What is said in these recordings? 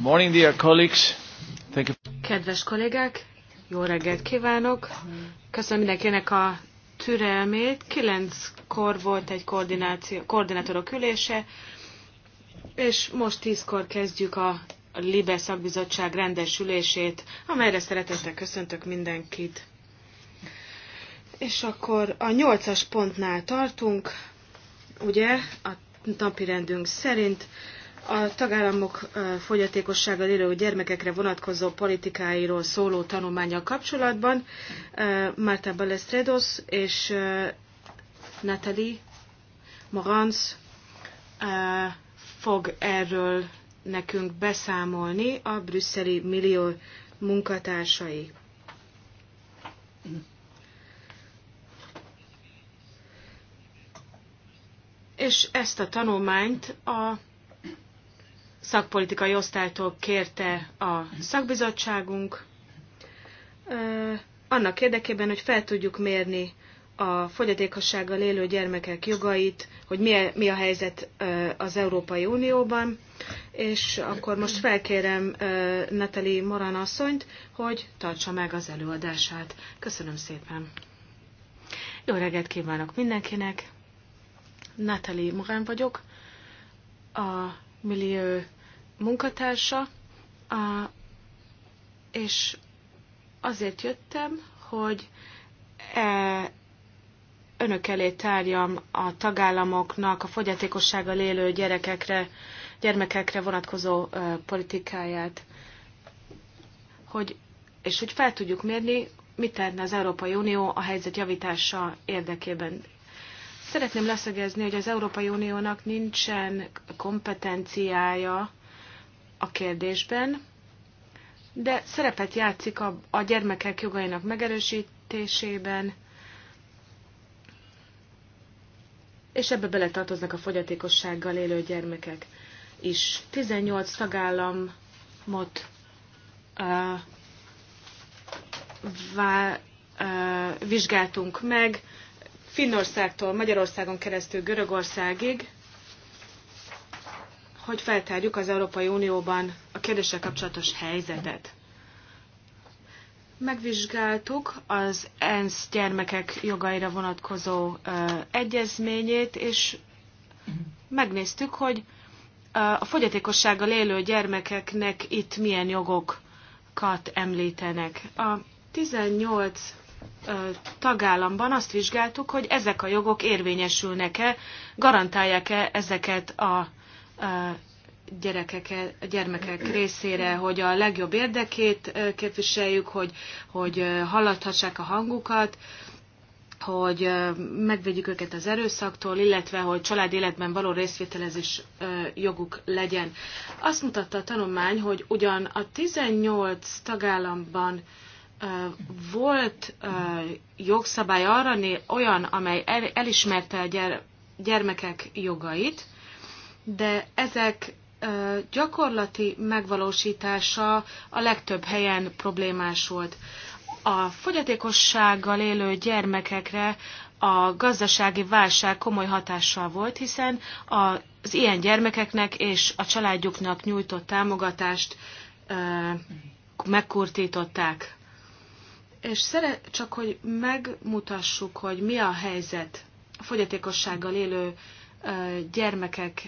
Morning, dear colleagues. Thank you. Kedves kollégák, jó reggelt kívánok. Köszönöm mindenkinek a türelmét. Kilenckor volt egy koordinátorok ülése, és most tízkor kezdjük a Libe szakbizottság rendes ülését, amelyre szeretettel köszöntök mindenkit. És akkor a nyolcas pontnál tartunk, ugye, a napi rendünk szerint a tagállamok fogyatékossággal élő gyermekekre vonatkozó politikáiról szóló tanulmányjal kapcsolatban Márta Balestredos és Natalie Morans fog erről nekünk beszámolni a brüsszeli millió munkatársai. És ezt a tanulmányt a szakpolitikai osztálytól kérte a szakbizottságunk, annak érdekében, hogy fel tudjuk mérni a fogyatékossággal élő gyermekek jogait, hogy mi a, mi a helyzet az Európai Unióban, és akkor most felkérem Natali Moran asszonyt, hogy tartsa meg az előadását. Köszönöm szépen! Jó reggelt kívánok mindenkinek! Natali Moran vagyok, a millió munkatársa, és azért jöttem, hogy e, önök elé tárjam a tagállamoknak a fogyatékossággal élő gyerekekre, gyermekekre vonatkozó e, politikáját, hogy, és hogy fel tudjuk mérni, mit tenne az Európai Unió a helyzet javítása érdekében. Szeretném leszögezni, hogy az Európai Uniónak nincsen kompetenciája a kérdésben, de szerepet játszik a, a gyermekek jogainak megerősítésében, és ebbe beletartoznak a fogyatékossággal élő gyermekek is. 18 tagállamot uh, vá, uh, vizsgáltunk meg, Finnországtól Magyarországon keresztül Görögországig, hogy feltárjuk az Európai Unióban a kérdéssel kapcsolatos helyzetet. Megvizsgáltuk az ENSZ gyermekek jogaira vonatkozó ö, egyezményét, és megnéztük, hogy ö, a fogyatékossággal élő gyermekeknek itt milyen jogokat említenek. A 18 tagállamban azt vizsgáltuk, hogy ezek a jogok érvényesülnek-e, garantálják-e ezeket a gyerekek, gyermekek részére, hogy a legjobb érdekét képviseljük, hogy, hogy hallathassák a hangukat, hogy megvédjük őket az erőszaktól, illetve hogy család életben való részvételezés joguk legyen. Azt mutatta a tanulmány, hogy ugyan a 18 tagállamban volt jogszabály arra olyan, amely elismerte a gyermekek jogait, de ezek gyakorlati megvalósítása a legtöbb helyen problémás volt. A fogyatékossággal élő gyermekekre a gazdasági válság komoly hatással volt, hiszen az ilyen gyermekeknek és a családjuknak nyújtott támogatást megkurtították. És szeret, csak hogy megmutassuk, hogy mi a helyzet a fogyatékossággal élő gyermekek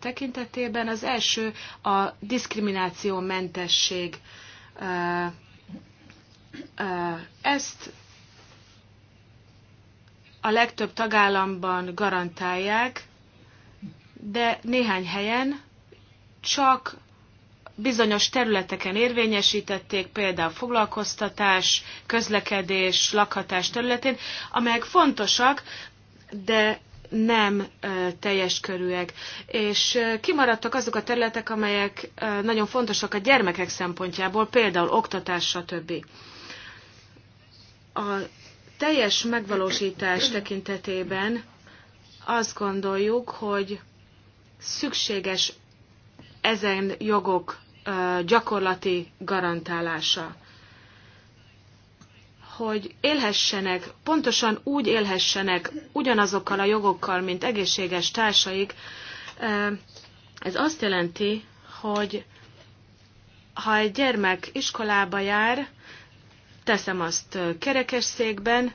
tekintetében. Az első a diszkrimináció mentesség. Ezt a legtöbb tagállamban garantálják, de néhány helyen csak bizonyos területeken érvényesítették, például foglalkoztatás, közlekedés, lakhatás területén, amelyek fontosak, de nem teljes körűek. És kimaradtak azok a területek, amelyek nagyon fontosak a gyermekek szempontjából, például oktatás, stb. A teljes megvalósítás tekintetében azt gondoljuk, hogy szükséges ezen jogok gyakorlati garantálása hogy élhessenek, pontosan úgy élhessenek ugyanazokkal a jogokkal, mint egészséges társaik, ez azt jelenti, hogy ha egy gyermek iskolába jár, teszem azt kerekesszékben,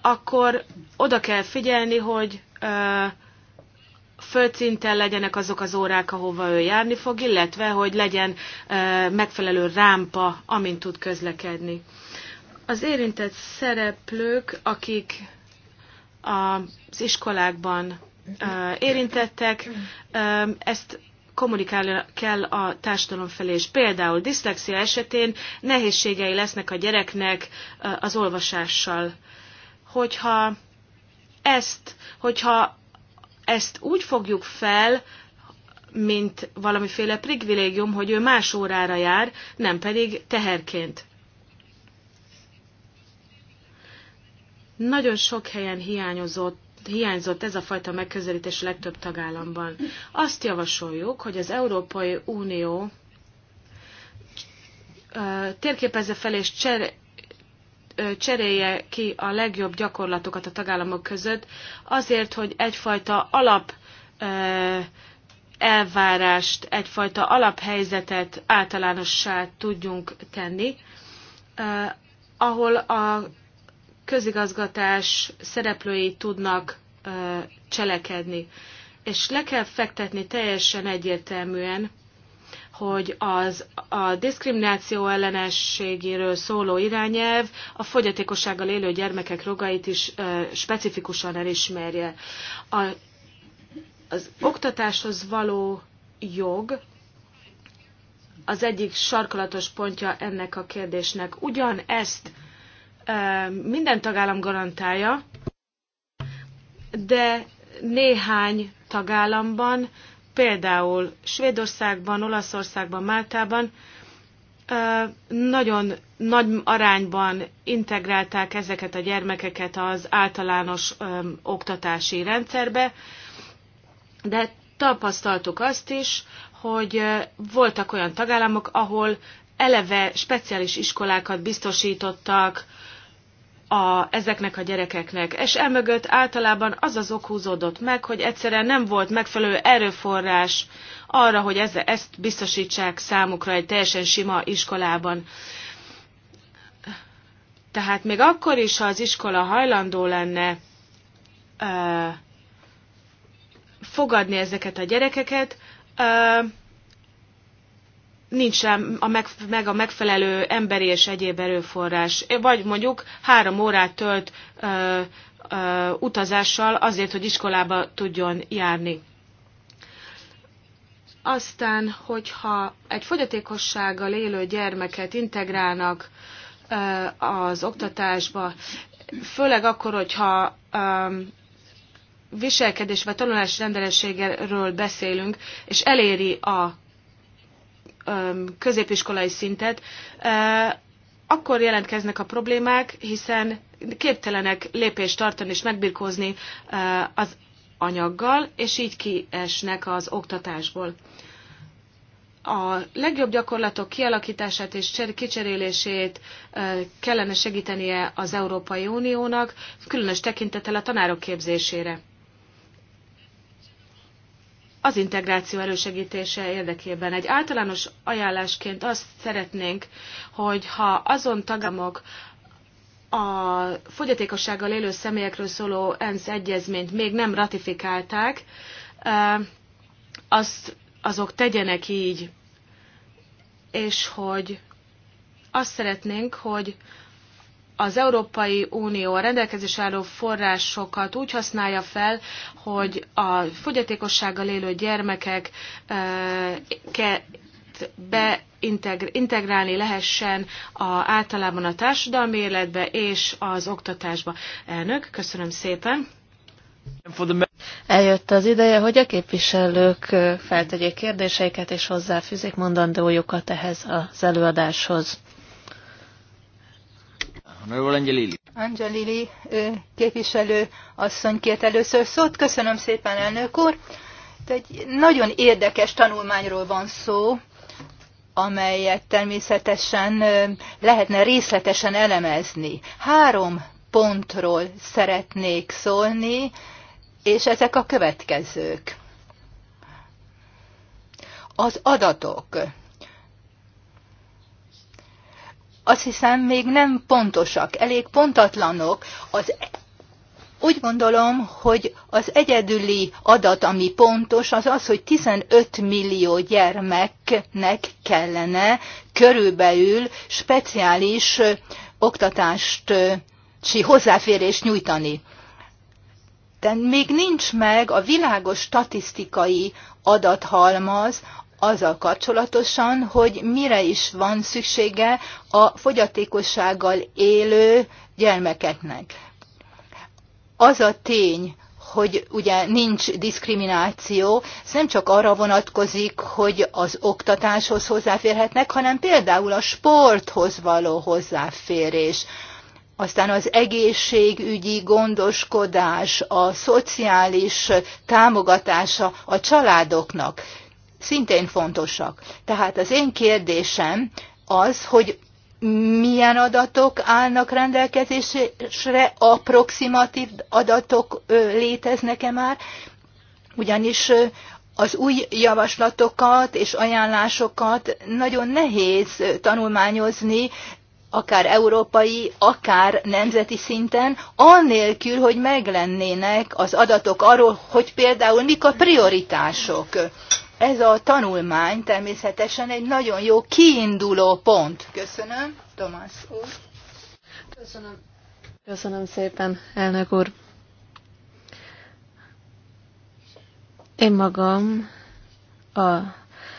akkor oda kell figyelni, hogy földszinten legyenek azok az órák, ahova ő járni fog, illetve hogy legyen megfelelő rámpa, amint tud közlekedni. Az érintett szereplők, akik az iskolákban érintettek, ezt kommunikálni kell a társadalom felé, és például diszlexia esetén nehézségei lesznek a gyereknek az olvasással. Hogyha ezt, hogyha ezt úgy fogjuk fel, mint valamiféle privilégium, hogy ő más órára jár, nem pedig teherként. Nagyon sok helyen hiányozott hiányzott ez a fajta megközelítés legtöbb tagállamban. Azt javasoljuk, hogy az Európai Unió térképezze fel és cser, cserélje ki a legjobb gyakorlatokat a tagállamok között, azért, hogy egyfajta alap elvárást, egyfajta alaphelyzetet általánossá tudjunk tenni, ahol a közigazgatás szereplői tudnak cselekedni. És le kell fektetni teljesen egyértelműen, hogy az, a diszkrimináció ellenességéről szóló irányelv a fogyatékossággal élő gyermekek rogait is ö, specifikusan elismerje. A, az oktatáshoz való jog az egyik sarkalatos pontja ennek a kérdésnek. Ugyan ezt ö, minden tagállam garantálja, de néhány tagállamban Például Svédországban, Olaszországban, Máltában nagyon nagy arányban integrálták ezeket a gyermekeket az általános oktatási rendszerbe, de tapasztaltuk azt is, hogy voltak olyan tagállamok, ahol eleve speciális iskolákat biztosítottak a, ezeknek a gyerekeknek. És emögött általában az az ok húzódott meg, hogy egyszerűen nem volt megfelelő erőforrás arra, hogy ezzel, ezt biztosítsák számukra egy teljesen sima iskolában. Tehát még akkor is, ha az iskola hajlandó lenne ö, fogadni ezeket a gyerekeket, ö, nincs a meg, meg a megfelelő emberi és egyéb erőforrás. Vagy mondjuk három órát tölt ö, ö, utazással azért, hogy iskolába tudjon járni. Aztán, hogyha egy fogyatékossággal élő gyermeket integrálnak ö, az oktatásba, főleg akkor, hogyha ö, viselkedés vagy tanulási rendelességről beszélünk, és eléri a középiskolai szintet, akkor jelentkeznek a problémák, hiszen képtelenek lépést tartani és megbirkózni az anyaggal, és így kiesnek az oktatásból. A legjobb gyakorlatok kialakítását és kicserélését kellene segítenie az Európai Uniónak, különös tekintettel a tanárok képzésére az integráció elősegítése érdekében. Egy általános ajánlásként azt szeretnénk, hogy ha azon tagamok a fogyatékossággal élő személyekről szóló ENSZ egyezményt még nem ratifikálták, azt azok tegyenek így, és hogy azt szeretnénk, hogy az Európai Unió a rendelkezés álló forrásokat úgy használja fel, hogy a fogyatékossággal élő gyermekek eh, beintegrálni lehessen a, általában a társadalmi életbe és az oktatásba. Elnök, köszönöm szépen! Eljött az ideje, hogy a képviselők eh, feltegyék kérdéseiket és hozzáfűzik mondandójukat ehhez az előadáshoz. Angelili. képviselő asszony kért először szót. Köszönöm szépen, elnök úr. Egy nagyon érdekes tanulmányról van szó, amelyet természetesen lehetne részletesen elemezni. Három pontról szeretnék szólni, és ezek a következők. Az adatok azt hiszem még nem pontosak, elég pontatlanok. Az, e- úgy gondolom, hogy az egyedüli adat, ami pontos, az az, hogy 15 millió gyermeknek kellene körülbelül speciális oktatást, hozzáférést nyújtani. De még nincs meg a világos statisztikai adathalmaz, azzal kapcsolatosan, hogy mire is van szüksége a fogyatékossággal élő gyermekeknek. Az a tény, hogy ugye nincs diszkrimináció, ez nem csak arra vonatkozik, hogy az oktatáshoz hozzáférhetnek, hanem például a sporthoz való hozzáférés, aztán az egészségügyi gondoskodás, a szociális támogatása a családoknak szintén fontosak. Tehát az én kérdésem az, hogy milyen adatok állnak rendelkezésre, approximatív adatok léteznek-e már, ugyanis az új javaslatokat és ajánlásokat nagyon nehéz tanulmányozni, akár európai, akár nemzeti szinten, annélkül, hogy meglennének az adatok arról, hogy például mik a prioritások ez a tanulmány természetesen egy nagyon jó kiinduló pont. Köszönöm, Tomás úr. Köszönöm. Köszönöm szépen, elnök úr. Én magam a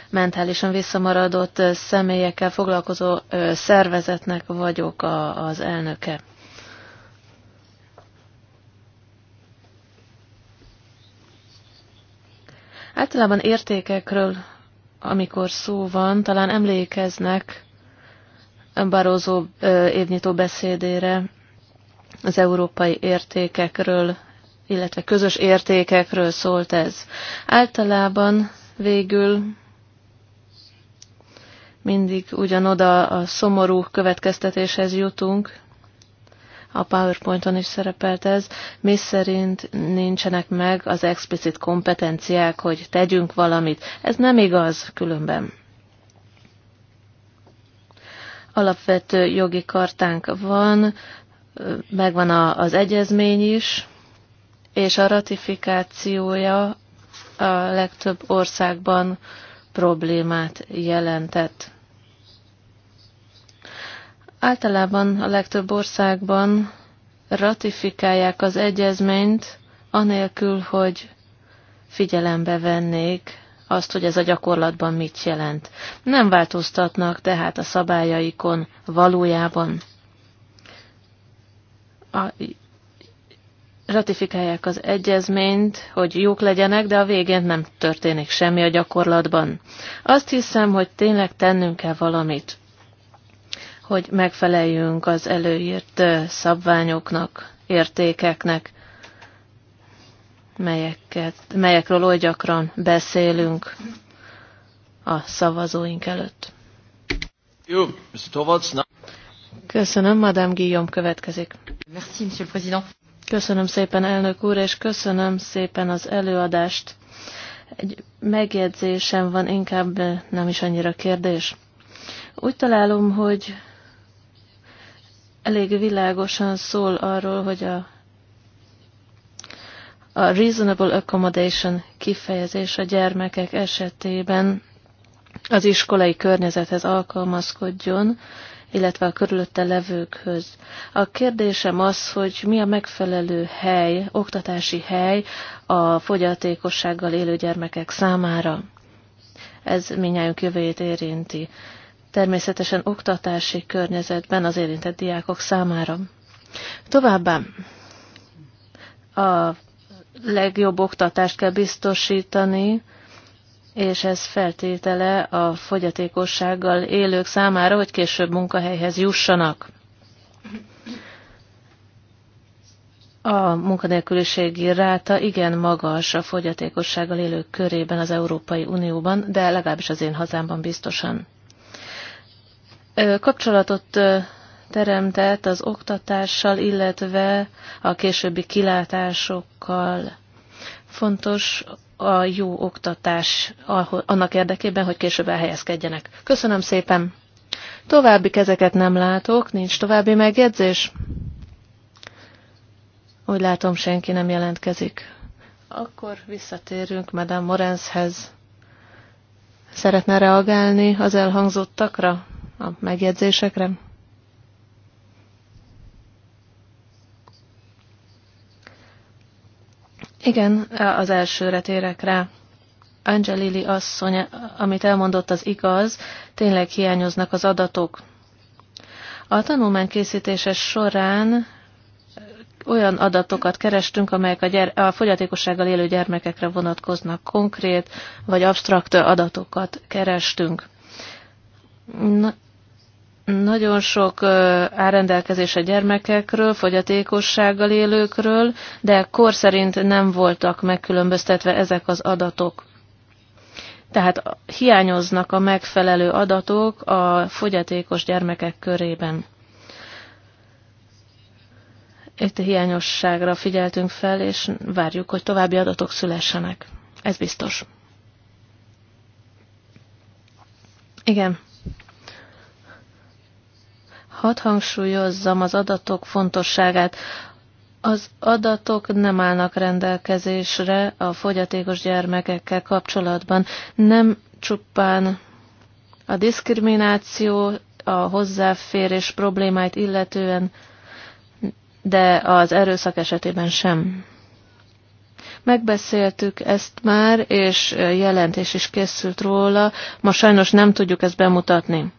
mentálisan visszamaradott személyekkel foglalkozó szervezetnek vagyok az elnöke. Általában értékekről, amikor szó van, talán emlékeznek Barózó évnyitó beszédére az európai értékekről, illetve közös értékekről szólt ez. Általában végül mindig ugyanoda a szomorú következtetéshez jutunk, a PowerPointon is szerepelt ez, mi szerint nincsenek meg az explicit kompetenciák, hogy tegyünk valamit. Ez nem igaz különben. Alapvető jogi kartánk van, megvan az egyezmény is, és a ratifikációja a legtöbb országban problémát jelentett. Általában a legtöbb országban ratifikálják az egyezményt, anélkül, hogy figyelembe vennék azt, hogy ez a gyakorlatban mit jelent. Nem változtatnak tehát a szabályaikon valójában. A, ratifikálják az egyezményt, hogy jók legyenek, de a végén nem történik semmi a gyakorlatban. Azt hiszem, hogy tényleg tennünk kell valamit hogy megfeleljünk az előírt szabványoknak, értékeknek, melyeket, melyekről oly gyakran beszélünk a szavazóink előtt. Jó, Mr. Köszönöm, Madame Guillaume következik. Merci, Monsieur le Président. Köszönöm szépen, elnök úr, és köszönöm szépen az előadást. Egy megjegyzésem van, inkább nem is annyira kérdés. Úgy találom, hogy elég világosan szól arról, hogy a, a reasonable accommodation kifejezés a gyermekek esetében az iskolai környezethez alkalmazkodjon, illetve a körülötte levőkhöz. A kérdésem az, hogy mi a megfelelő hely, oktatási hely a fogyatékossággal élő gyermekek számára. Ez minnyájunk jövőjét érinti természetesen oktatási környezetben az érintett diákok számára. Továbbá a legjobb oktatást kell biztosítani, és ez feltétele a fogyatékossággal élők számára, hogy később munkahelyhez jussanak. A munkanélküliségi ráta igen magas a fogyatékossággal élők körében az Európai Unióban, de legalábbis az én hazámban biztosan kapcsolatot teremtett az oktatással, illetve a későbbi kilátásokkal. Fontos a jó oktatás annak érdekében, hogy később elhelyezkedjenek. Köszönöm szépen! További kezeket nem látok, nincs további megjegyzés. Úgy látom, senki nem jelentkezik. Akkor visszatérünk Madame Morenzhez. Szeretne reagálni az elhangzottakra? a megjegyzésekre? Igen, az elsőre térek rá. Angelili asszony, amit elmondott, az igaz, tényleg hiányoznak az adatok. A tanulmány készítése során olyan adatokat kerestünk, amelyek a, gyere, a fogyatékossággal élő gyermekekre vonatkoznak konkrét vagy absztrakt adatokat kerestünk. Na, nagyon sok árrendelkezés a gyermekekről, fogyatékossággal élőkről, de kor szerint nem voltak megkülönböztetve ezek az adatok. Tehát hiányoznak a megfelelő adatok a fogyatékos gyermekek körében. Itt a hiányosságra figyeltünk fel, és várjuk, hogy további adatok szülessenek. Ez biztos. Igen. Hadd hangsúlyozzam az adatok fontosságát. Az adatok nem állnak rendelkezésre a fogyatékos gyermekekkel kapcsolatban. Nem csupán a diszkrimináció, a hozzáférés problémáit illetően, de az erőszak esetében sem. Megbeszéltük ezt már, és jelentés is készült róla, ma sajnos nem tudjuk ezt bemutatni.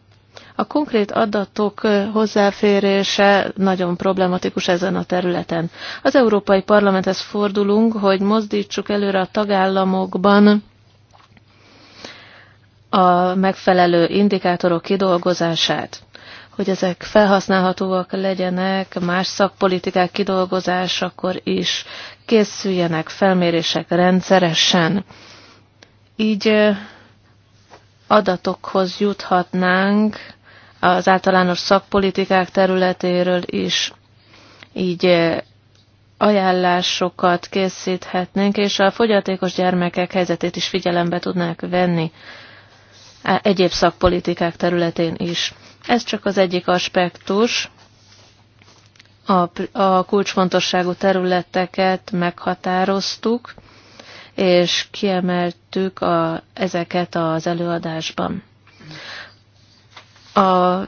A konkrét adatok hozzáférése nagyon problematikus ezen a területen. Az Európai Parlamenthez fordulunk, hogy mozdítsuk előre a tagállamokban a megfelelő indikátorok kidolgozását hogy ezek felhasználhatóak legyenek más szakpolitikák kidolgozásakor is, készüljenek felmérések rendszeresen. Így adatokhoz juthatnánk az általános szakpolitikák területéről is így eh, ajánlásokat készíthetnénk, és a fogyatékos gyermekek helyzetét is figyelembe tudnák venni egyéb szakpolitikák területén is. Ez csak az egyik aspektus. A, a kulcsfontosságú területeket meghatároztuk, és kiemeltük a, ezeket az előadásban a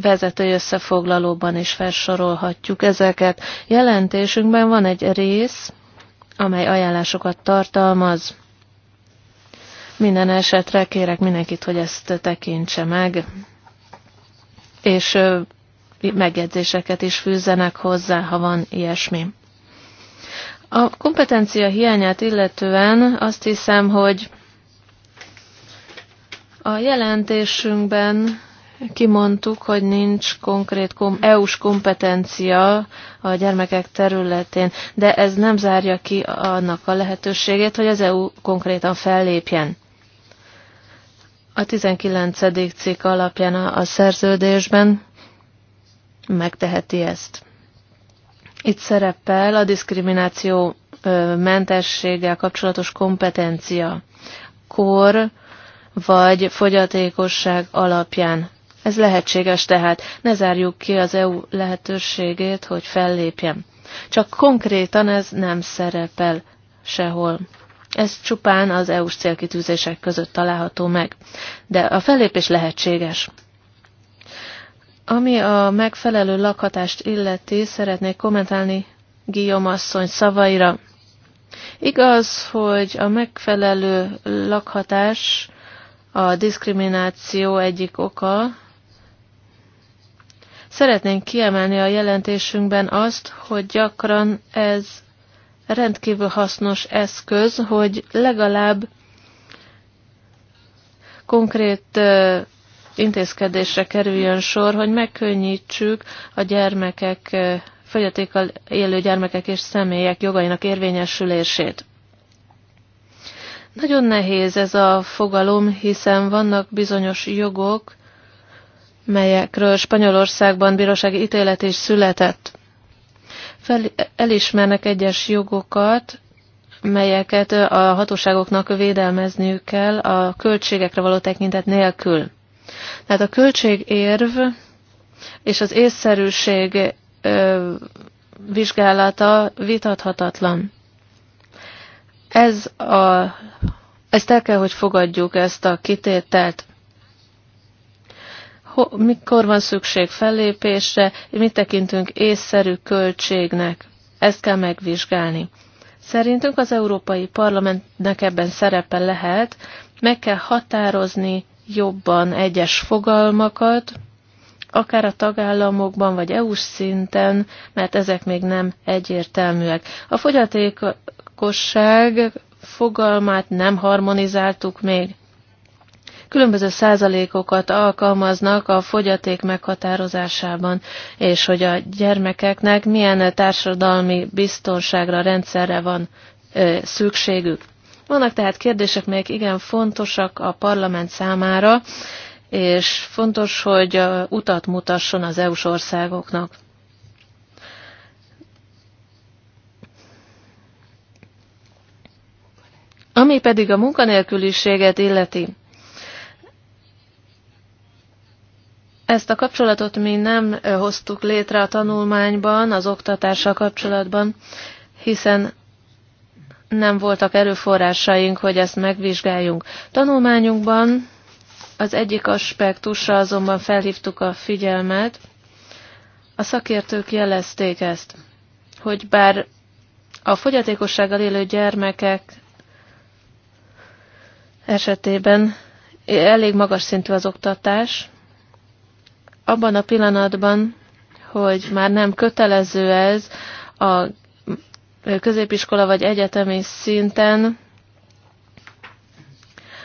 vezetői összefoglalóban is felsorolhatjuk ezeket. Jelentésünkben van egy rész, amely ajánlásokat tartalmaz. Minden esetre kérek mindenkit, hogy ezt tekintse meg, és megjegyzéseket is fűzzenek hozzá, ha van ilyesmi. A kompetencia hiányát illetően azt hiszem, hogy a jelentésünkben kimondtuk, hogy nincs konkrét EU-s kompetencia a gyermekek területén, de ez nem zárja ki annak a lehetőségét, hogy az EU konkrétan fellépjen. A 19. cikk alapján a szerződésben megteheti ezt. Itt szerepel a diszkrimináció mentességgel kapcsolatos kompetencia, kor vagy fogyatékosság alapján ez lehetséges tehát. Ne zárjuk ki az EU lehetőségét, hogy fellépjen. Csak konkrétan ez nem szerepel sehol. Ez csupán az EU-s célkitűzések között található meg. De a fellépés lehetséges. Ami a megfelelő lakhatást illeti, szeretnék kommentálni Guillaume asszony szavaira. Igaz, hogy a megfelelő lakhatás a diszkrimináció egyik oka, Szeretnénk kiemelni a jelentésünkben azt, hogy gyakran ez rendkívül hasznos eszköz, hogy legalább konkrét intézkedésre kerüljön sor, hogy megkönnyítsük a gyermekek, fogyatékkal élő gyermekek és személyek jogainak érvényesülését. Nagyon nehéz ez a fogalom, hiszen vannak bizonyos jogok, melyekről Spanyolországban bírósági ítélet is született. Fel, elismernek egyes jogokat, melyeket a hatóságoknak védelmezniük kell a költségekre való tekintet nélkül. Tehát a költségérv és az észszerűség ö, vizsgálata vitathatatlan. Ez a, ezt el kell, hogy fogadjuk, ezt a kitételt mikor van szükség fellépésre, mit tekintünk észszerű költségnek. Ezt kell megvizsgálni. Szerintünk az Európai Parlamentnek ebben szerepe lehet, meg kell határozni jobban egyes fogalmakat, akár a tagállamokban vagy EU-s szinten, mert ezek még nem egyértelműek. A fogyatékosság fogalmát nem harmonizáltuk még különböző százalékokat alkalmaznak a fogyaték meghatározásában, és hogy a gyermekeknek milyen társadalmi biztonságra, rendszerre van szükségük. Vannak tehát kérdések, melyek igen fontosak a parlament számára, és fontos, hogy utat mutasson az EU-s országoknak. Ami pedig a munkanélküliséget illeti, Ezt a kapcsolatot mi nem hoztuk létre a tanulmányban, az oktatással kapcsolatban, hiszen nem voltak erőforrásaink, hogy ezt megvizsgáljunk. Tanulmányunkban az egyik aspektusra azonban felhívtuk a figyelmet, a szakértők jelezték ezt, hogy bár a fogyatékossággal élő gyermekek esetében elég magas szintű az oktatás, abban a pillanatban, hogy már nem kötelező ez a középiskola vagy egyetemi szinten,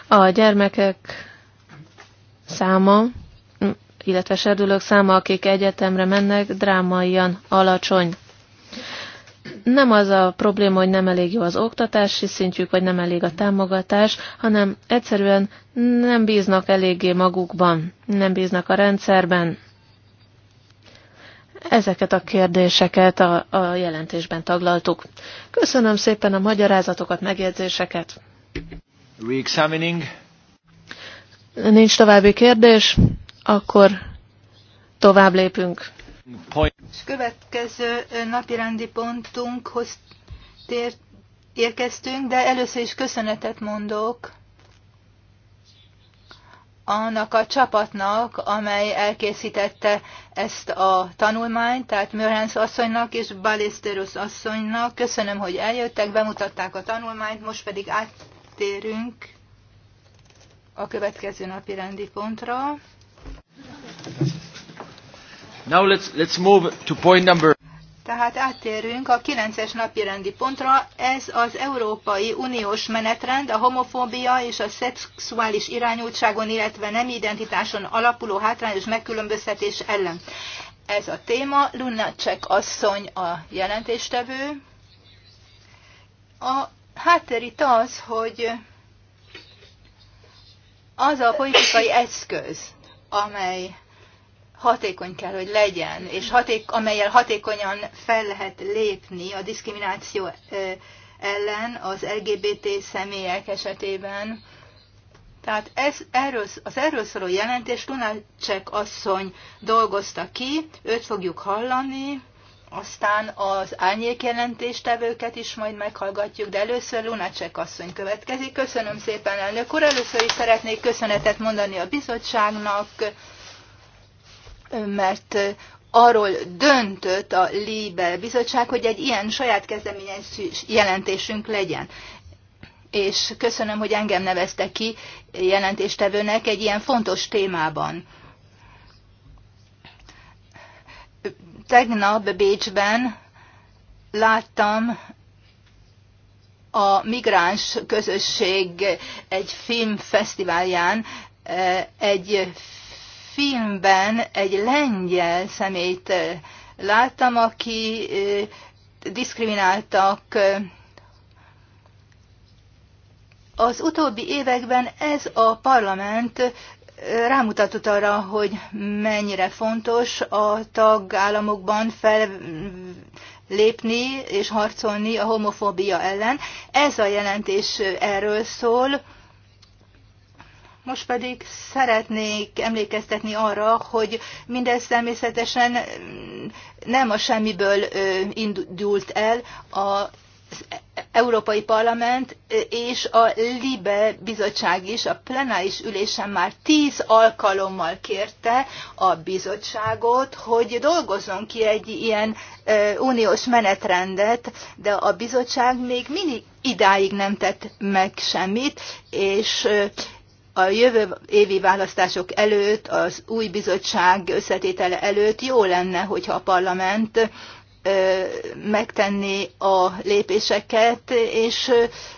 a gyermekek száma, illetve serdülők száma, akik egyetemre mennek, drámaian alacsony nem az a probléma, hogy nem elég jó az oktatási szintjük, vagy nem elég a támogatás, hanem egyszerűen nem bíznak eléggé magukban, nem bíznak a rendszerben. Ezeket a kérdéseket a, a jelentésben taglaltuk. Köszönöm szépen a magyarázatokat, megjegyzéseket. examining Nincs további kérdés, akkor tovább lépünk. És következő napirendi pontunkhoz tér, érkeztünk, de először is köszönetet mondok annak a csapatnak, amely elkészítette ezt a tanulmányt, tehát Mörhens asszonynak és Baliszterusz asszonynak. Köszönöm, hogy eljöttek, bemutatták a tanulmányt, most pedig áttérünk a következő napi rendi pontra. Now let's, let's move to point number... Tehát áttérünk a 9-es napi rendi pontra. Ez az Európai Uniós menetrend a homofóbia és a szexuális irányultságon, illetve nem identitáson alapuló hátrányos megkülönböztetés ellen. Ez a téma. Lunacek asszony a jelentéstevő. A háttér itt az, hogy az a politikai eszköz, amely hatékony kell, hogy legyen, és haték, amelyel hatékonyan fel lehet lépni a diszkrimináció ellen az LGBT személyek esetében. Tehát ez, erről, az erről szóló jelentés Lunácsek asszony dolgozta ki, őt fogjuk hallani, aztán az árnyék jelentéstevőket is majd meghallgatjuk, de először Lunácsek asszony következik. Köszönöm szépen, elnök úr! Először is szeretnék köszönetet mondani a bizottságnak, mert arról döntött a Libe bizottság, hogy egy ilyen saját kezdeményezés jelentésünk legyen. És köszönöm, hogy engem nevezte ki jelentéstevőnek egy ilyen fontos témában. Tegnap Bécsben láttam a migráns közösség egy filmfesztiválján egy filmben egy lengyel szemét láttam, aki diszkrimináltak. Az utóbbi években ez a parlament rámutatott arra, hogy mennyire fontos a tagállamokban fellépni és harcolni a homofóbia ellen. Ez a jelentés erről szól most pedig szeretnék emlékeztetni arra, hogy mindez természetesen nem a semmiből indult el a Európai Parlament és a LIBE bizottság is a plenáris ülésen már tíz alkalommal kérte a bizottságot, hogy dolgozzon ki egy ilyen uniós menetrendet, de a bizottság még mindig idáig nem tett meg semmit, és ö, a jövő évi választások előtt, az új bizottság összetétele előtt jó lenne, hogyha a parlament megtenni a lépéseket, és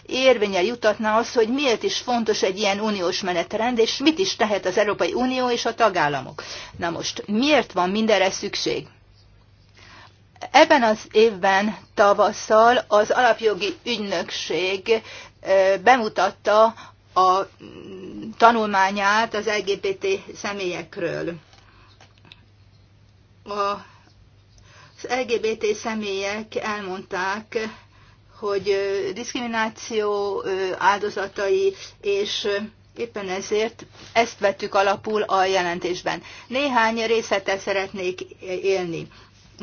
érvényel jutatna az, hogy miért is fontos egy ilyen uniós menetrend, és mit is tehet az Európai Unió és a tagállamok. Na most, miért van mindenre szükség? Ebben az évben tavasszal az alapjogi ügynökség bemutatta a tanulmányát az LGBT személyekről. Az LGBT személyek elmondták, hogy diszkrimináció áldozatai, és éppen ezért ezt vettük alapul a jelentésben. Néhány részletet szeretnék élni.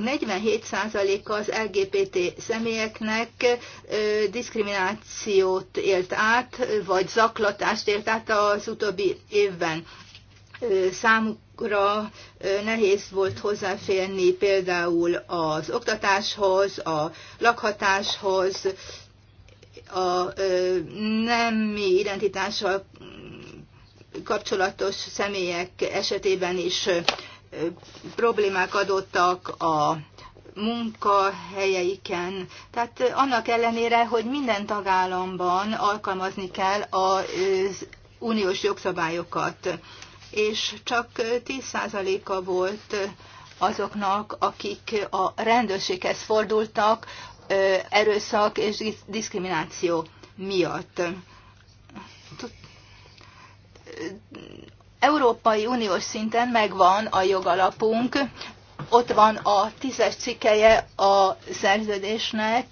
47%-a az LGBT személyeknek diszkriminációt élt át, vagy zaklatást élt át az utóbbi évben. Számukra nehéz volt hozzáférni például az oktatáshoz, a lakhatáshoz, a nemi identitással kapcsolatos személyek esetében is problémák adottak a munkahelyeiken. Tehát annak ellenére, hogy minden tagállamban alkalmazni kell az uniós jogszabályokat, és csak 10%-a volt azoknak, akik a rendőrséghez fordultak erőszak és diszkrimináció miatt Európai Uniós szinten megvan a jogalapunk, ott van a tízes cikkeje a szerződésnek,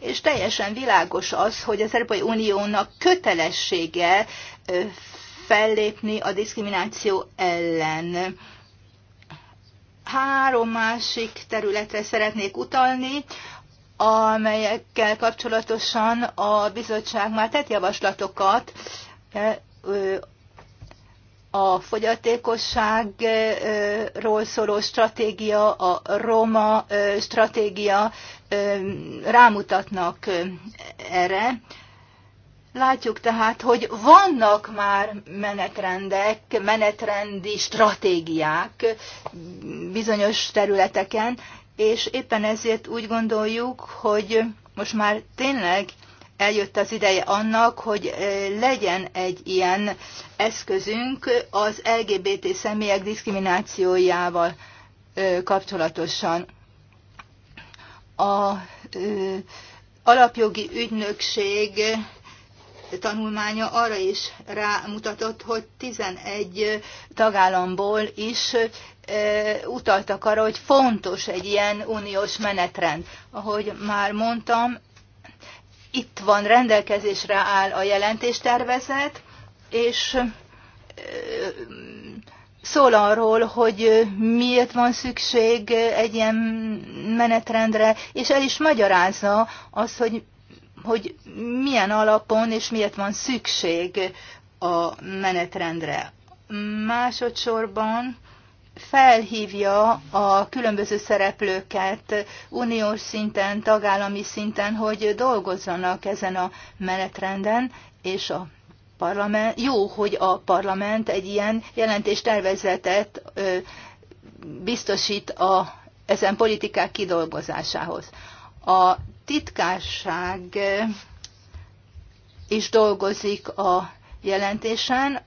és teljesen világos az, hogy az Európai Uniónak kötelessége fellépni a diszkrimináció ellen. Három másik területre szeretnék utalni, amelyekkel kapcsolatosan a bizottság már tett javaslatokat a fogyatékosságról szóló stratégia, a roma stratégia rámutatnak erre. Látjuk tehát, hogy vannak már menetrendek, menetrendi stratégiák bizonyos területeken, és éppen ezért úgy gondoljuk, hogy most már tényleg eljött az ideje annak, hogy legyen egy ilyen eszközünk az LGBT személyek diszkriminációjával kapcsolatosan. A alapjogi ügynökség tanulmánya arra is rámutatott, hogy 11 tagállamból is utaltak arra, hogy fontos egy ilyen uniós menetrend. Ahogy már mondtam, itt van, rendelkezésre áll a jelentéstervezet, és szól arról, hogy miért van szükség egy ilyen menetrendre, és el is magyarázza azt, hogy, hogy milyen alapon és miért van szükség a menetrendre. Másodszorban felhívja a különböző szereplőket uniós szinten, tagállami szinten, hogy dolgozzanak ezen a menetrenden, és a parlament, jó, hogy a parlament egy ilyen jelentéstervezetet biztosít a, ezen politikák kidolgozásához. A titkárság is dolgozik a jelentésen,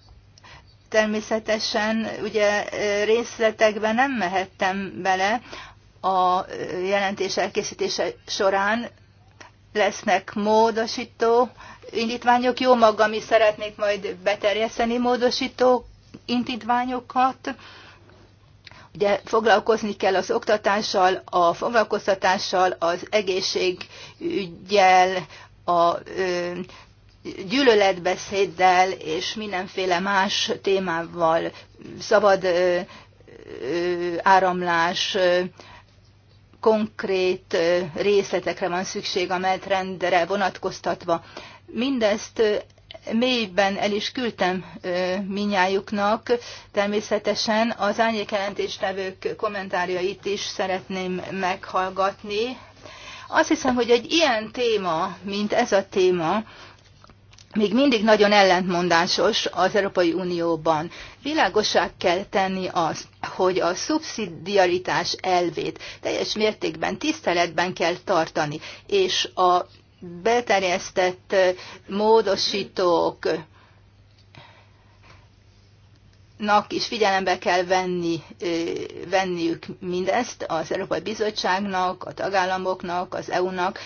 Természetesen ugye részletekben nem mehettem bele a jelentés elkészítése során. Lesznek módosító indítványok. Jó magam is szeretnék majd beterjeszteni módosító indítványokat. Ugye foglalkozni kell az oktatással, a foglalkoztatással, az egészségügyel, a gyűlöletbeszéddel és mindenféle más témával, szabad áramlás, konkrét részletekre van szükség a menetrendre vonatkoztatva. Mindezt mélyben el is küldtem minnyájuknak. Természetesen az árnyékjelentéstevők kommentárjait is szeretném meghallgatni. Azt hiszem, hogy egy ilyen téma, mint ez a téma, még mindig nagyon ellentmondásos az Európai Unióban. Világosá kell tenni azt, hogy a szubszidiaritás elvét teljes mértékben tiszteletben kell tartani, és a beterjesztett módosítók nak is figyelembe kell venni, venniük mindezt az Európai Bizottságnak, a tagállamoknak, az EU-nak,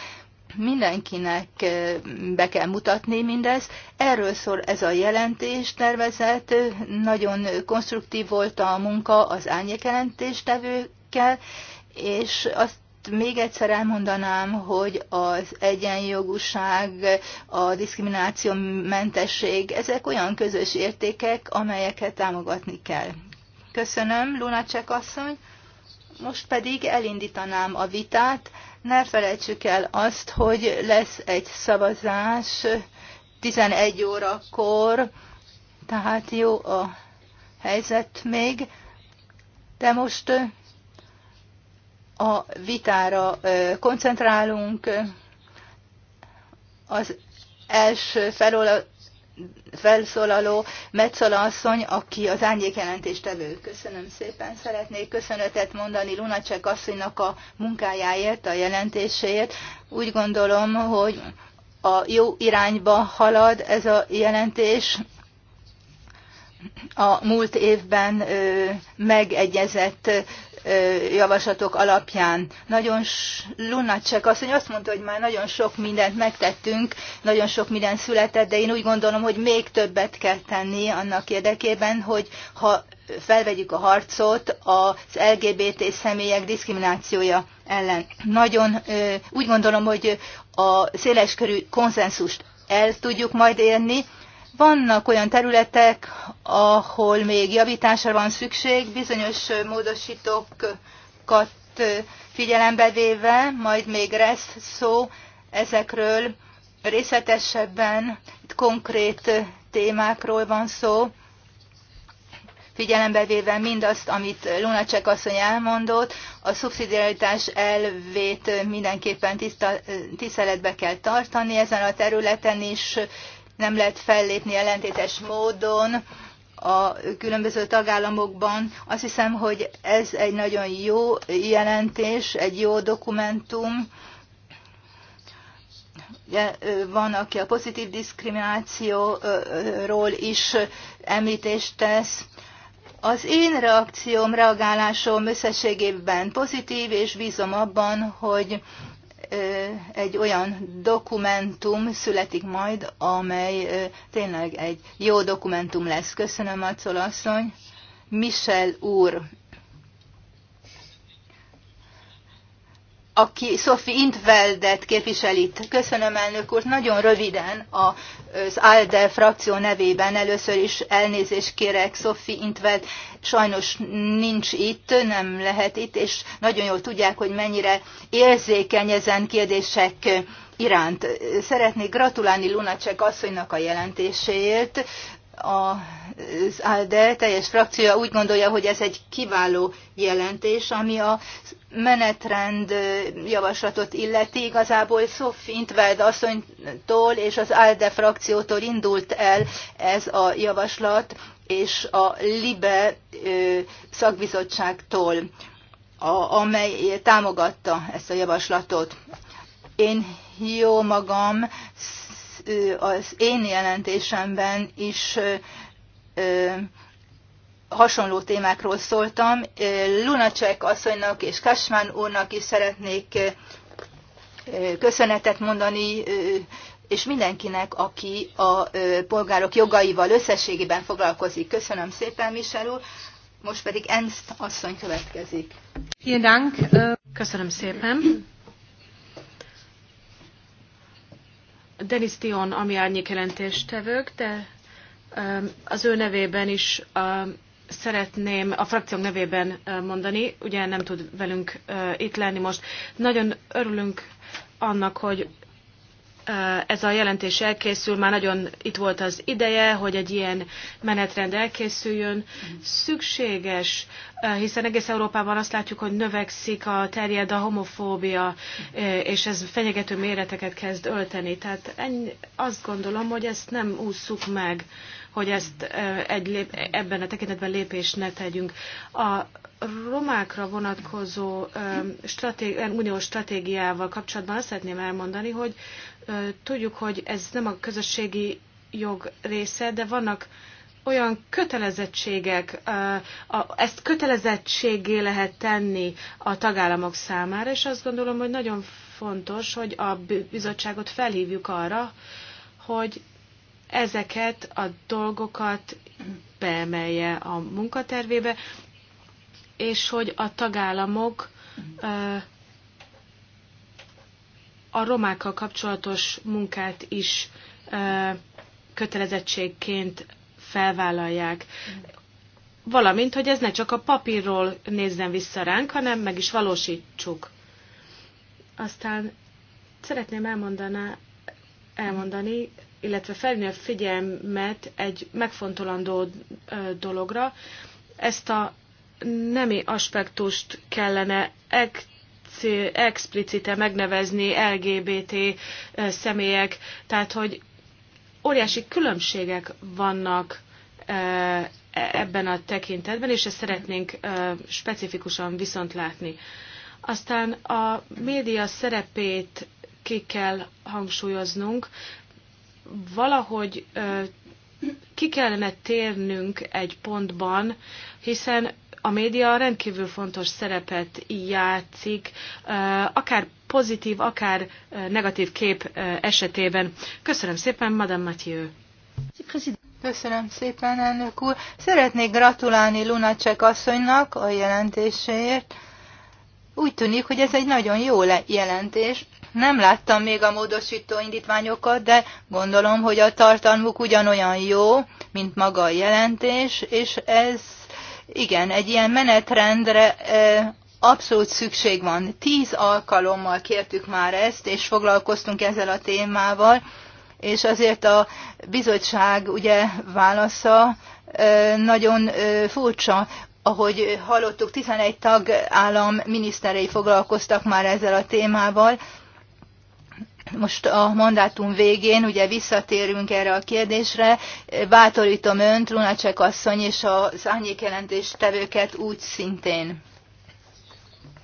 mindenkinek eh, be kell mutatni mindezt. Erről szól ez a jelentés tervezet. Nagyon konstruktív volt a munka az árnyék jelentéstevőkkel, és azt még egyszer elmondanám, hogy az egyenjogúság, a diszkrimináció mentesség, ezek olyan közös értékek, amelyeket támogatni kell. Köszönöm, Lunacek asszony. Most pedig elindítanám a vitát. Ne felejtsük el azt, hogy lesz egy szavazás 11 órakor, tehát jó a helyzet még, de most a vitára koncentrálunk. Az első felszólaló Metzola asszony, aki az jelentést elő. Köszönöm szépen, szeretnék köszönetet mondani Lunacek asszonynak a munkájáért, a jelentéséért. Úgy gondolom, hogy a jó irányba halad ez a jelentés. A múlt évben megegyezett javaslatok alapján. Nagyon Lunacek hogy azt mondta, hogy már nagyon sok mindent megtettünk, nagyon sok minden született, de én úgy gondolom, hogy még többet kell tenni annak érdekében, hogy ha felvegyük a harcot az LGBT személyek diszkriminációja ellen. Nagyon úgy gondolom, hogy a széleskörű konszenzust el tudjuk majd érni, vannak olyan területek, ahol még javításra van szükség, bizonyos módosítókat figyelembe véve, majd még lesz szó ezekről részletesebben, itt konkrét témákról van szó, figyelembe véve mindazt, amit Lunacek asszony elmondott, a szubszidiaritás elvét mindenképpen tiszteletbe kell tartani ezen a területen is, nem lehet fellépni ellentétes módon a különböző tagállamokban. Azt hiszem, hogy ez egy nagyon jó jelentés, egy jó dokumentum. van, aki a pozitív diszkriminációról is említést tesz. Az én reakcióm, reagálásom összességében pozitív, és bízom abban, hogy egy olyan dokumentum születik majd, amely tényleg egy jó dokumentum lesz. Köszönöm, Acol asszony. Michel úr aki Sophie Intveldet képvisel itt. Köszönöm, elnök úr. Nagyon röviden az ALDE frakció nevében először is elnézést kérek. Sophie Intveld sajnos nincs itt, nem lehet itt, és nagyon jól tudják, hogy mennyire érzékeny ezen kérdések iránt. Szeretnék gratulálni Lunacek asszonynak a jelentéséért az ALDE teljes frakciója úgy gondolja, hogy ez egy kiváló jelentés, ami a menetrend javaslatot illeti. Igazából Sophie Intveld asszonytól és az ALDE frakciótól indult el ez a javaslat, és a LIBE szakbizottságtól, amely támogatta ezt a javaslatot. Én jó magam az én jelentésemben is hasonló témákról szóltam. Lunacek asszonynak és Kasmán úrnak is szeretnék köszönetet mondani, és mindenkinek, aki a polgárok jogaival összességében foglalkozik. Köszönöm szépen, Michel úr. Most pedig Ernst asszony következik. Köszönöm szépen. Denis Dion, ami árnyék jelentéstevők, de um, az ő nevében is um, szeretném a frakciónk nevében um, mondani, ugye nem tud velünk uh, itt lenni most. Nagyon örülünk annak, hogy ez a jelentés elkészül, már nagyon itt volt az ideje, hogy egy ilyen menetrend elkészüljön. Szükséges, hiszen egész Európában azt látjuk, hogy növekszik a terjed a homofóbia, és ez fenyegető méreteket kezd ölteni. Tehát ennyi, azt gondolom, hogy ezt nem ússzuk meg, hogy ezt egy lép, ebben a tekintetben lépést ne tegyünk. A romákra vonatkozó stratégi, uniós stratégiával kapcsolatban azt szeretném elmondani, hogy Tudjuk, hogy ez nem a közösségi jog része, de vannak olyan kötelezettségek, ezt kötelezettségé lehet tenni a tagállamok számára, és azt gondolom, hogy nagyon fontos, hogy a bizottságot felhívjuk arra, hogy ezeket a dolgokat beemelje a munkatervébe, és hogy a tagállamok a romákkal kapcsolatos munkát is kötelezettségként felvállalják. Valamint, hogy ez ne csak a papírról nézzen vissza ránk, hanem meg is valósítsuk. Aztán szeretném elmondani, elmondani illetve felni a figyelmet egy megfontolandó dologra. Ezt a nemi aspektust kellene explicite megnevezni LGBT személyek, tehát hogy óriási különbségek vannak e, ebben a tekintetben, és ezt szeretnénk specifikusan viszont látni. Aztán a média szerepét ki kell hangsúlyoznunk, valahogy ki kellene térnünk egy pontban, hiszen a média rendkívül fontos szerepet játszik, eh, akár pozitív, akár eh, negatív kép eh, esetében. Köszönöm szépen, Madame Mathieu. Köszönöm szépen, elnök úr. Szeretnék gratulálni Lunacek asszonynak a jelentéséért. Úgy tűnik, hogy ez egy nagyon jó jelentés. Nem láttam még a módosító indítványokat, de gondolom, hogy a tartalmuk ugyanolyan jó, mint maga a jelentés, és ez igen, egy ilyen menetrendre abszolút szükség van. Tíz alkalommal kértük már ezt, és foglalkoztunk ezzel a témával, és azért a bizottság ugye válasza nagyon furcsa. Ahogy hallottuk, 11 tagállam miniszterei foglalkoztak már ezzel a témával, most a mandátum végén ugye visszatérünk erre a kérdésre. Bátorítom önt, Lunacek asszony és az árnyékjelentés tevőket úgy szintén.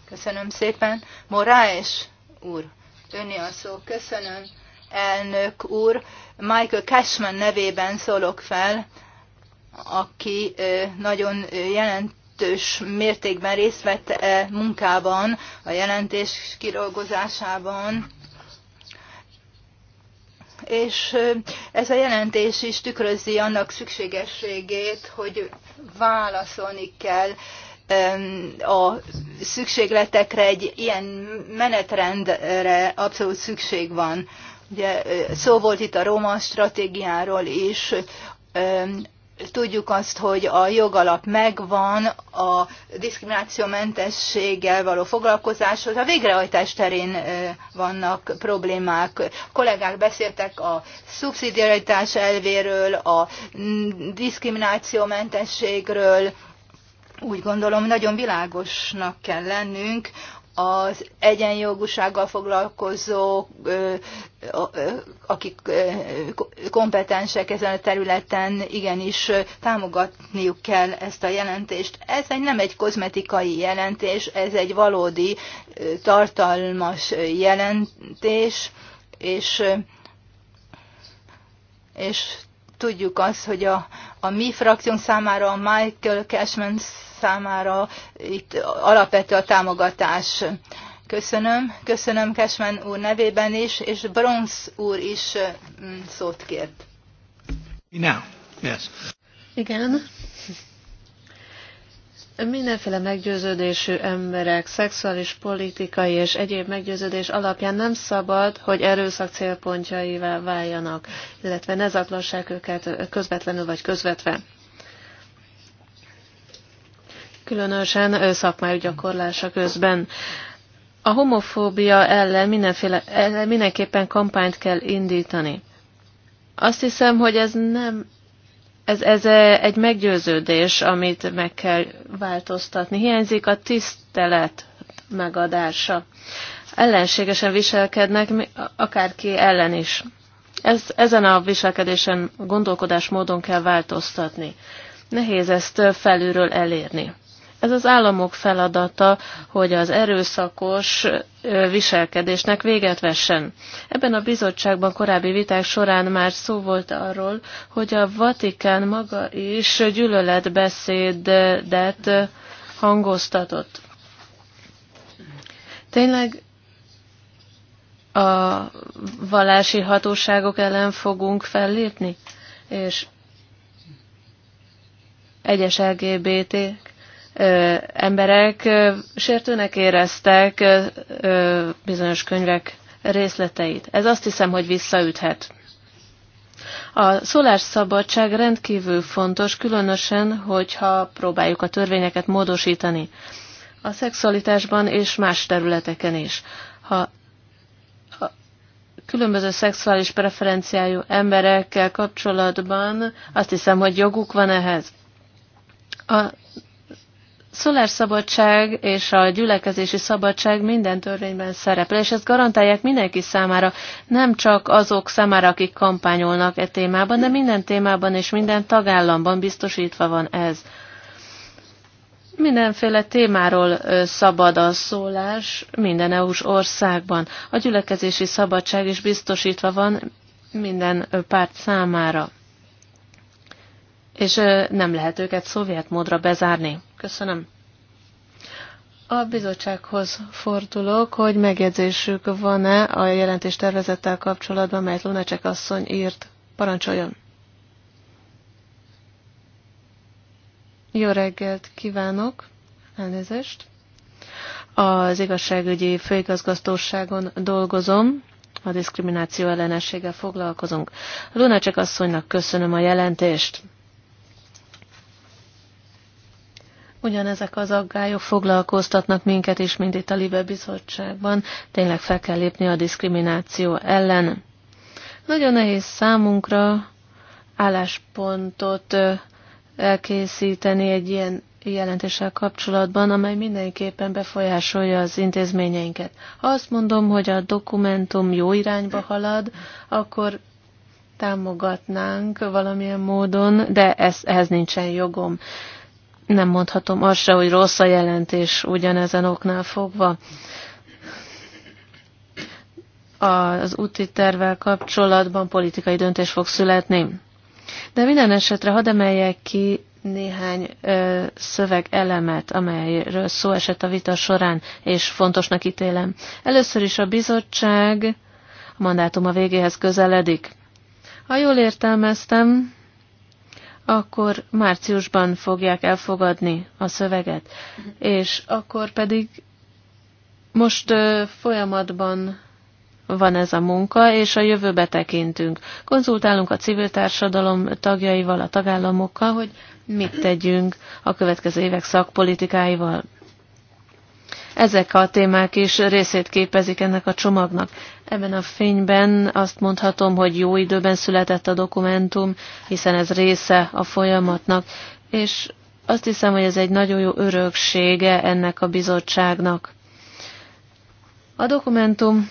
Köszönöm szépen. Moráes úr, önni a szó. Köszönöm, elnök úr. Michael Cashman nevében szólok fel, aki nagyon jelent jelentős mértékben részt vett munkában, a jelentés kirolgozásában és ez a jelentés is tükrözi annak szükségességét, hogy válaszolni kell a szükségletekre egy ilyen menetrendre abszolút szükség van. Ugye szó volt itt a Róma stratégiáról is, Tudjuk azt, hogy a jogalap megvan a diszkriminációmentességgel való foglalkozáshoz. A végrehajtás terén vannak problémák. A kollégák beszéltek a szubszidiaritás elvéről, a diszkriminációmentességről. Úgy gondolom, nagyon világosnak kell lennünk az egyenjogúsággal foglalkozó, akik kompetensek ezen a területen, igenis támogatniuk kell ezt a jelentést. Ez egy, nem egy kozmetikai jelentés, ez egy valódi, tartalmas jelentés, és, és tudjuk azt, hogy a, a mi frakciónk számára a Michael Cashman számára itt alapvető a támogatás. Köszönöm, köszönöm Kesmen úr nevében is, és Bronz úr is mm, szót kért. Now. Yes. Igen. Mindenféle meggyőződésű emberek szexuális, politikai és egyéb meggyőződés alapján nem szabad, hogy erőszak célpontjaivá váljanak, illetve ne zaklassák őket közvetlenül vagy közvetve különösen szakmai gyakorlása közben. A homofóbia ellen, mindenféle, ellen mindenképpen kampányt kell indítani. Azt hiszem, hogy ez nem ez, ez e, egy meggyőződés, amit meg kell változtatni. Hiányzik a tisztelet megadása. Ellenségesen viselkednek, akárki ellen is. Ez, ezen a viselkedésen, gondolkodásmódon kell változtatni. Nehéz ezt felülről elérni. Ez az államok feladata, hogy az erőszakos viselkedésnek véget vessen. Ebben a bizottságban korábbi viták során már szó volt arról, hogy a Vatikán maga is gyűlöletbeszédet hangoztatott. Tényleg a vallási hatóságok ellen fogunk fellépni, és egyes LGBT emberek sértőnek éreztek bizonyos könyvek részleteit. Ez azt hiszem, hogy visszaüthet. A szólásszabadság rendkívül fontos, különösen, hogyha próbáljuk a törvényeket módosítani. A szexualitásban és más területeken is. Ha különböző szexuális preferenciájú emberekkel kapcsolatban azt hiszem, hogy joguk van ehhez. A szólásszabadság és a gyülekezési szabadság minden törvényben szerepel, és ezt garantálják mindenki számára, nem csak azok számára, akik kampányolnak e témában, de minden témában és minden tagállamban biztosítva van ez. Mindenféle témáról szabad a szólás minden EU-s országban. A gyülekezési szabadság is biztosítva van minden párt számára. És nem lehet őket szovjet módra bezárni. Köszönöm. A bizottsághoz fordulok, hogy megjegyzésük van-e a jelentés tervezettel kapcsolatban, melyet Lunacek asszony írt. Parancsoljon! Jó reggelt kívánok! Elnézést! Az igazságügyi főigazgatóságon dolgozom, a diszkrimináció ellenességgel foglalkozunk. Lunacek asszonynak köszönöm a jelentést. Ugyanezek az aggályok foglalkoztatnak minket is, mint itt a Libe Bizottságban. Tényleg fel kell lépni a diszkrimináció ellen. Nagyon nehéz számunkra álláspontot elkészíteni egy ilyen jelentéssel kapcsolatban, amely mindenképpen befolyásolja az intézményeinket. Ha azt mondom, hogy a dokumentum jó irányba halad, akkor támogatnánk valamilyen módon, de ez, ehhez nincsen jogom nem mondhatom azt se, hogy rossz a jelentés ugyanezen oknál fogva. Az úti tervvel kapcsolatban politikai döntés fog születni. De minden esetre hadd emeljek ki néhány ö, elemet, amelyről szó esett a vita során, és fontosnak ítélem. Először is a bizottság a mandátum a végéhez közeledik. Ha jól értelmeztem, akkor márciusban fogják elfogadni a szöveget, és akkor pedig most folyamatban van ez a munka, és a jövőbe tekintünk. Konzultálunk a civil társadalom tagjaival, a tagállamokkal, hogy mit tegyünk a következő évek szakpolitikáival ezek a témák is részét képezik ennek a csomagnak. Ebben a fényben azt mondhatom, hogy jó időben született a dokumentum, hiszen ez része a folyamatnak, és azt hiszem, hogy ez egy nagyon jó öröksége ennek a bizottságnak. A dokumentum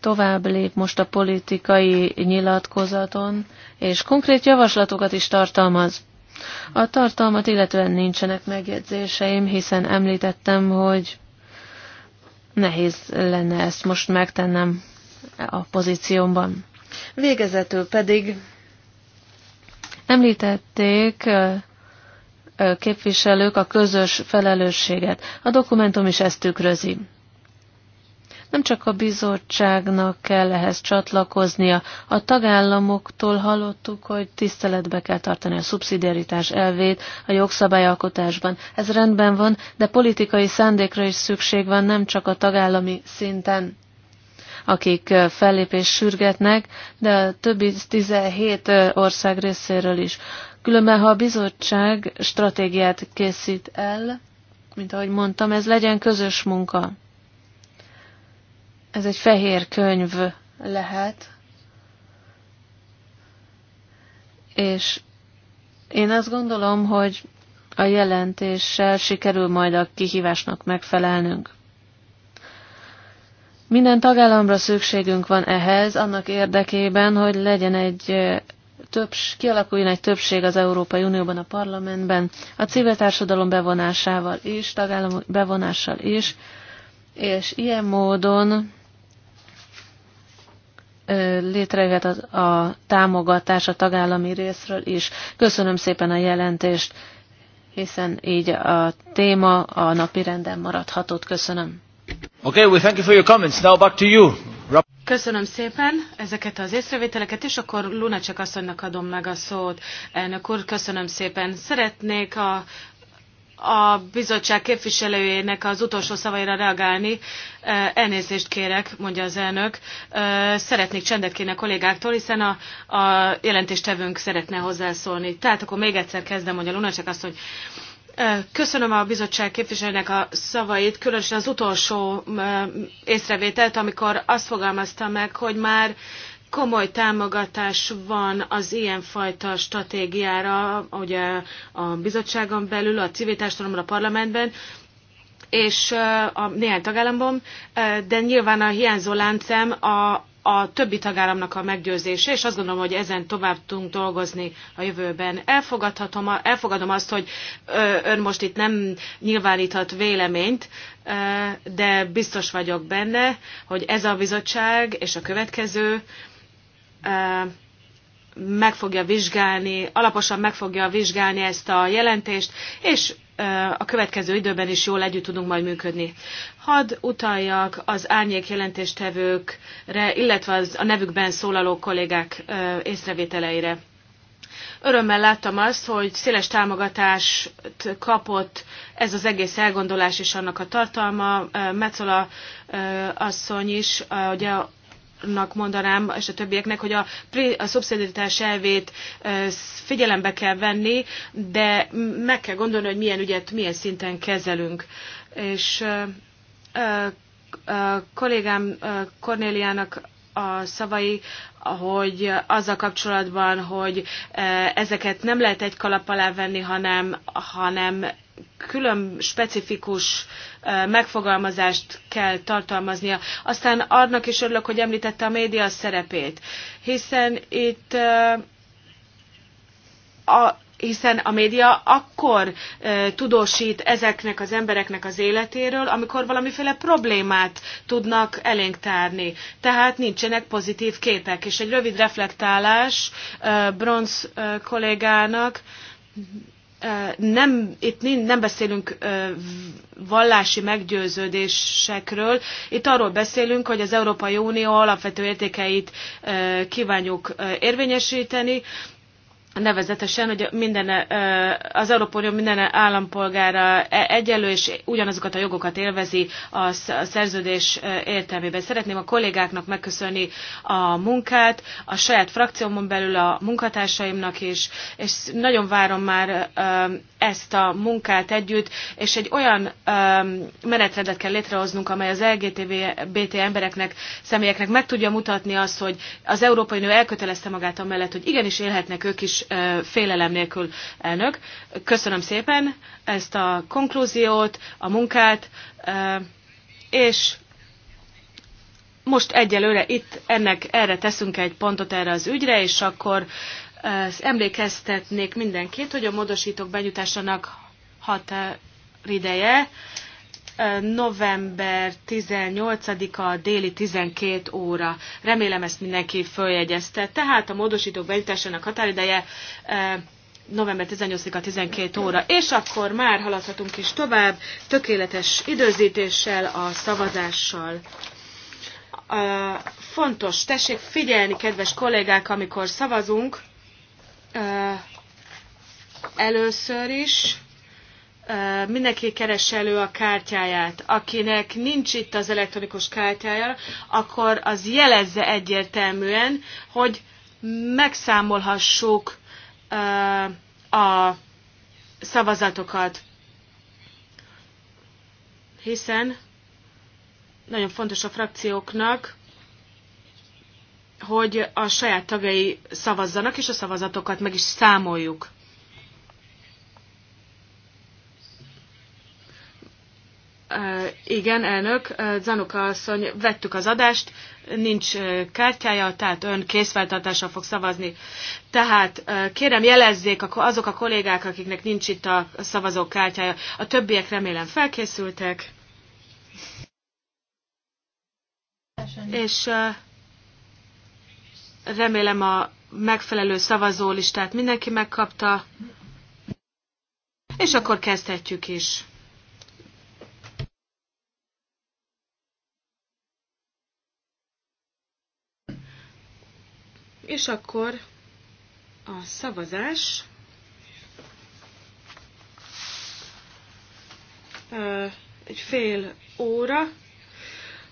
tovább lép most a politikai nyilatkozaton, és konkrét javaslatokat is tartalmaz. A tartalmat illetően nincsenek megjegyzéseim, hiszen említettem, hogy nehéz lenne ezt most megtennem a pozíciómban. Végezetül pedig említették képviselők a közös felelősséget. A dokumentum is ezt tükrözi. Nem csak a bizottságnak kell ehhez csatlakoznia. A tagállamoktól hallottuk, hogy tiszteletbe kell tartani a szubszidiaritás elvét a jogszabályalkotásban. Ez rendben van, de politikai szándékra is szükség van, nem csak a tagállami szinten akik fellépés sürgetnek, de a többi 17 ország részéről is. Különben, ha a bizottság stratégiát készít el, mint ahogy mondtam, ez legyen közös munka. Ez egy fehér könyv lehet, és én azt gondolom, hogy a jelentéssel sikerül majd a kihívásnak megfelelnünk. Minden tagállamra szükségünk van ehhez, annak érdekében, hogy legyen egy többs, kialakuljon egy többség az Európai Unióban, a parlamentben, a civil társadalom bevonásával is, tagállam bevonással is, és ilyen módon létrejött a, a támogatás a tagállami részről is. Köszönöm szépen a jelentést, hiszen így a téma a napi renden maradhatott. Köszönöm. Okay, we well, thank you for your comments. Now back to you. Köszönöm szépen ezeket az észrevételeket, és akkor Lunacek asszonynak adom meg a szót. Elnök úr, köszönöm szépen. Szeretnék a a bizottság képviselőjének az utolsó szavaira reagálni. Elnézést kérek, mondja az elnök. Szeretnék csendet kérni a kollégáktól, hiszen a, a jelentéstevőnk szeretne hozzászólni. Tehát akkor még egyszer kezdem, mondja Luna, csak azt, hogy Köszönöm a bizottság képviselőnek a szavait, különösen az utolsó észrevételt, amikor azt fogalmazta meg, hogy már komoly támogatás van az ilyenfajta stratégiára, ugye a bizottságon belül, a civil társadalomra, a parlamentben, és a néhány tagállamban, de nyilván a hiányzó láncem a, a többi tagállamnak a meggyőzése, és azt gondolom, hogy ezen tovább tudunk dolgozni a jövőben. Elfogadhatom, elfogadom azt, hogy ön most itt nem nyilváníthat véleményt, de biztos vagyok benne, hogy ez a bizottság és a következő meg fogja vizsgálni, alaposan meg fogja vizsgálni ezt a jelentést, és a következő időben is jól együtt tudunk majd működni. Hadd utaljak az árnyék jelentéstevőkre, illetve az a nevükben szólaló kollégák észrevételeire. Örömmel láttam azt, hogy széles támogatást kapott ez az egész elgondolás és annak a tartalma. Metzola asszony is ugye nak mondanám, és a többieknek, hogy a, a szubszidiaritás elvét figyelembe kell venni, de meg kell gondolni, hogy milyen ügyet milyen szinten kezelünk. És a kollégám Kornéliának a szavai, hogy azzal kapcsolatban, hogy ezeket nem lehet egy kalap alá venni, hanem, hanem külön specifikus megfogalmazást kell tartalmaznia. Aztán annak is örülök, hogy említette a média szerepét, hiszen itt a, hiszen a média akkor e, tudósít ezeknek az embereknek az életéről, amikor valamiféle problémát tudnak elénk tárni. Tehát nincsenek pozitív képek. És egy rövid reflektálás e, Bronz e, kollégának nem, itt nem beszélünk vallási meggyőződésekről, itt arról beszélünk, hogy az Európai Unió alapvető értékeit kívánjuk érvényesíteni, nevezetesen, hogy minden, az Európai Unió minden állampolgára e- egyenlő és ugyanazokat a jogokat élvezi a szerződés értelmében. Szeretném a kollégáknak megköszönni a munkát, a saját frakciómon belül a munkatársaimnak is, és nagyon várom már ezt a munkát együtt, és egy olyan menetrendet kell létrehoznunk, amely az LGTB embereknek, személyeknek meg tudja mutatni azt, hogy az Európai Unió elkötelezte magát amellett, hogy igenis élhetnek ők is félelem nélkül elnök. Köszönöm szépen ezt a konklúziót, a munkát, és most egyelőre itt ennek, erre teszünk egy pontot erre az ügyre, és akkor emlékeztetnék mindenkit, hogy a módosítók benyújtásának határideje november 18-a déli 12 óra. Remélem ezt mindenki följegyezte. Tehát a módosítók bejutásának határideje eh, november 18-a 12 óra, és akkor már haladhatunk is tovább tökéletes időzítéssel, a szavazással. Eh, fontos, tessék figyelni, kedves kollégák, amikor szavazunk, eh, először is mindenki keres elő a kártyáját. Akinek nincs itt az elektronikus kártyája, akkor az jelezze egyértelműen, hogy megszámolhassuk a szavazatokat. Hiszen nagyon fontos a frakcióknak, hogy a saját tagjai szavazzanak, és a szavazatokat meg is számoljuk. igen, elnök, Zanuka asszony, vettük az adást, nincs kártyája, tehát ön készfeltartásra fog szavazni. Tehát kérem jelezzék azok a kollégák, akiknek nincs itt a szavazókártyája. A többiek remélem felkészültek. És remélem a megfelelő szavazólistát mindenki megkapta. És akkor kezdhetjük is. És akkor a szavazás egy fél óra.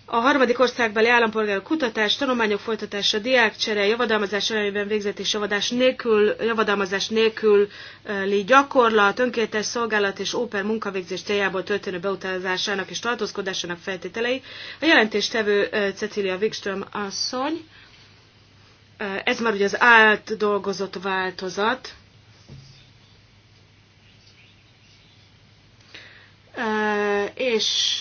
A harmadik országbeli állampolgárok kutatás, tanulmányok folytatása, diákcsere, javadalmazás elejében végzett és javadás nélkül, javadalmazás nélküli gyakorlat, önkéntes szolgálat és óper munkavégzés céljából történő beutazásának és tartózkodásának feltételei. A jelentéstevő Cecília Wikström asszony. Eh, ez már ugye az átdolgozott változat. Eh, és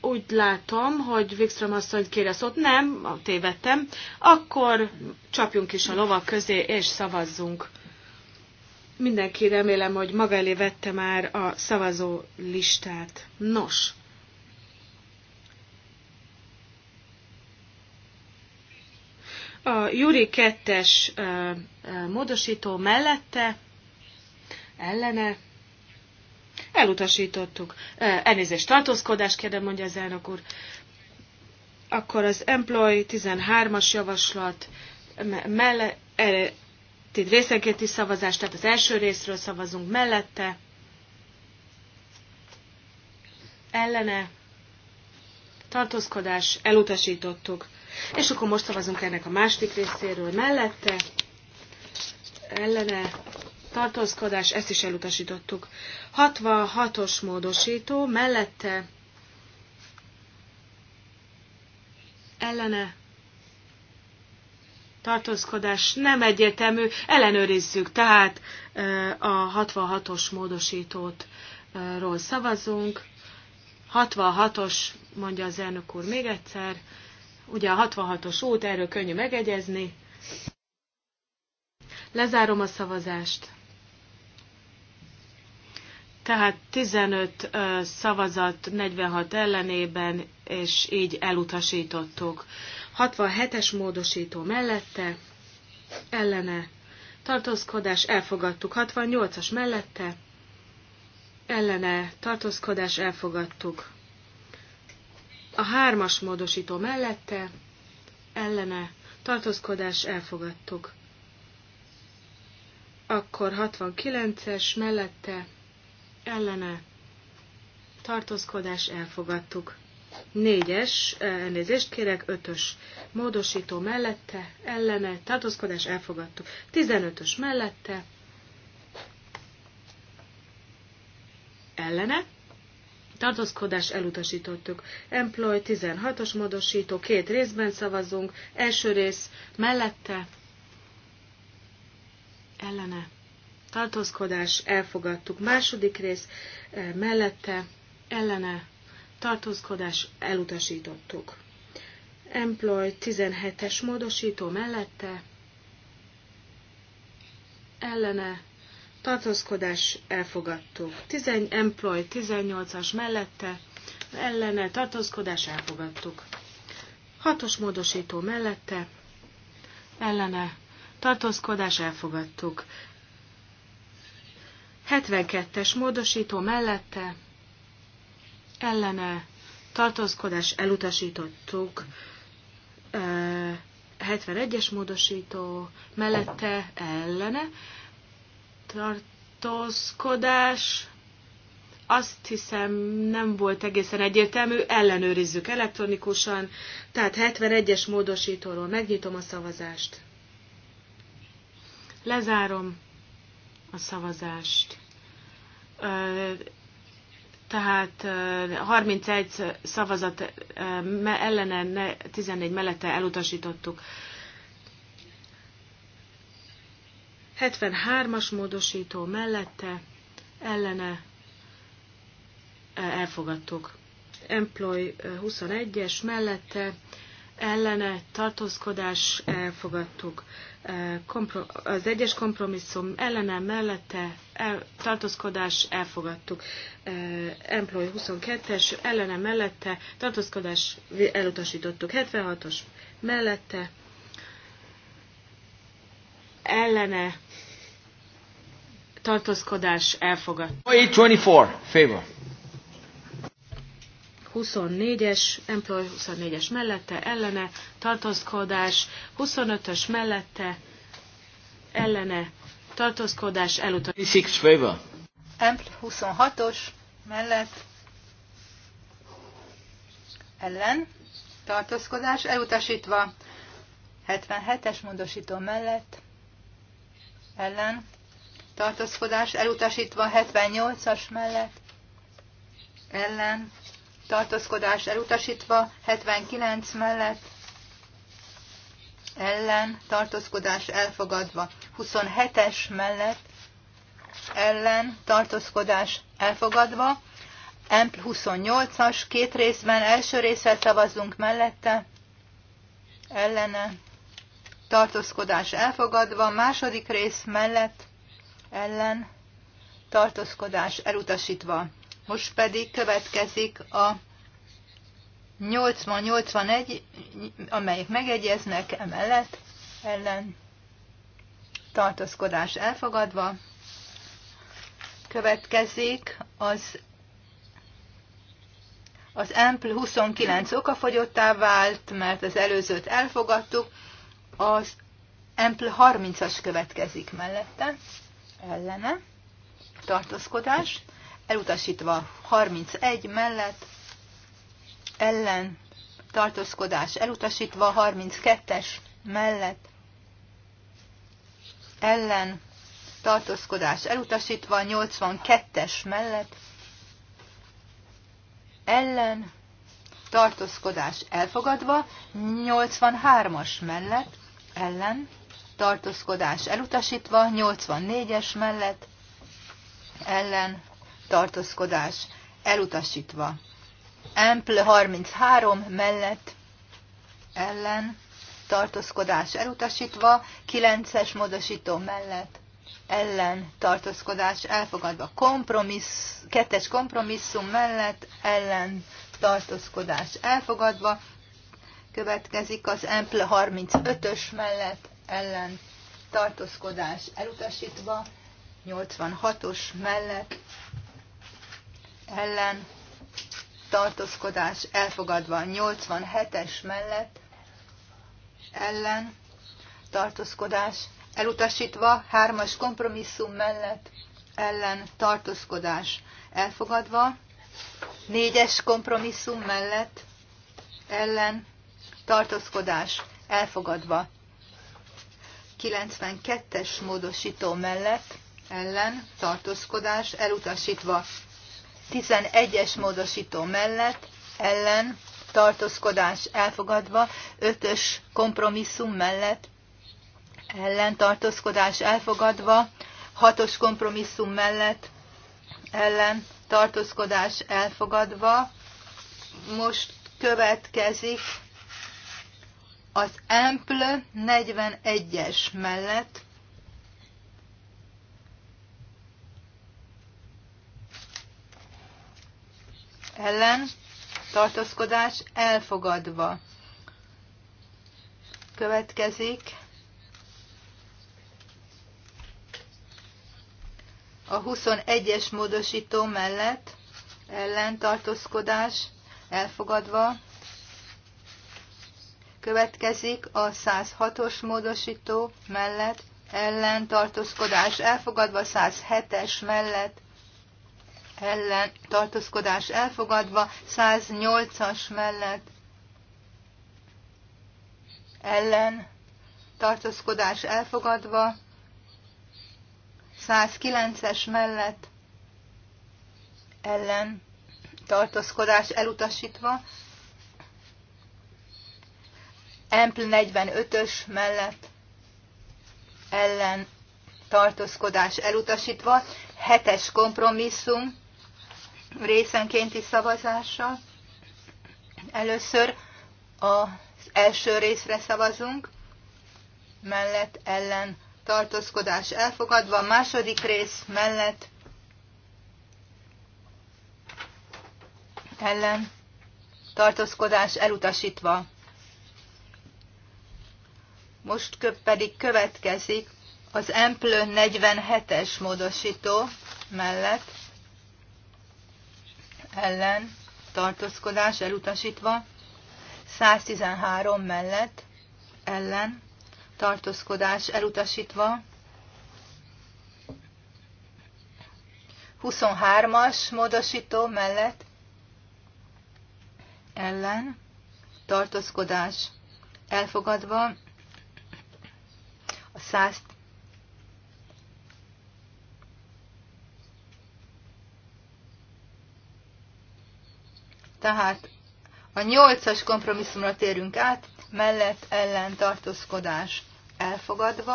úgy látom, hogy Wikström asszony kéri a szót. Nem, tévedtem. Akkor csapjunk is a lovak közé, és szavazzunk. Mindenki remélem, hogy maga elé vette már a szavazó listát. Nos, A Juri 2-es módosító mellette, ellene, elutasítottuk. Elnézést, tartózkodás, kérdem, mondja az elnök úr. Akkor az Employ 13-as javaslat melle, e, itt részenkénti szavazás, tehát az első részről szavazunk mellette, ellene, tartózkodás, elutasítottuk. És akkor most szavazunk ennek a második részéről mellette, ellene, tartózkodás, ezt is elutasítottuk. 66-os módosító, mellette, ellene, tartózkodás nem egyértelmű, ellenőrizzük, tehát a 66-os módosítót ról szavazunk. 66-os, mondja az elnök úr még egyszer, Ugye a 66-os út, erről könnyű megegyezni. Lezárom a szavazást. Tehát 15 szavazat 46 ellenében, és így elutasítottuk. 67-es módosító mellette, ellene, tartózkodás, elfogadtuk. 68-as mellette, ellene, tartózkodás, elfogadtuk. A hármas módosító mellette, ellene, tartózkodás elfogadtuk. Akkor 69-es mellette, ellene, tartózkodás elfogadtuk. Négyes, e, elnézést kérek, ötös módosító mellette, ellene, tartózkodás elfogadtuk. 15-ös mellette, ellene, tartózkodás elutasítottuk. Employ 16-os módosító, két részben szavazunk, első rész mellette, ellene, tartózkodás, elfogadtuk. Második rész eh, mellette, ellene, tartózkodás, elutasítottuk. Employ 17-es módosító mellette, ellene, tartózkodás elfogadtuk. 10 employ 18-as mellette, ellene tartózkodás elfogadtuk. 6-os módosító mellette, ellene tartózkodás elfogadtuk. 72-es módosító mellette, ellene tartózkodás elutasítottuk. 71-es módosító mellette ellene tartózkodás azt hiszem nem volt egészen egyértelmű, ellenőrizzük elektronikusan, tehát 71-es módosítóról megnyitom a szavazást. Lezárom a szavazást. Tehát 31 szavazat ellene, 14 mellette elutasítottuk. 73-as módosító mellette ellene eh, elfogadtuk. Employ 21-es eh, mellette ellene tartózkodás elfogadtuk. Eh, az egyes kompromisszum ellene mellette el, tartózkodás elfogadtuk. Employ 22-es ellene mellette tartózkodás elutasítottuk. 76-os mellette ellene tartózkodás elfogad. 24 favor. 24-es, Employ 24-es mellette, ellene, tartózkodás, 25-ös mellette, ellene, tartózkodás, elutasítás. Empl 26-os mellett, ellen, tartózkodás, elutasítva, 77-es módosító mellett, ellen tartózkodás elutasítva 78-as mellett ellen tartózkodás elutasítva 79 mellett ellen tartózkodás elfogadva 27-es mellett ellen tartózkodás elfogadva MP 28-as két részben első részre szavazunk mellette ellene tartózkodás elfogadva, második rész mellett ellen tartózkodás elutasítva. Most pedig következik a 80-81, amelyek megegyeznek emellett ellen tartózkodás elfogadva. Következik az az EMPL 29 fogyottá vált, mert az előzőt elfogadtuk, az Ample 30-as következik mellette, ellene, tartózkodás, elutasítva 31 mellett, ellen, tartózkodás, elutasítva 32-es mellett, ellen, tartózkodás, elutasítva 82-es mellett, ellen, tartózkodás elfogadva, 83-as mellett, ellen tartózkodás elutasítva, 84-es mellett ellen tartózkodás elutasítva. Empl 33 mellett ellen tartózkodás elutasítva, 9-es módosító mellett ellen tartózkodás elfogadva, kompromissz, kettes kompromisszum mellett ellen tartózkodás elfogadva, Következik az Empl 35-ös mellett ellen tartózkodás elutasítva, 86-os mellett ellen tartózkodás elfogadva, 87-es mellett ellen tartózkodás elutasítva, 3-as kompromisszum mellett ellen tartózkodás elfogadva, 4-es kompromisszum mellett ellen tartózkodás elfogadva. 92-es módosító mellett ellen tartózkodás elutasítva. 11-es módosító mellett ellen tartózkodás elfogadva, 5-ös kompromisszum mellett ellen tartózkodás elfogadva, 6-os kompromisszum mellett ellen tartózkodás elfogadva. Most következik az Ampl 41-es mellett ellen tartózkodás elfogadva. Következik a 21-es módosító mellett ellen tartózkodás elfogadva. Következik a 106-os módosító mellett ellen tartózkodás elfogadva, 107-es mellett ellen tartózkodás elfogadva, 108-as mellett ellen tartózkodás elfogadva, 109-es mellett ellen tartózkodás elutasítva, Ample 45-ös mellett ellen tartózkodás elutasítva, hetes kompromisszum részenkénti szavazással. Először az első részre szavazunk, mellett ellen tartózkodás elfogadva, a második rész mellett ellen tartózkodás elutasítva. Most pedig következik az Emplő 47-es módosító mellett ellen tartózkodás elutasítva, 113 mellett ellen tartózkodás elutasítva, 23-as módosító mellett ellen tartózkodás elfogadva, a 100 Tehát a nyolcas kompromisszumra térünk át, mellett ellen tartózkodás elfogadva,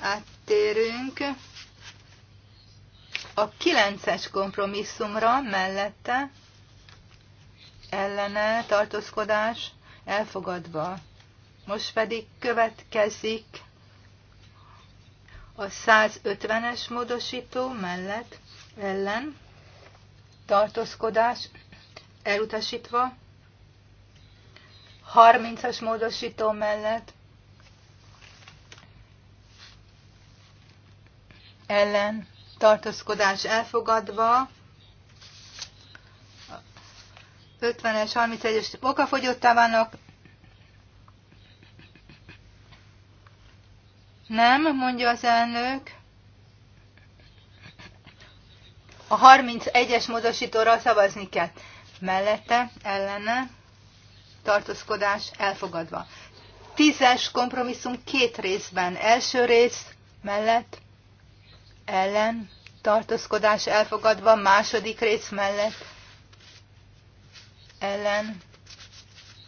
áttérünk a kilences kompromisszumra mellette ellene tartózkodás elfogadva. Most pedig következik a 150-es módosító mellett ellen tartózkodás elutasítva, 30-as módosító mellett ellen tartózkodás elfogadva, 50-es, 31-es okafogyottá válnak, Nem, mondja az elnök. A 31-es módosítóra szavazni kell. Mellette, ellene, tartózkodás elfogadva. Tízes kompromisszum két részben. Első rész mellett, ellen, tartózkodás elfogadva. Második rész mellett, ellen,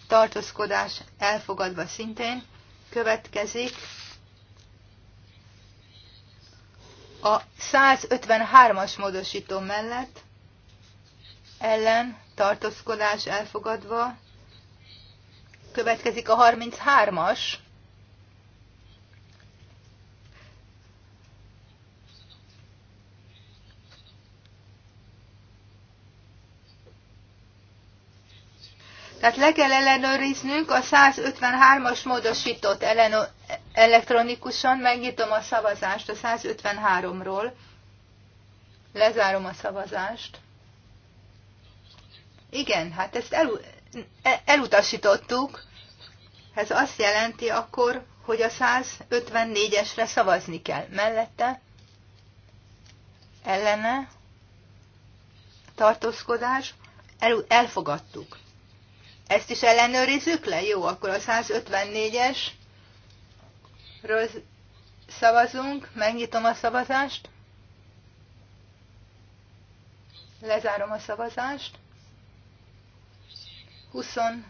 tartózkodás elfogadva szintén. Következik a 153-as módosító mellett ellen tartózkodás elfogadva következik a 33-as Tehát le kell ellenőriznünk a 153-as módosított ellen, elektronikusan. Megnyitom a szavazást a 153-ról. Lezárom a szavazást. Igen, hát ezt el, e- elutasítottuk. Ez azt jelenti akkor, hogy a 154-esre szavazni kell. Mellette, ellene, tartózkodás, el, elfogadtuk. Ezt is ellenőrizzük le? Jó, akkor a 154-es szavazunk, megnyitom a szavazást, lezárom a szavazást, 26,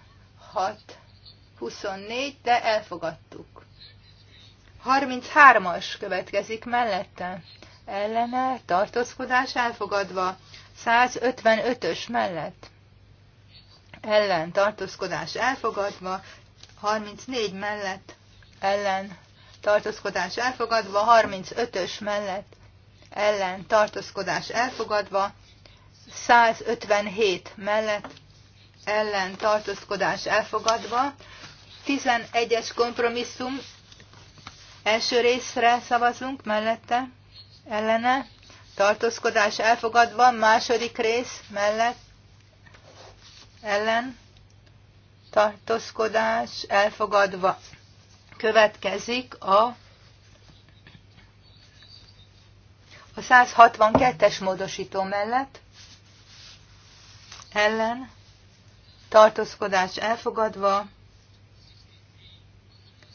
24, de elfogadtuk. 33-as következik mellette, ellene, tartózkodás elfogadva, 155-ös mellett ellen tartózkodás elfogadva, 34 mellett ellen tartózkodás elfogadva, 35-ös mellett ellen tartózkodás elfogadva, 157 mellett ellen tartózkodás elfogadva, 11-es kompromisszum első részre szavazunk mellette, ellene, tartózkodás elfogadva, második rész mellett, ellen tartózkodás elfogadva. Következik a a 162-es módosító mellett ellen tartózkodás elfogadva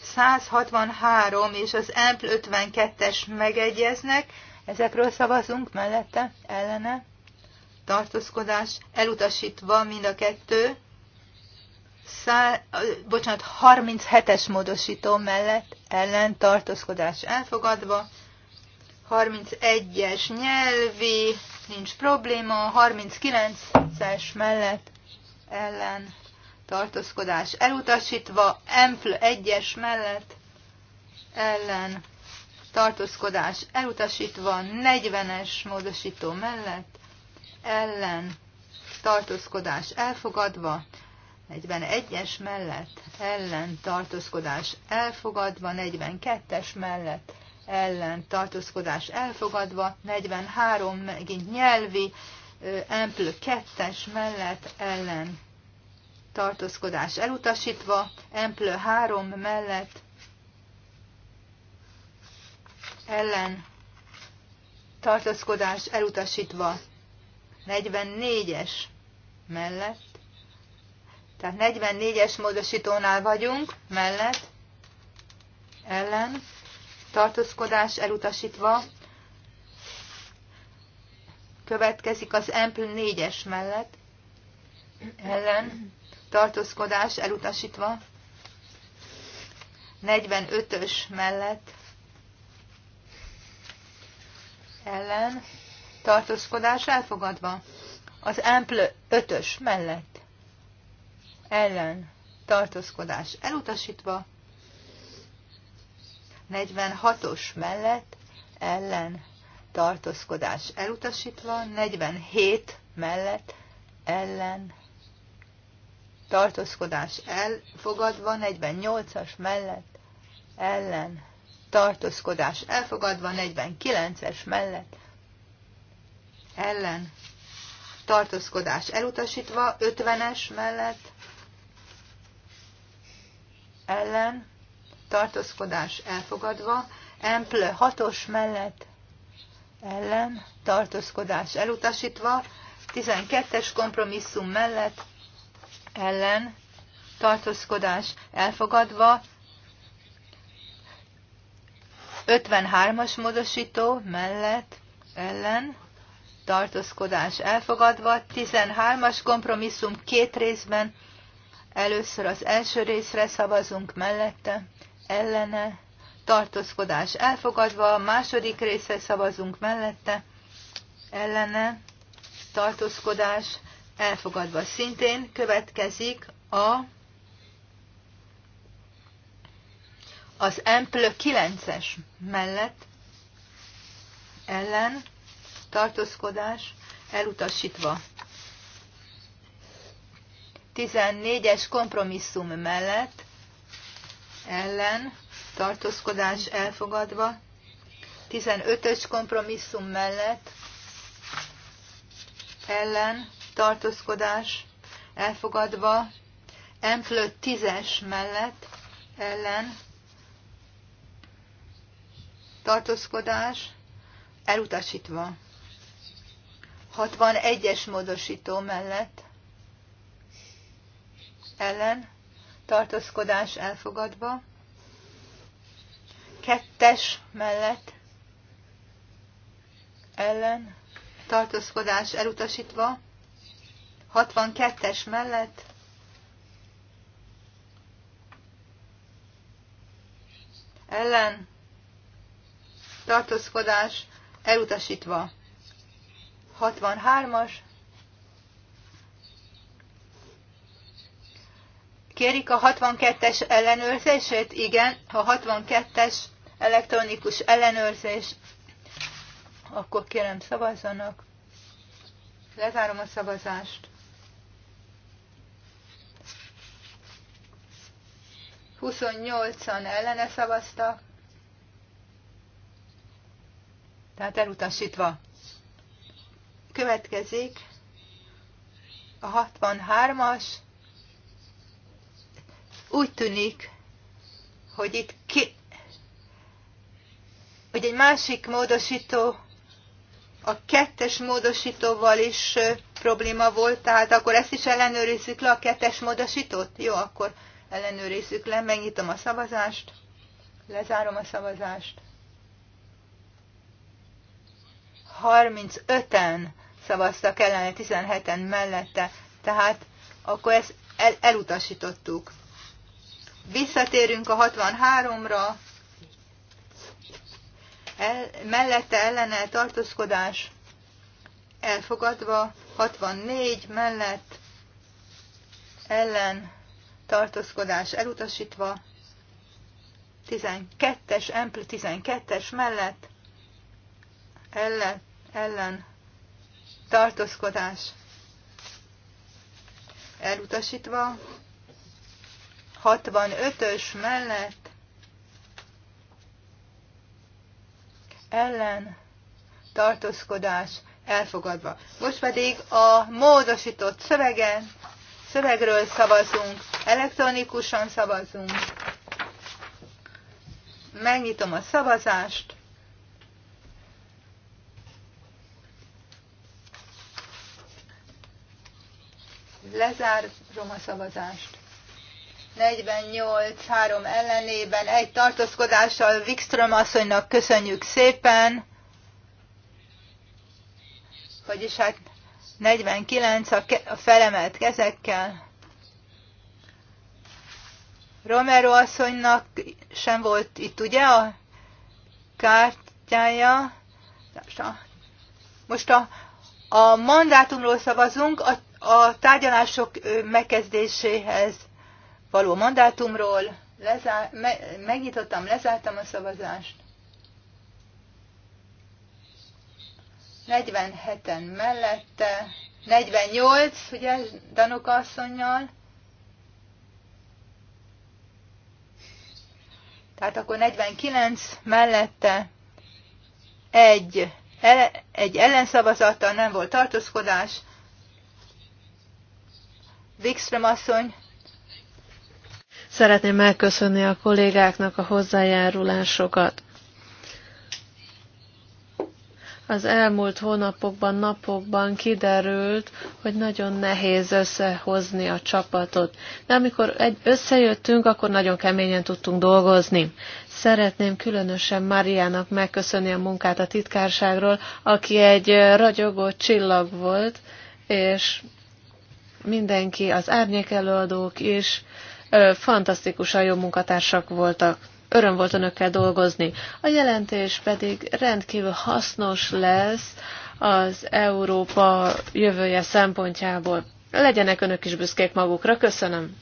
163 és az EMP 52-es megegyeznek, ezekről szavazunk mellette, ellene tartózkodás elutasítva mind a kettő, szá, bocsánat, 37-es módosító mellett ellen tartózkodás elfogadva, 31-es nyelvi, nincs probléma, 39-es mellett ellen tartózkodás elutasítva, empl 1-es mellett ellen tartózkodás elutasítva, 40-es módosító mellett ellen tartózkodás elfogadva, 41-es mellett ellen tartózkodás elfogadva, 42-es mellett ellen tartózkodás elfogadva, 43 megint nyelvi, empl 2-es mellett ellen tartózkodás elutasítva, empl 3 mellett ellen tartózkodás elutasítva, 44-es mellett. Tehát 44-es módosítónál vagyunk, mellett, ellen, tartózkodás elutasítva, következik az Ample 4-es mellett, ellen, tartózkodás elutasítva, 45-ös mellett, ellen, tartózkodás elfogadva. Az ampl 5-ös mellett ellen tartózkodás elutasítva. 46-os mellett ellen tartózkodás elutasítva, 47 mellett ellen tartózkodás elfogadva, 48-as mellett ellen tartózkodás elfogadva, 49-es mellett ellen tartózkodás elutasítva, 50-es mellett ellen tartózkodás elfogadva, empl 6-os mellett ellen tartózkodás elutasítva, 12-es kompromisszum mellett ellen tartózkodás elfogadva, 53-as módosító mellett ellen tartózkodás elfogadva, 13-as kompromisszum két részben, először az első részre szavazunk mellette, ellene, tartózkodás elfogadva, a második részre szavazunk mellette, ellene, tartózkodás elfogadva. Szintén következik a az emplő 9-es mellett ellen tartózkodás elutasítva. 14-es kompromisszum mellett ellen tartózkodás elfogadva, 15-ös kompromisszum mellett ellen tartózkodás elfogadva, Emplő 10-es mellett ellen tartózkodás elutasítva. 61-es módosító mellett ellen tartózkodás elfogadva, kettes mellett ellen tartózkodás elutasítva, 62-es mellett ellen tartózkodás elutasítva. 63-as. Kérik a 62-es ellenőrzését? Igen, a 62-es elektronikus ellenőrzés. Akkor kérem szavazzanak. Lezárom a szavazást. 28-an ellene szavaztak, tehát elutasítva. Következik a 63-as. Úgy tűnik, hogy itt ki, hogy egy másik módosító a kettes módosítóval is probléma volt, tehát akkor ezt is ellenőrizzük le, a kettes módosítót? Jó, akkor ellenőrizzük le, megnyitom a szavazást, lezárom a szavazást. 35-en szavaztak ellene, 17-en mellette, tehát akkor ezt el, elutasítottuk. Visszatérünk a 63-ra, el, mellette ellene tartózkodás elfogadva, 64 mellett ellen tartózkodás elutasítva, 12-es, Ample 12-es mellett ellen, ellen tartózkodás elutasítva, 65-ös mellett ellen tartózkodás elfogadva. Most pedig a módosított szövegen, szövegről szavazunk, elektronikusan szavazunk. Megnyitom a szavazást. Lezárom a szavazást. 48, 3 ellenében, egy tartózkodással Wikström asszonynak köszönjük szépen. Vagyis hát 49 a, ke- a felemelt kezekkel. Romero asszonynak sem volt itt ugye a kártyája. Most a, a mandátumról szavazunk, a a tárgyalások megkezdéséhez való mandátumról. Lezár, me, megnyitottam, lezártam a szavazást. 47-en mellette, 48, ugye, Danuka asszonynal. Tehát akkor 49 mellette egy, egy ellenszavazattal nem volt tartózkodás, Wikström asszony. Szeretném megköszönni a kollégáknak a hozzájárulásokat. Az elmúlt hónapokban, napokban kiderült, hogy nagyon nehéz összehozni a csapatot. De amikor egy összejöttünk, akkor nagyon keményen tudtunk dolgozni. Szeretném különösen Mariának megköszönni a munkát a titkárságról, aki egy ragyogó csillag volt, és mindenki, az árnyék előadók is, fantasztikusan jó munkatársak voltak. Öröm volt önökkel dolgozni. A jelentés pedig rendkívül hasznos lesz az Európa jövője szempontjából. Legyenek önök is büszkék magukra. Köszönöm.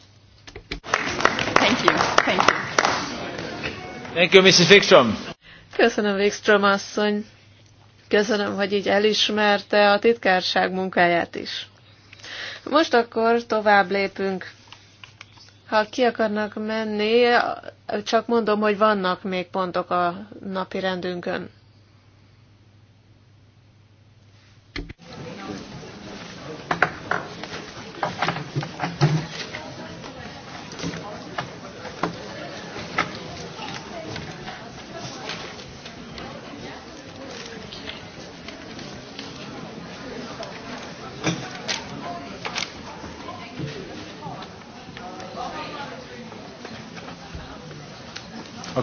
Thank you. Thank you. Thank you, Mrs. Wikström. Köszönöm, Wikström asszony. Köszönöm, hogy így elismerte a titkárság munkáját is. Most akkor tovább lépünk. Ha ki akarnak menni, csak mondom, hogy vannak még pontok a napi rendünkön.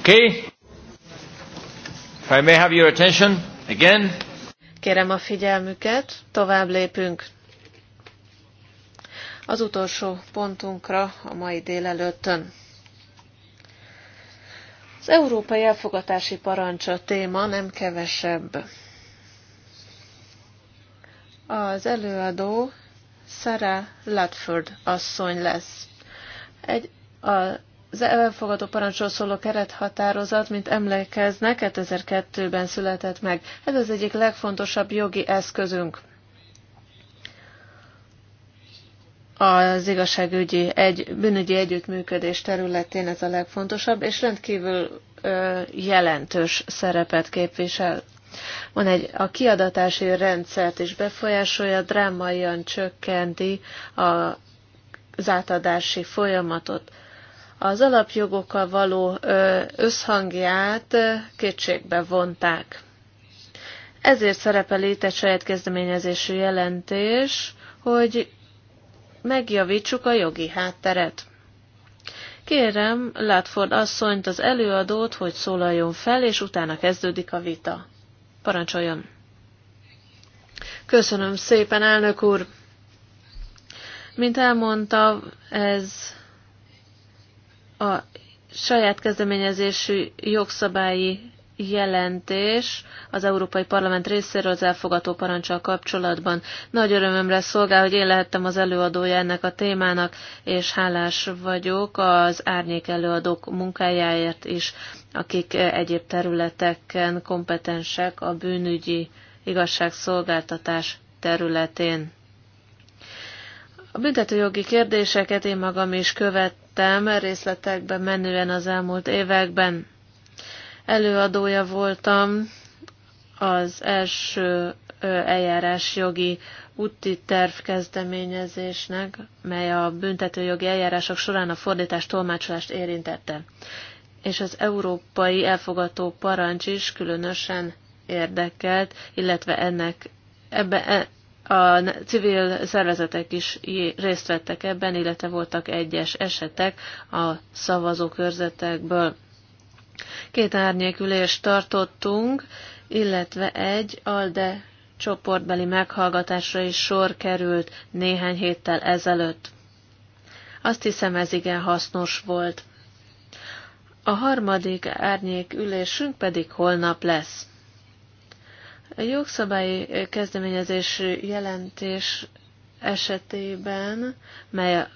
Okay? If I may have your attention again. Kérem a figyelmüket, tovább lépünk. Az utolsó pontunkra a mai délelőttön. Az európai elfogatási parancsa téma nem kevesebb. Az előadó Sarah Latford asszony lesz. Egy a az elfogadó parancsról szóló kerethatározat, mint emlékeznek, 2002-ben született meg. Ez az egyik legfontosabb jogi eszközünk. az igazságügyi egy, bűnügyi együttműködés területén ez a legfontosabb, és rendkívül ö, jelentős szerepet képvisel. Van egy, a kiadatási rendszert is befolyásolja, drámaian csökkenti a, az átadási folyamatot az alapjogokkal való összhangját kétségbe vonták. Ezért szerepel itt egy saját kezdeményezésű jelentés, hogy megjavítsuk a jogi hátteret. Kérem Látford asszonyt, az előadót, hogy szólaljon fel, és utána kezdődik a vita. Parancsoljon! Köszönöm szépen, elnök úr! Mint elmondta, ez a saját kezdeményezésű jogszabályi jelentés az Európai Parlament részéről az elfogató parancsal kapcsolatban. Nagy örömömre szolgál, hogy én lehettem az előadója ennek a témának, és hálás vagyok az árnyék előadók munkájáért is, akik egyéb területeken kompetensek a bűnügyi igazságszolgáltatás területén. A büntetőjogi kérdéseket én magam is követ, lettem részletekben menően az elmúlt években. Előadója voltam az első jogi úti terv kezdeményezésnek, mely a büntetőjogi eljárások során a fordítás tolmácsolást érintette. És az európai elfogató parancs is különösen érdekelt, illetve ennek ebbe, e, a civil szervezetek is részt vettek ebben, illetve voltak egyes esetek a szavazókörzetekből. Két árnyékülést tartottunk, illetve egy ALDE csoportbeli meghallgatásra is sor került néhány héttel ezelőtt. Azt hiszem ez igen hasznos volt. A harmadik árnyék ülésünk pedig holnap lesz. A jogszabályi kezdeményezés jelentés esetében, mely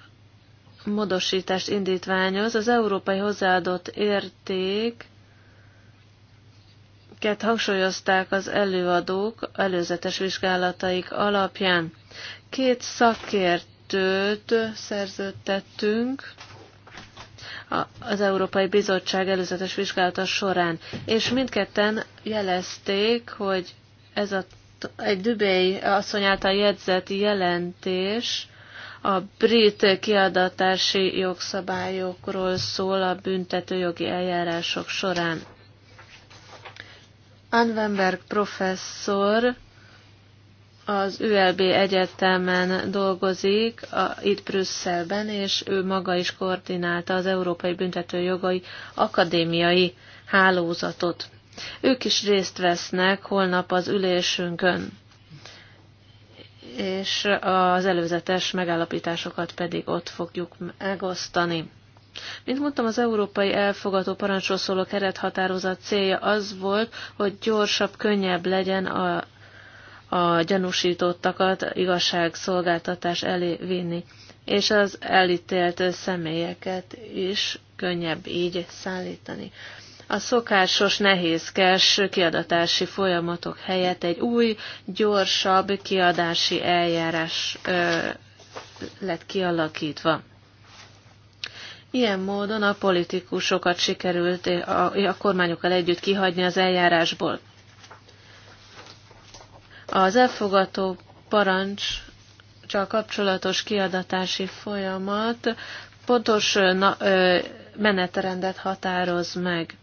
modosítást indítványoz, az európai hozzáadott érték Ket hangsúlyozták az előadók előzetes vizsgálataik alapján. Két szakértőt szerződtettünk az Európai Bizottság előzetes vizsgálata során, és mindketten jelezték, hogy ez a, egy Dübei asszony által jegyzett jelentés a brit kiadatási jogszabályokról szól a büntetőjogi eljárások során. Anvenberg professzor az ULB egyetemen dolgozik, a, itt Brüsszelben, és ő maga is koordinálta az Európai Büntetőjogai Akadémiai Hálózatot. Ők is részt vesznek holnap az ülésünkön, és az előzetes megállapításokat pedig ott fogjuk megosztani. Mint mondtam, az európai elfogadó parancsról szóló kerethatározat célja az volt, hogy gyorsabb, könnyebb legyen a, a gyanúsítottakat igazságszolgáltatás elé vinni, és az elítélt személyeket is könnyebb így szállítani a szokásos nehézkes kiadatási folyamatok helyett egy új, gyorsabb kiadási eljárás ö, lett kialakítva. Ilyen módon a politikusokat sikerült a, a kormányokkal együtt kihagyni az eljárásból. Az elfogató parancs csak kapcsolatos kiadatási folyamat pontos na, ö, menetrendet határoz meg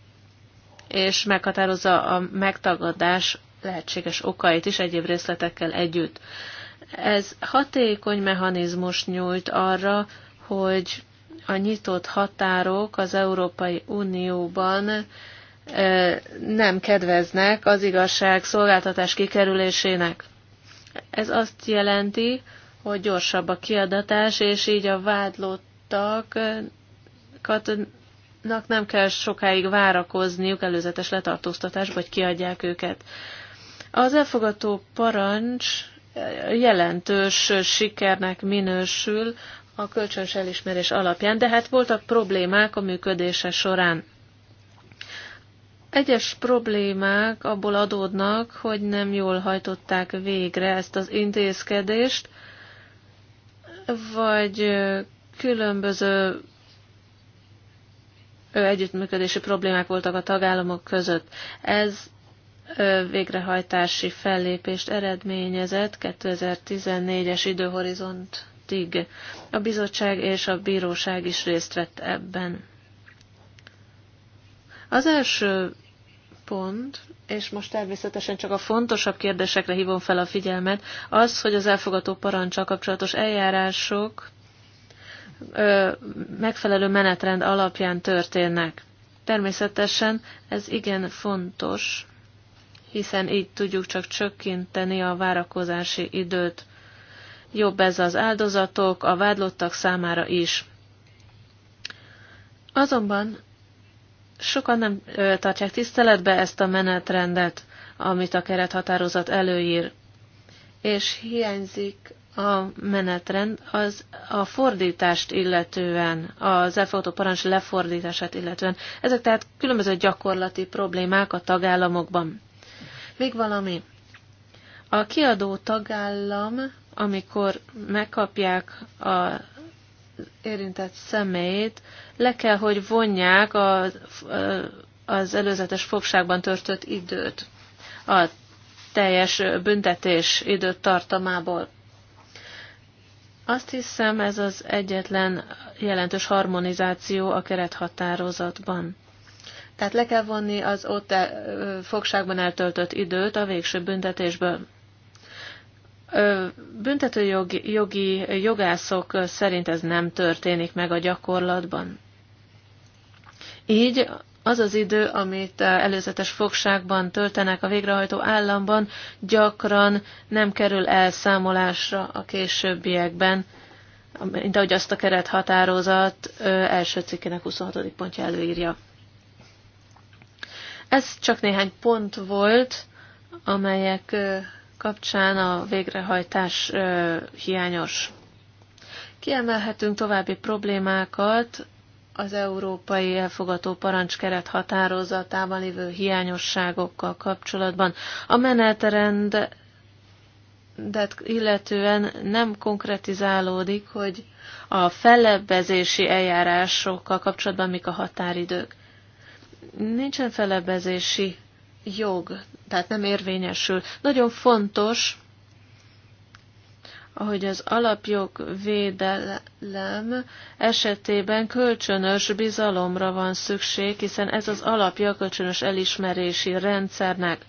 és meghatározza a megtagadás lehetséges okait is egyéb részletekkel együtt. Ez hatékony mechanizmus nyújt arra, hogy a nyitott határok az Európai Unióban nem kedveznek az igazság szolgáltatás kikerülésének. Ez azt jelenti, hogy gyorsabb a kiadatás, és így a vádlottakat nak nem kell sokáig várakozniuk előzetes letartóztatás, vagy kiadják őket. Az elfogató parancs jelentős sikernek minősül a kölcsönös elismerés alapján, de hát voltak problémák a működése során. Egyes problémák abból adódnak, hogy nem jól hajtották végre ezt az intézkedést, vagy különböző együttműködési problémák voltak a tagállamok között. Ez végrehajtási fellépést eredményezett 2014-es időhorizontig. A bizottság és a bíróság is részt vett ebben. Az első pont, és most természetesen csak a fontosabb kérdésekre hívom fel a figyelmet, az, hogy az elfogató parancsal kapcsolatos eljárások megfelelő menetrend alapján történnek. Természetesen ez igen fontos, hiszen így tudjuk csak csökkenteni a várakozási időt. Jobb ez az áldozatok, a vádlottak számára is. Azonban sokan nem tartják tiszteletbe ezt a menetrendet, amit a kerethatározat előír, és hiányzik a menetrend az a fordítást illetően, az elfogadó parancs lefordítását illetően. Ezek tehát különböző gyakorlati problémák a tagállamokban. Még valami. A kiadó tagállam, amikor megkapják a érintett személyt, le kell, hogy vonják a, az előzetes fogságban törtött időt a teljes büntetés időtartamából. Azt hiszem, ez az egyetlen jelentős harmonizáció a kerethatározatban. Tehát le kell vonni az ott fogságban eltöltött időt a végső büntetésből. Büntetőjogi jogi, jogászok szerint ez nem történik meg a gyakorlatban. Így az az idő, amit eh, előzetes fogságban töltenek a végrehajtó államban, gyakran nem kerül elszámolásra a későbbiekben, mint ahogy azt a kerethatározat első cikkének 26. pontja előírja. Ez csak néhány pont volt, amelyek kapcsán a végrehajtás hiányos. Kiemelhetünk további problémákat az európai elfogató parancskeret határozatában lévő hiányosságokkal kapcsolatban. A menetrend de illetően nem konkretizálódik, hogy a fellebbezési eljárásokkal kapcsolatban mik a határidők. Nincsen fellebbezési jog, tehát nem érvényesül. Nagyon fontos, hogy az alapjog védelem esetében kölcsönös bizalomra van szükség, hiszen ez az alapja a kölcsönös elismerési rendszernek.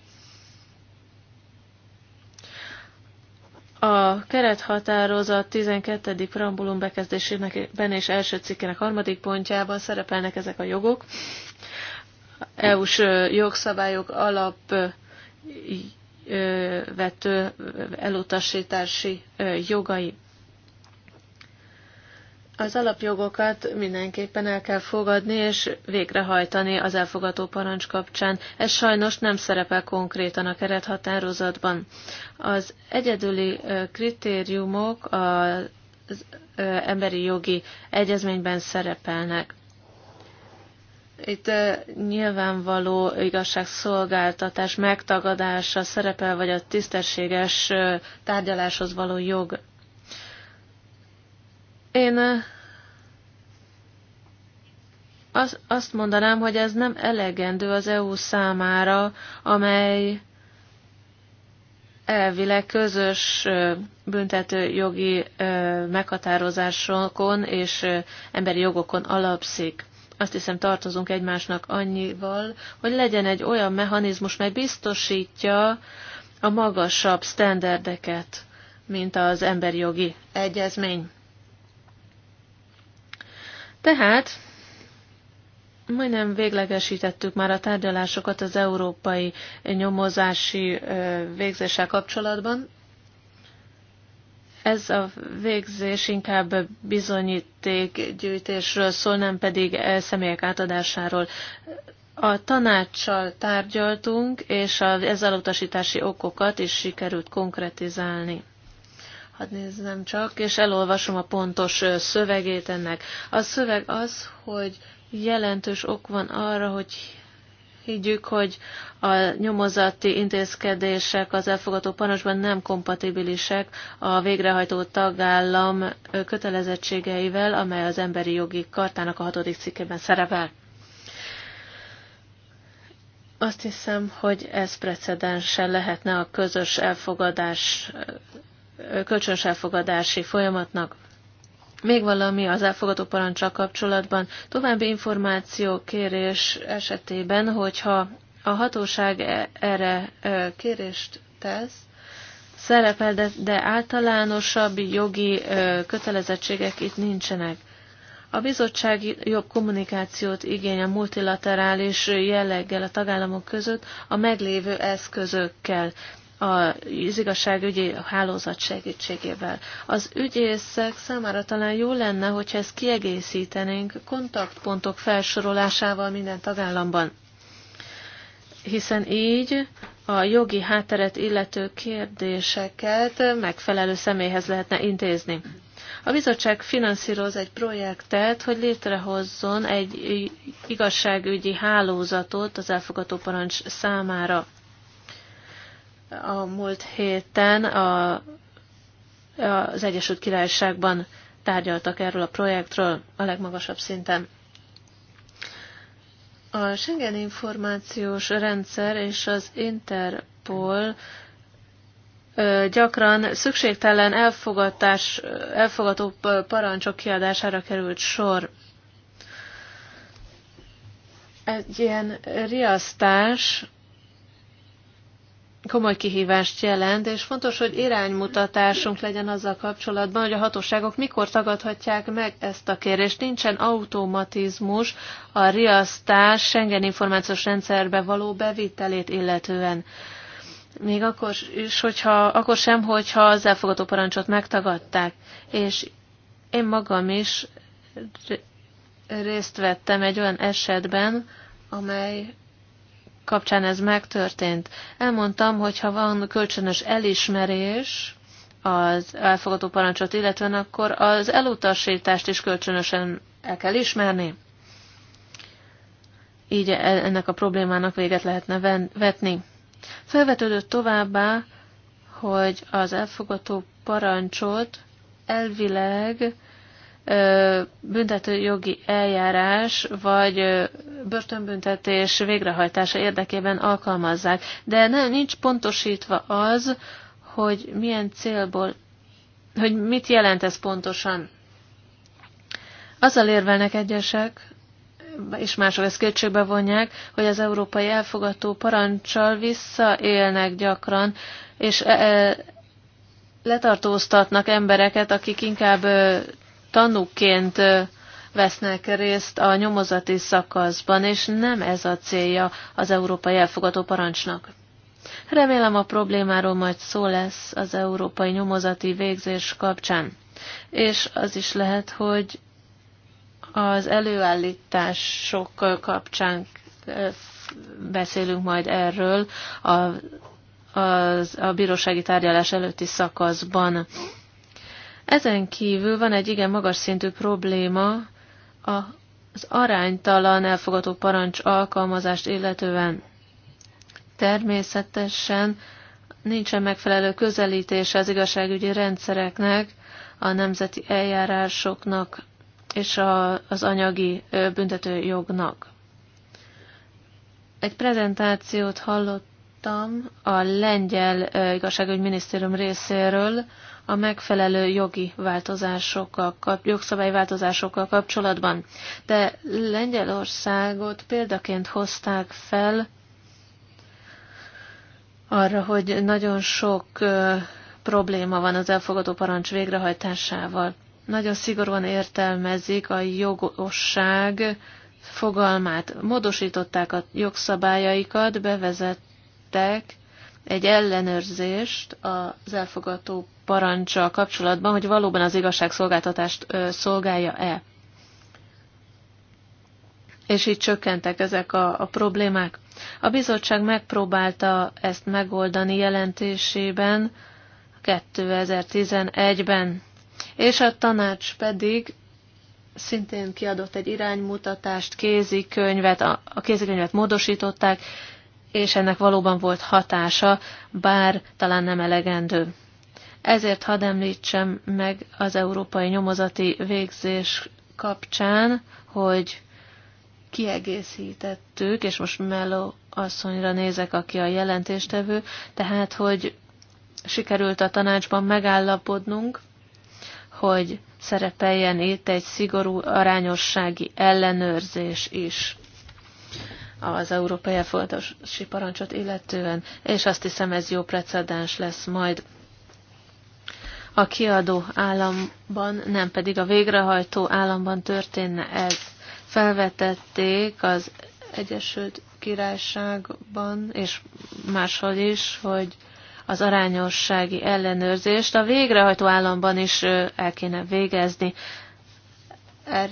A kerethatározat 12. bekezdésének bekezdésében és első cikkének harmadik pontjában szerepelnek ezek a jogok. EU-s jogszabályok alap vető elutasítási jogai. Az alapjogokat mindenképpen el kell fogadni és végrehajtani az elfogadó parancs kapcsán. Ez sajnos nem szerepel konkrétan a kerethatározatban. Az egyedüli kritériumok az emberi jogi egyezményben szerepelnek. Itt nyilvánvaló igazságszolgáltatás megtagadása szerepel, vagy a tisztességes tárgyaláshoz való jog. Én az, azt mondanám, hogy ez nem elegendő az EU számára, amely elvileg közös jogi meghatározásokon és emberi jogokon alapszik azt hiszem tartozunk egymásnak annyival, hogy legyen egy olyan mechanizmus, mely biztosítja a magasabb sztenderdeket, mint az emberi jogi egyezmény. Tehát majdnem véglegesítettük már a tárgyalásokat az európai nyomozási végzéssel kapcsolatban, ez a végzés inkább bizonyítékgyűjtésről szól, nem pedig e személyek átadásáról. A tanácssal tárgyaltunk, és az ezzel utasítási okokat is sikerült konkretizálni. Hadd nézzem csak, és elolvasom a pontos szövegét ennek. A szöveg az, hogy jelentős ok van arra, hogy higgyük, hogy a nyomozati intézkedések az elfogadó panasban nem kompatibilisek a végrehajtó tagállam kötelezettségeivel, amely az emberi jogi kartának a hatodik cikkében szerepel. Azt hiszem, hogy ez precedensen lehetne a közös elfogadás, kölcsönös elfogadási folyamatnak. Még valami az elfogadó parancsal kapcsolatban. További információ kérés esetében, hogyha a hatóság e- erre kérést tesz, szerepel, de, de általánosabb jogi kötelezettségek itt nincsenek. A bizottság jobb kommunikációt igény a multilaterális jelleggel a tagállamok között a meglévő eszközökkel az igazságügyi hálózat segítségével. Az ügyészek számára talán jó lenne, hogyha ezt kiegészítenénk kontaktpontok felsorolásával minden tagállamban. Hiszen így a jogi hátteret illető kérdéseket megfelelő személyhez lehetne intézni. A bizottság finanszíroz egy projektet, hogy létrehozzon egy igazságügyi hálózatot az elfogadó parancs számára a múlt héten a, az Egyesült Királyságban tárgyaltak erről a projektről a legmagasabb szinten. A Schengen információs rendszer és az Interpol gyakran szükségtelen elfogadás, elfogadó parancsok kiadására került sor. Egy ilyen riasztás komoly kihívást jelent, és fontos, hogy iránymutatásunk legyen azzal kapcsolatban, hogy a hatóságok mikor tagadhatják meg ezt a kérést. Nincsen automatizmus a riasztás Schengen információs rendszerbe való bevitelét illetően. Még akkor is, hogyha, akkor sem, hogyha az elfogadó parancsot megtagadták. És én magam is részt vettem egy olyan esetben, amely kapcsán ez megtörtént. Elmondtam, hogy ha van kölcsönös elismerés az elfogadó parancsot illetően, akkor az elutasítást is kölcsönösen el kell ismerni. Így e- ennek a problémának véget lehetne vetni. Felvetődött továbbá, hogy az elfogadó parancsot elvileg büntetőjogi eljárás vagy börtönbüntetés végrehajtása érdekében alkalmazzák. De nem, nincs pontosítva az, hogy milyen célból, hogy mit jelent ez pontosan. Azzal érvelnek egyesek, és mások ezt kétségbe vonják, hogy az európai elfogató parancsal visszaélnek gyakran, és e, e, letartóztatnak embereket, akik inkább tanúként vesznek részt a nyomozati szakaszban, és nem ez a célja az európai elfogadó parancsnak. Remélem a problémáról majd szó lesz az európai nyomozati végzés kapcsán. És az is lehet, hogy az előállítások kapcsán beszélünk majd erről a, a, a bírósági tárgyalás előtti szakaszban. Ezen kívül van egy igen magas szintű probléma az aránytalan elfogadó parancs alkalmazást illetően. Természetesen nincsen megfelelő közelítése az igazságügyi rendszereknek, a nemzeti eljárásoknak és a, az anyagi büntetőjognak. Egy prezentációt hallottam a lengyel igazságügyminisztérium részéről, a megfelelő jogi változásokkal, jogszabályváltozásokkal kapcsolatban. De Lengyelországot példaként hozták fel arra, hogy nagyon sok probléma van az elfogadó parancs végrehajtásával. Nagyon szigorúan értelmezik a jogosság fogalmát. Módosították a jogszabályaikat, bevezettek egy ellenőrzést az elfogadó parancsa kapcsolatban, hogy valóban az igazságszolgáltatást szolgálja-e. És így csökkentek ezek a, a problémák. A bizottság megpróbálta ezt megoldani jelentésében 2011-ben, és a tanács pedig szintén kiadott egy iránymutatást, kézikönyvet, a, a kézikönyvet módosították, és ennek valóban volt hatása, bár talán nem elegendő. Ezért hadd említsem meg az európai nyomozati végzés kapcsán, hogy kiegészítettük, és most Melo asszonyra nézek, aki a jelentéstevő, tehát, hogy sikerült a tanácsban megállapodnunk, hogy szerepeljen itt egy szigorú arányossági ellenőrzés is az európai elfogadási parancsot illetően, és azt hiszem ez jó precedens lesz majd a kiadó államban, nem pedig a végrehajtó államban történne ez. Felvetették az Egyesült Királyságban és máshol is, hogy az arányossági ellenőrzést a végrehajtó államban is el kéne végezni. Er,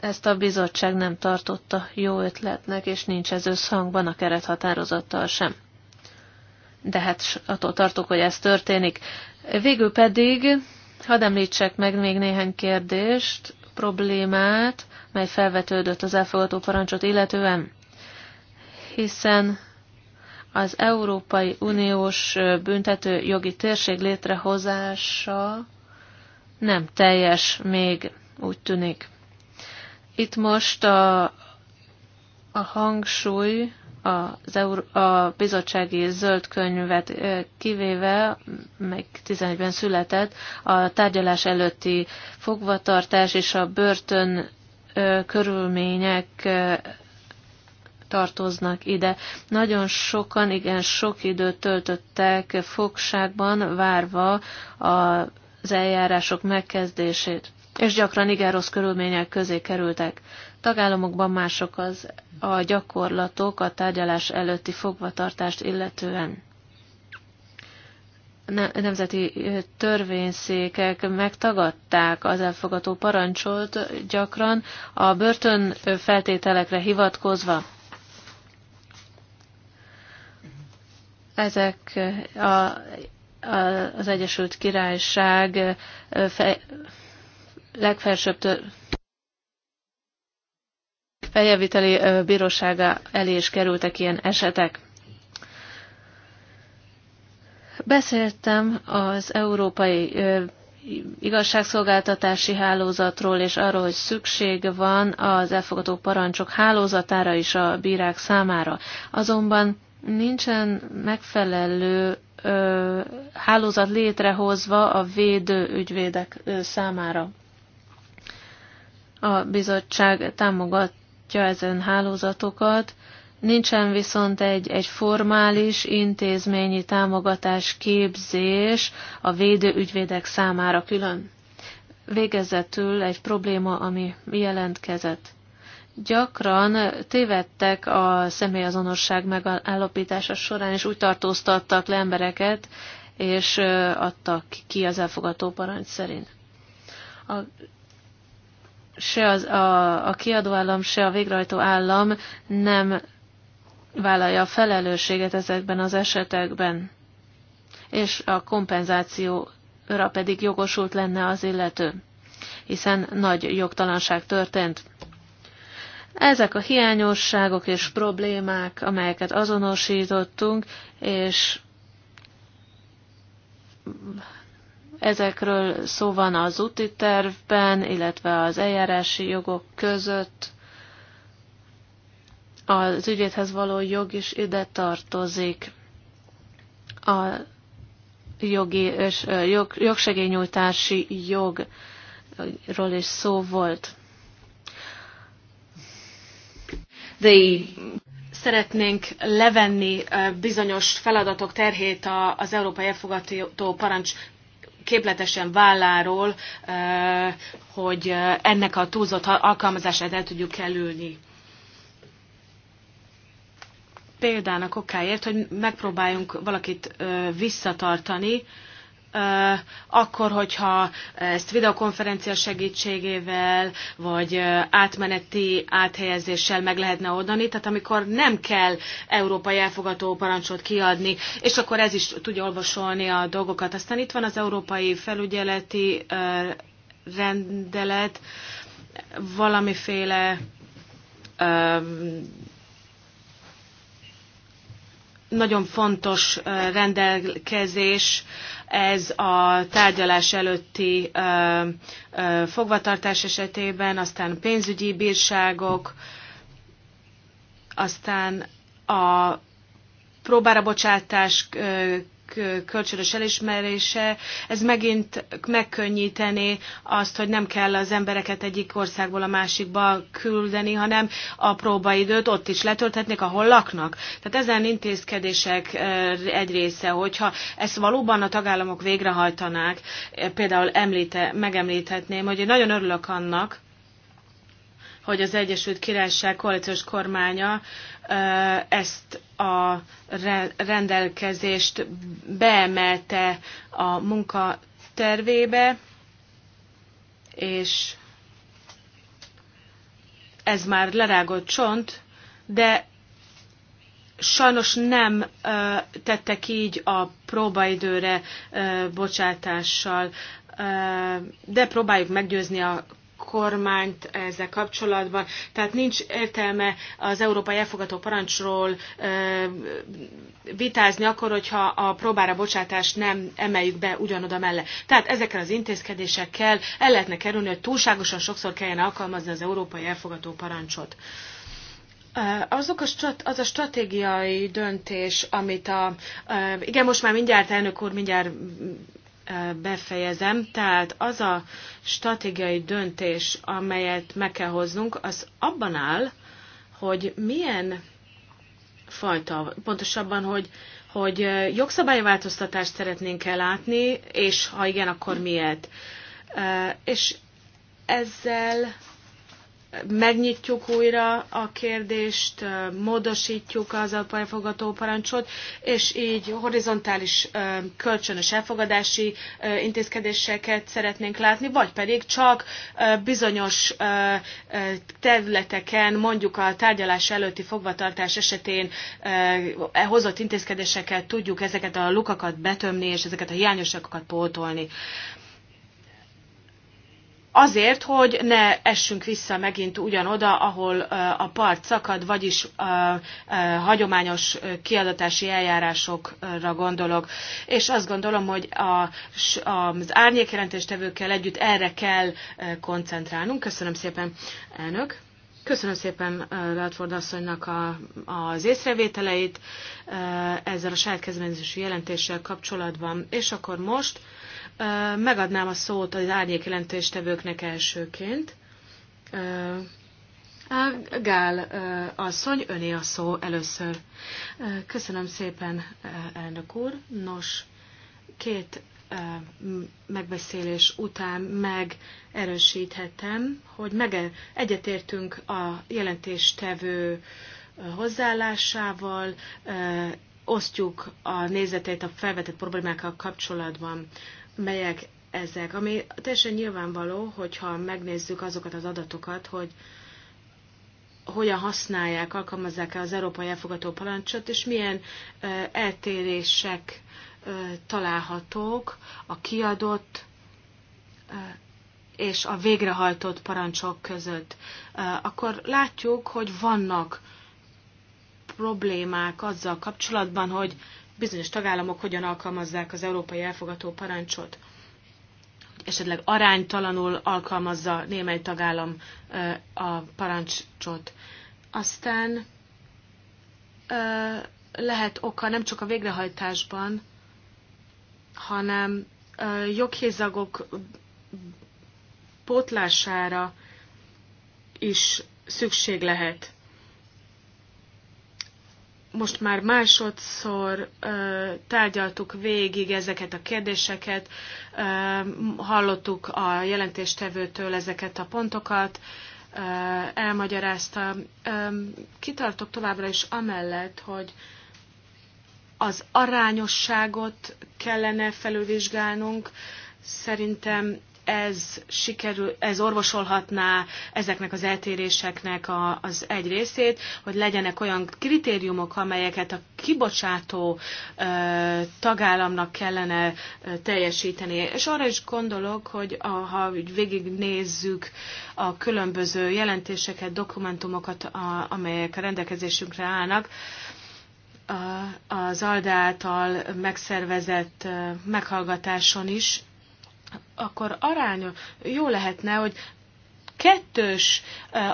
ezt a bizottság nem tartotta jó ötletnek, és nincs ez összhangban a kerethatározattal sem. De hát attól tartok, hogy ez történik. Végül pedig hadd említsek meg még néhány kérdést, problémát, mely felvetődött az elfogadó parancsot illetően, hiszen az Európai Uniós büntető jogi térség létrehozása nem teljes még, úgy tűnik. Itt most a, a hangsúly az Euró- a bizottsági zöld könyvet kivéve, meg 11-ben született, a tárgyalás előtti fogvatartás és a börtön körülmények tartoznak ide. Nagyon sokan, igen, sok időt töltöttek fogságban, várva az eljárások megkezdését, és gyakran igen rossz körülmények közé kerültek tagállamokban mások az a gyakorlatok a tárgyalás előtti fogvatartást illetően. Nemzeti törvényszékek megtagadták az elfogató parancsot gyakran a börtön feltételekre hivatkozva. Ezek a, a, az Egyesült Királyság fe, legfelsőbb tör, feljeviteli bírósága elé is kerültek ilyen esetek. Beszéltem az európai igazságszolgáltatási hálózatról, és arról, hogy szükség van az elfogadó parancsok hálózatára is a bírák számára. Azonban nincsen megfelelő ö, hálózat létrehozva a védő ügyvédek számára. A bizottság támogat támogatja ezen hálózatokat, nincsen viszont egy, egy formális intézményi támogatás képzés a védőügyvédek számára külön. Végezetül egy probléma, ami jelentkezett. Gyakran tévedtek a személyazonosság megállapítása során, és úgy tartóztattak le embereket, és adtak ki az elfogadó parancs szerint. A se az, a, a kiadó állam, se a végrehajtó állam nem vállalja a felelősséget ezekben az esetekben, és a kompenzációra pedig jogosult lenne az illető, hiszen nagy jogtalanság történt. Ezek a hiányosságok és problémák, amelyeket azonosítottunk, és Ezekről szó van az úti tervben, illetve az eljárási jogok között. Az ügyéthez való jog is ide tartozik. A jogi és jog, jogsegélynyújtási jogról is szó volt. De Szeretnénk levenni bizonyos feladatok terhét az Európai Elfogadó Parancs képletesen válláról, hogy ennek a túlzott alkalmazását el tudjuk kerülni. Példának okáért, hogy megpróbáljunk valakit visszatartani, akkor, hogyha ezt videokonferencia segítségével, vagy átmeneti áthelyezéssel meg lehetne oldani, tehát amikor nem kell európai elfogató parancsot kiadni, és akkor ez is tudja olvasolni a dolgokat. Aztán itt van az európai felügyeleti rendelet, valamiféle nagyon fontos rendelkezés ez a tárgyalás előtti fogvatartás esetében, aztán pénzügyi bírságok, aztán a próbára bocsátás kölcsönös elismerése, ez megint megkönnyíteni azt, hogy nem kell az embereket egyik országból a másikba küldeni, hanem a próbaidőt ott is letölthetnék, ahol laknak. Tehát ezen intézkedések eh, egy része, hogyha ezt valóban a tagállamok végrehajtanák, eh, például említe, megemlíthetném, hogy én nagyon örülök annak, hogy az Egyesült Királyság koalíciós kormánya ezt a rendelkezést beemelte a munka tervébe, és ez már lerágott csont, de sajnos nem ö, tettek így a próbaidőre ö, bocsátással, ö, de próbáljuk meggyőzni a kormányt ezzel kapcsolatban. Tehát nincs értelme az európai elfogadó parancsról ö, vitázni akkor, hogyha a próbára bocsátást nem emeljük be ugyanoda mellé. Tehát ezekkel az intézkedésekkel el lehetne kerülni, hogy túlságosan sokszor kelljen alkalmazni az európai elfogadó parancsot. Azok a strat, az a stratégiai döntés, amit a... Igen, most már mindjárt elnök úr, mindjárt befejezem. Tehát az a stratégiai döntés, amelyet meg kell hoznunk, az abban áll, hogy milyen fajta, pontosabban, hogy, hogy jogszabályváltoztatást szeretnénk elátni, és ha igen, akkor miért. És ezzel megnyitjuk újra a kérdést, módosítjuk az a parancsot, és így horizontális kölcsönös elfogadási intézkedéseket szeretnénk látni, vagy pedig csak bizonyos területeken, mondjuk a tárgyalás előtti fogvatartás esetén hozott intézkedéseket tudjuk ezeket a lukakat betömni, és ezeket a hiányosságokat pótolni azért, hogy ne essünk vissza megint ugyanoda, ahol a part szakad, vagyis a hagyományos kiadatási eljárásokra gondolok. És azt gondolom, hogy a, az árnyékjelentéstevőkkel együtt erre kell koncentrálnunk. Köszönöm szépen, elnök! Köszönöm szépen Radford asszonynak a, az észrevételeit ezzel a saját jelentéssel kapcsolatban. És akkor most Megadnám a szót az árnyék jelentéstevőknek elsőként. Gál asszony, öné a szó először. Köszönöm szépen, elnök úr. Nos, két megbeszélés után megerősíthetem, hogy meg egyetértünk a jelentéstevő hozzáállásával, osztjuk a nézetét a felvetett problémákkal kapcsolatban melyek ezek, ami teljesen nyilvánvaló, hogyha megnézzük azokat az adatokat, hogy hogyan használják, alkalmazzák-e az európai elfogató parancsot, és milyen eltérések találhatók a kiadott és a végrehajtott parancsok között, akkor látjuk, hogy vannak problémák azzal kapcsolatban, hogy bizonyos tagállamok hogyan alkalmazzák az európai elfogató parancsot. Esetleg aránytalanul alkalmazza némely tagállam a parancsot. Aztán lehet oka nem csak a végrehajtásban, hanem joghézagok pótlására is szükség lehet most már másodszor ö, tárgyaltuk végig ezeket a kérdéseket, ö, hallottuk a jelentéstevőtől ezeket a pontokat, ö, elmagyarázta. Ö, kitartok továbbra is amellett, hogy az arányosságot kellene felülvizsgálnunk. Szerintem ez sikerül, ez orvosolhatná ezeknek az eltéréseknek a, az egy részét, hogy legyenek olyan kritériumok, amelyeket a kibocsátó ö, tagállamnak kellene ö, teljesíteni. És arra is gondolok, hogy a, ha végignézzük a különböző jelentéseket, dokumentumokat, a, amelyek a rendelkezésünkre állnak, az ALDE által megszervezett meghallgatáson is akkor arány, jó lehetne, hogy kettős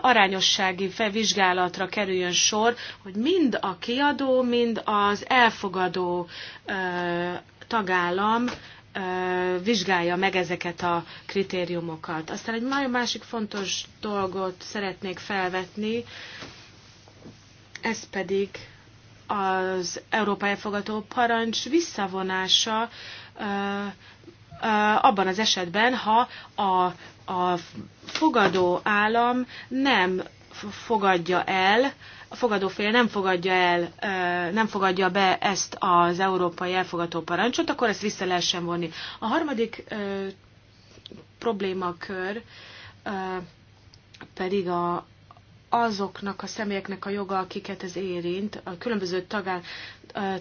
arányossági vizsgálatra kerüljön sor, hogy mind a kiadó, mind az elfogadó tagállam vizsgálja meg ezeket a kritériumokat. Aztán egy másik fontos dolgot szeretnék felvetni, ez pedig az Európai Fogadó Parancs visszavonása abban az esetben, ha a, a fogadó állam nem fogadja el, a fogadófél nem fogadja el, nem fogadja be ezt az európai elfogadó parancsot, akkor ezt vissza lehessen vonni. A harmadik problémakör pedig a, azoknak a személyeknek a joga, akiket ez érint. A különböző tagál,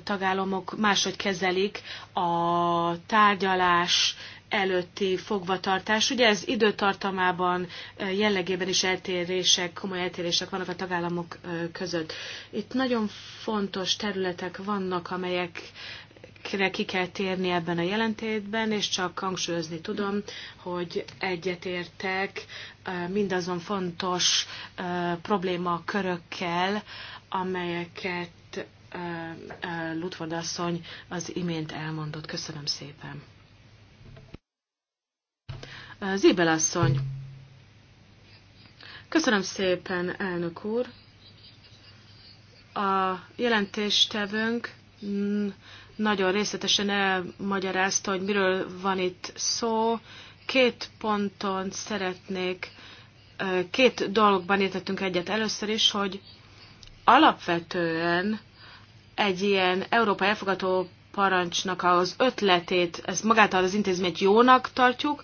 tagállamok máshogy kezelik a tárgyalás előtti fogvatartás. Ugye ez időtartamában, jellegében is eltérések, komoly eltérések vannak a tagállamok között. Itt nagyon fontos területek vannak, amelyek amikre ki kell térni ebben a jelentétben, és csak hangsúlyozni tudom, hogy egyetértek mindazon fontos problémakörökkel, amelyeket Ludford asszony az imént elmondott. Köszönöm szépen. Zébel asszony. Köszönöm szépen, elnök úr. A jelentéstevőnk mm, nagyon részletesen elmagyarázta, hogy miről van itt szó. Két ponton szeretnék, két dologban értettünk egyet. Először is, hogy alapvetően egy ilyen Európa elfogadó parancsnak az ötletét, ezt magát az intézményt jónak tartjuk,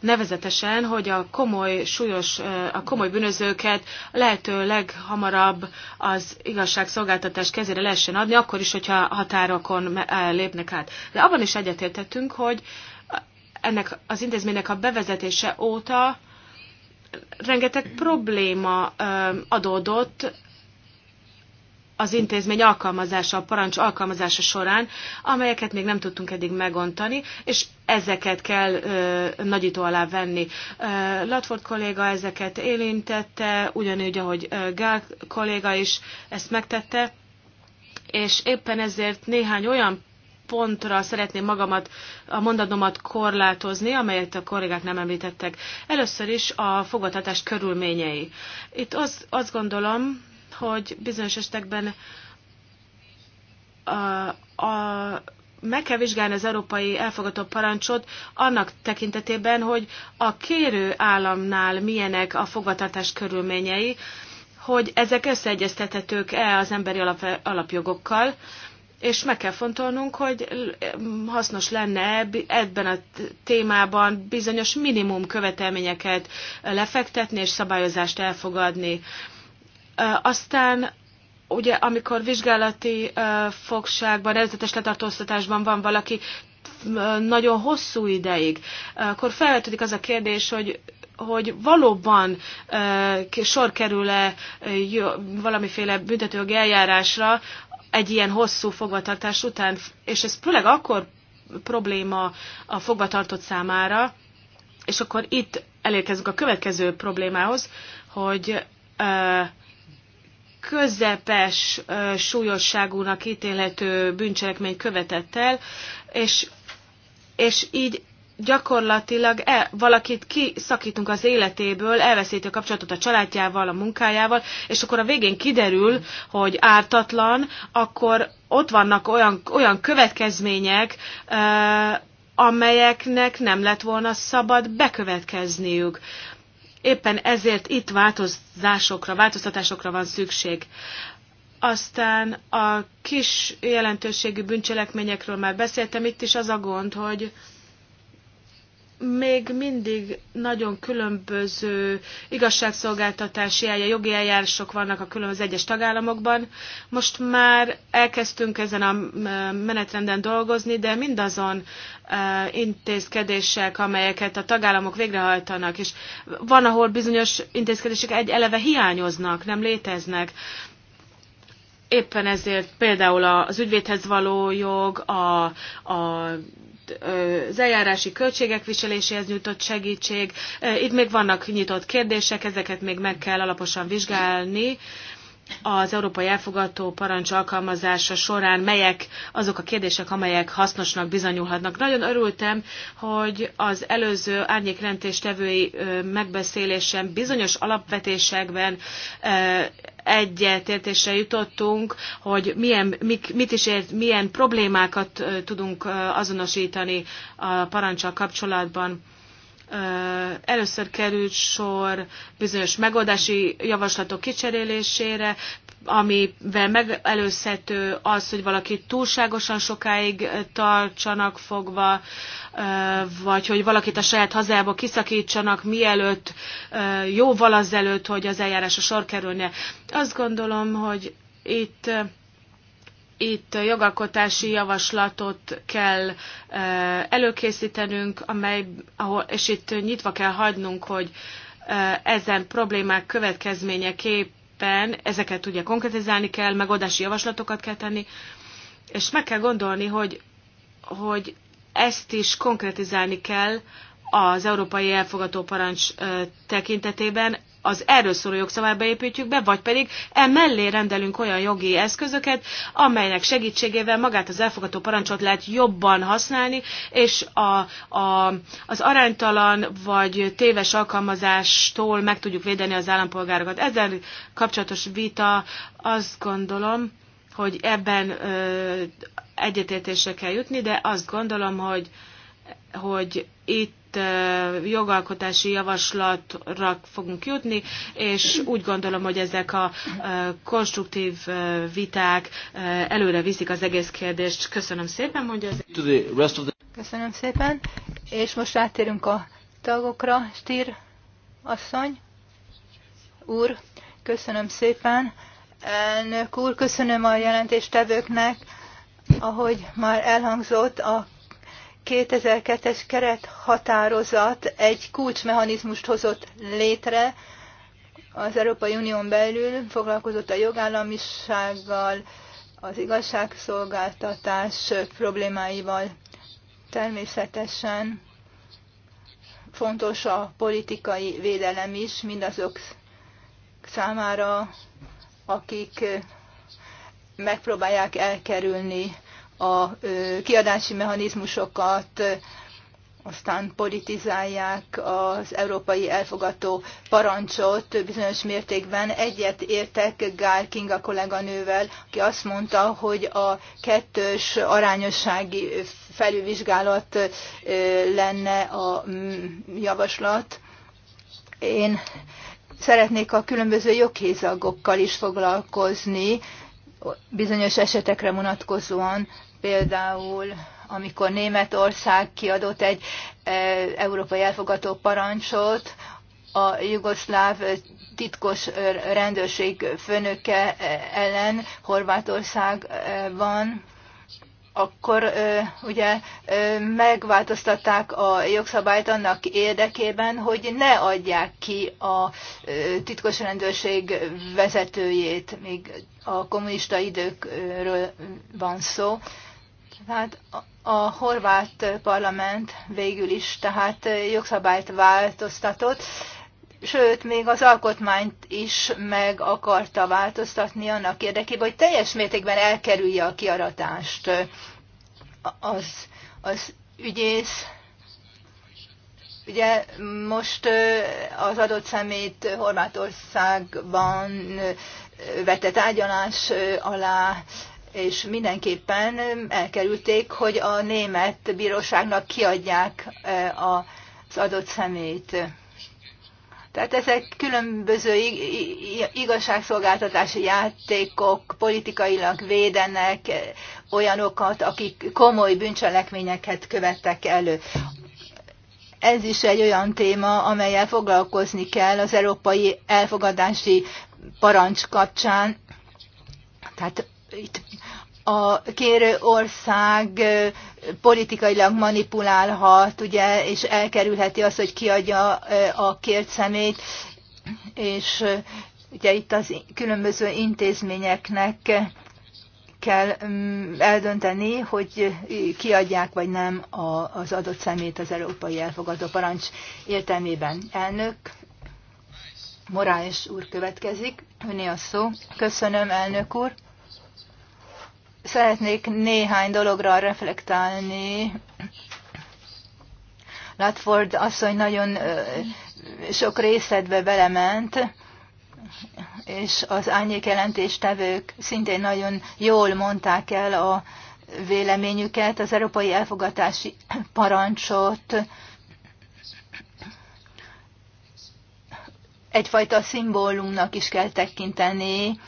nevezetesen, hogy a komoly, súlyos, a komoly bűnözőket lehető leghamarabb az igazságszolgáltatás kezére lehessen adni, akkor is, hogyha határokon lépnek át. De abban is egyetértettünk, hogy ennek az intézménynek a bevezetése óta rengeteg probléma adódott az intézmény alkalmazása, a parancs alkalmazása során, amelyeket még nem tudtunk eddig megontani, és ezeket kell ö, nagyító alá venni. Ö, Latford kolléga ezeket élintette, ugyanúgy, ahogy Gál kolléga is ezt megtette, és éppen ezért néhány olyan pontra szeretném magamat, a mondatomat korlátozni, amelyet a kollégák nem említettek. Először is a fogadhatás körülményei. Itt az, azt gondolom, hogy bizonyos esetekben a, a, meg kell vizsgálni az európai elfogadott parancsot annak tekintetében, hogy a kérő államnál milyenek a fogvatartás körülményei, hogy ezek összeegyeztethetők-e az emberi alap, alapjogokkal, és meg kell fontolnunk, hogy hasznos lenne ebben a témában bizonyos minimum követelményeket lefektetni és szabályozást elfogadni aztán ugye amikor vizsgálati fogságban, előzetes letartóztatásban van valaki nagyon hosszú ideig, akkor felvetődik az a kérdés, hogy hogy valóban uh, sor kerül-e uh, valamiféle büntetőjogi eljárásra egy ilyen hosszú fogvatartás után, és ez főleg akkor probléma a fogvatartott számára, és akkor itt elérkezünk a következő problémához, hogy uh, közepes súlyosságúnak ítélhető bűncselekmény követett el, és, és így gyakorlatilag e, valakit kiszakítunk az életéből, elveszíti a kapcsolatot a családjával, a munkájával, és akkor a végén kiderül, hogy ártatlan, akkor ott vannak olyan, olyan következmények, amelyeknek nem lett volna szabad bekövetkezniük. Éppen ezért itt változásokra, változtatásokra van szükség. Aztán a kis jelentőségű bűncselekményekről már beszéltem, itt is az a gond, hogy még mindig nagyon különböző igazságszolgáltatási eljá, jogi eljárások vannak a különböző egyes tagállamokban. Most már elkezdtünk ezen a menetrenden dolgozni, de mindazon e, intézkedések, amelyeket a tagállamok végrehajtanak, és van, ahol bizonyos intézkedések egy eleve hiányoznak, nem léteznek. Éppen ezért például az ügyvédhez való jog, a, a az eljárási költségek viseléséhez nyújtott segítség. Itt még vannak nyitott kérdések, ezeket még meg kell alaposan vizsgálni, az európai elfogadó parancs alkalmazása során melyek azok a kérdések, amelyek hasznosnak bizonyulhatnak. Nagyon örültem, hogy az előző árnyékrendtéstevői megbeszélésen bizonyos alapvetésekben egyetértésre jutottunk, hogy milyen, mik, mit is ért, milyen problémákat tudunk azonosítani a parancsal kapcsolatban először került sor bizonyos megoldási javaslatok kicserélésére, amivel megelőzhető az, hogy valaki túlságosan sokáig tartsanak fogva, vagy hogy valakit a saját hazájából kiszakítsanak, mielőtt, jóval azelőtt, hogy az eljárásra sor kerülne. Azt gondolom, hogy itt itt jogalkotási javaslatot kell eh, előkészítenünk, amely, ahol, és itt nyitva kell hagynunk, hogy eh, ezen problémák következményeképpen ezeket ugye konkretizálni kell, megoldási javaslatokat kell tenni, és meg kell gondolni, hogy, hogy ezt is konkretizálni kell az európai elfogató parancs eh, tekintetében, az erről szóló jogszabályba építjük be, vagy pedig emellé rendelünk olyan jogi eszközöket, amelynek segítségével magát az elfogadó parancsot lehet jobban használni, és a, a, az aránytalan vagy téves alkalmazástól meg tudjuk védeni az állampolgárokat. Ezzel kapcsolatos vita azt gondolom, hogy ebben ö, egyetértésre kell jutni, de azt gondolom, hogy, hogy itt jogalkotási javaslatra fogunk jutni, és úgy gondolom, hogy ezek a konstruktív viták előre viszik az egész kérdést. Köszönöm szépen, mondja az... Köszönöm szépen, és most rátérünk a tagokra. Stír asszony, úr, köszönöm szépen. Elnök úr, köszönöm a jelentéstevőknek, ahogy már elhangzott, a 2002-es kerethatározat egy kulcsmechanizmust hozott létre az Európai Unión belül, foglalkozott a jogállamisággal, az igazságszolgáltatás problémáival. Természetesen fontos a politikai védelem is mindazok számára, akik megpróbálják elkerülni a kiadási mechanizmusokat, aztán politizálják az európai elfogató parancsot bizonyos mértékben. Egyet értek Gál Kinga kolléganővel, aki azt mondta, hogy a kettős arányossági felülvizsgálat lenne a javaslat. Én szeretnék a különböző joghézagokkal is foglalkozni, bizonyos esetekre vonatkozóan Például, amikor Németország kiadott egy e, európai elfogató parancsot, a jugoszláv titkos e, rendőrség főnöke e, ellen Horvátországban, akkor ugye megváltoztatták a jogszabályt annak érdekében, hogy ne adják ki a titkos rendőrség vezetőjét, még a kommunista időkről van szó. Tehát a horvát parlament végül is tehát jogszabályt változtatott, sőt, még az alkotmányt is meg akarta változtatni annak érdekében, hogy teljes mértékben elkerülje a kiaratást. Az, az ügyész Ugye most az adott szemét Horvátországban vetett ágyalás alá és mindenképpen elkerülték, hogy a német bíróságnak kiadják e, az adott szemét. Tehát ezek különböző igazságszolgáltatási játékok, politikailag védenek e, olyanokat, akik komoly bűncselekményeket követtek elő. Ez is egy olyan téma, amelyel foglalkozni kell az európai elfogadási parancs kapcsán. Tehát itt a kérő ország politikailag manipulálhat, ugye, és elkerülheti azt, hogy kiadja a kért szemét, és ugye itt az különböző intézményeknek kell mm, eldönteni, hogy kiadják vagy nem az adott szemét az európai elfogadó parancs értelmében. Elnök, Morális úr következik, öné a szó. Köszönöm, elnök úr. Szeretnék néhány dologra reflektálni. Latford asszony nagyon sok részletbe belement, és az árnyék jelentéstevők szintén nagyon jól mondták el a véleményüket, az európai elfogatási parancsot egyfajta szimbólumnak is kell tekinteni,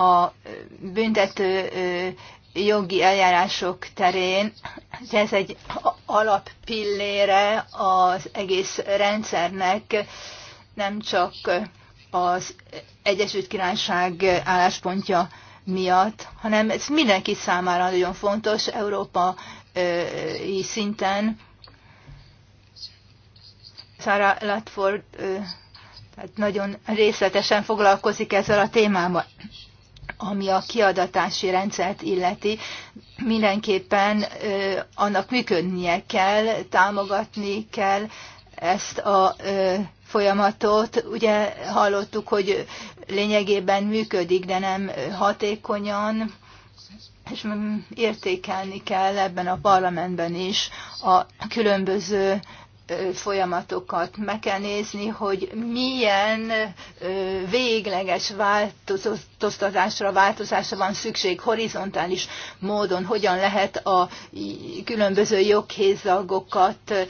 a büntető jogi eljárások terén. Ez egy alappillére az egész rendszernek, nem csak az Egyesült Királyság álláspontja miatt, hanem ez mindenki számára nagyon fontos, európai szinten. szára Latford tehát nagyon részletesen foglalkozik ezzel a témával ami a kiadatási rendszert illeti, mindenképpen ö, annak működnie kell, támogatni kell ezt a ö, folyamatot. Ugye hallottuk, hogy lényegében működik, de nem hatékonyan, és értékelni kell ebben a parlamentben is a különböző folyamatokat. Meg kell nézni, hogy milyen végleges változtatásra, változásra van szükség horizontális módon, hogyan lehet a különböző joghézagokat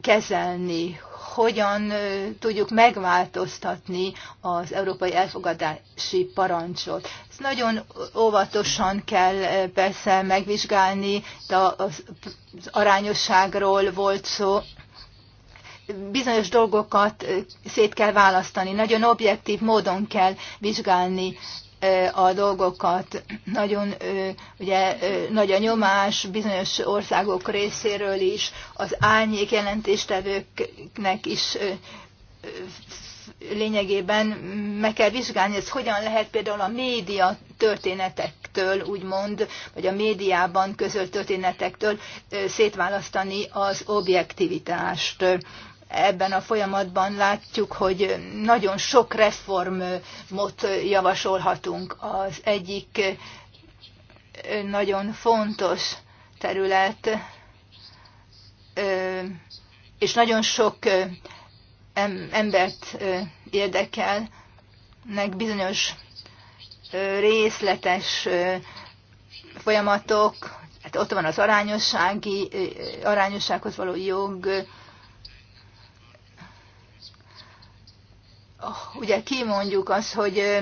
kezelni, hogyan tudjuk megváltoztatni az európai elfogadási parancsot. Ezt nagyon óvatosan kell persze megvizsgálni, de az arányosságról volt szó, bizonyos dolgokat szét kell választani, nagyon objektív módon kell vizsgálni a dolgokat. Nagyon ugye, nagy a nyomás bizonyos országok részéről is, az álnyék jelentéstevőknek is lényegében meg kell vizsgálni, ez hogyan lehet például a média történetektől, úgymond, vagy a médiában közölt történetektől szétválasztani az objektivitást ebben a folyamatban látjuk, hogy nagyon sok reformot javasolhatunk. Az egyik nagyon fontos terület, és nagyon sok embert érdekelnek bizonyos részletes folyamatok, hát ott van az arányossági, arányossághoz való jog, ugye kimondjuk azt, hogy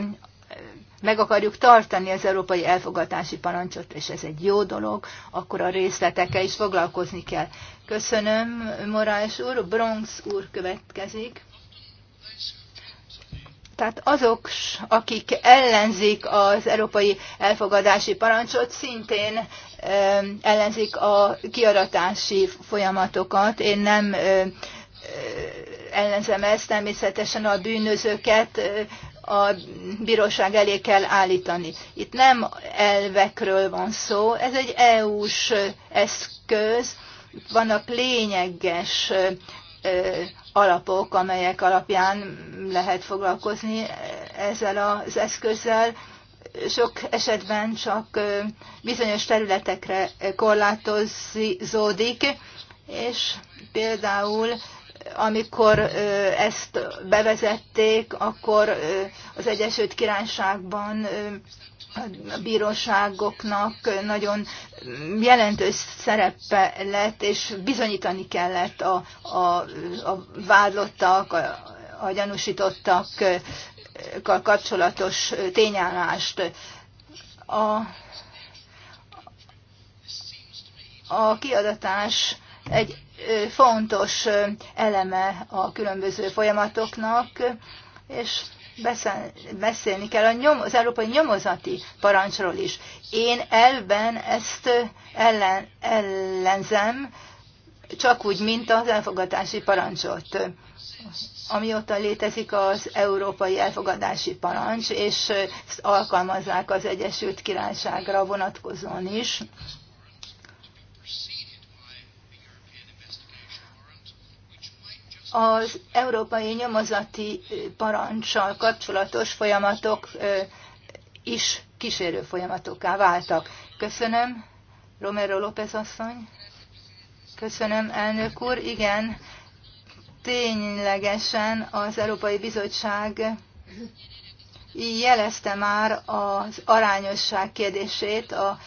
meg akarjuk tartani az európai elfogadási parancsot, és ez egy jó dolog, akkor a részletekkel is foglalkozni kell. Köszönöm, Morás úr. Bronx úr következik. Tehát azok, akik ellenzik az európai elfogadási parancsot, szintén ellenzik a kiaratási folyamatokat. Én nem ellenzem ezt, természetesen a bűnözőket a bíróság elé kell állítani. Itt nem elvekről van szó, ez egy EU-s eszköz, vannak lényeges alapok, amelyek alapján lehet foglalkozni e, ezzel az eszközzel. Sok esetben csak bizonyos területekre korlátozódik, és például amikor ezt bevezették, akkor az Egyesült Királyságban a bíróságoknak nagyon jelentős szerepe lett, és bizonyítani kellett a, a, a vádlottak, a, a gyanúsítottakkal kapcsolatos tényállást. A, a kiadatás egy fontos eleme a különböző folyamatoknak, és beszélni kell a nyom, az európai nyomozati parancsról is. Én elben ezt ellen, ellenzem, csak úgy, mint az elfogadási parancsot. Amióta létezik az európai elfogadási parancs, és ezt alkalmazzák az Egyesült Királyságra vonatkozóan is. az európai nyomozati parancsal kapcsolatos folyamatok is kísérő folyamatokká váltak. Köszönöm, Romero López asszony. Köszönöm, elnök úr. Igen, ténylegesen az Európai Bizottság jelezte már az arányosság kérdését a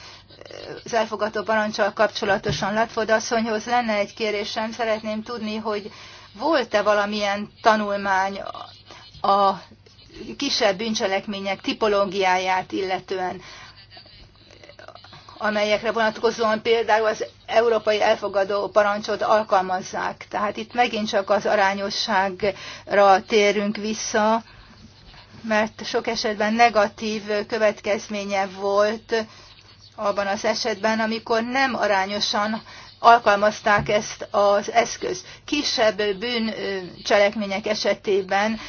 az elfogadó parancsal kapcsolatosan Latford asszonyhoz lenne egy kérésem, szeretném tudni, hogy volt-e valamilyen tanulmány a kisebb bűncselekmények tipológiáját illetően, amelyekre vonatkozóan például az európai elfogadó parancsot alkalmazzák. Tehát itt megint csak az arányosságra térünk vissza, mert sok esetben negatív következménye volt abban az esetben, amikor nem arányosan alkalmazták ezt az eszközt. Kisebb bűncselekmények esetében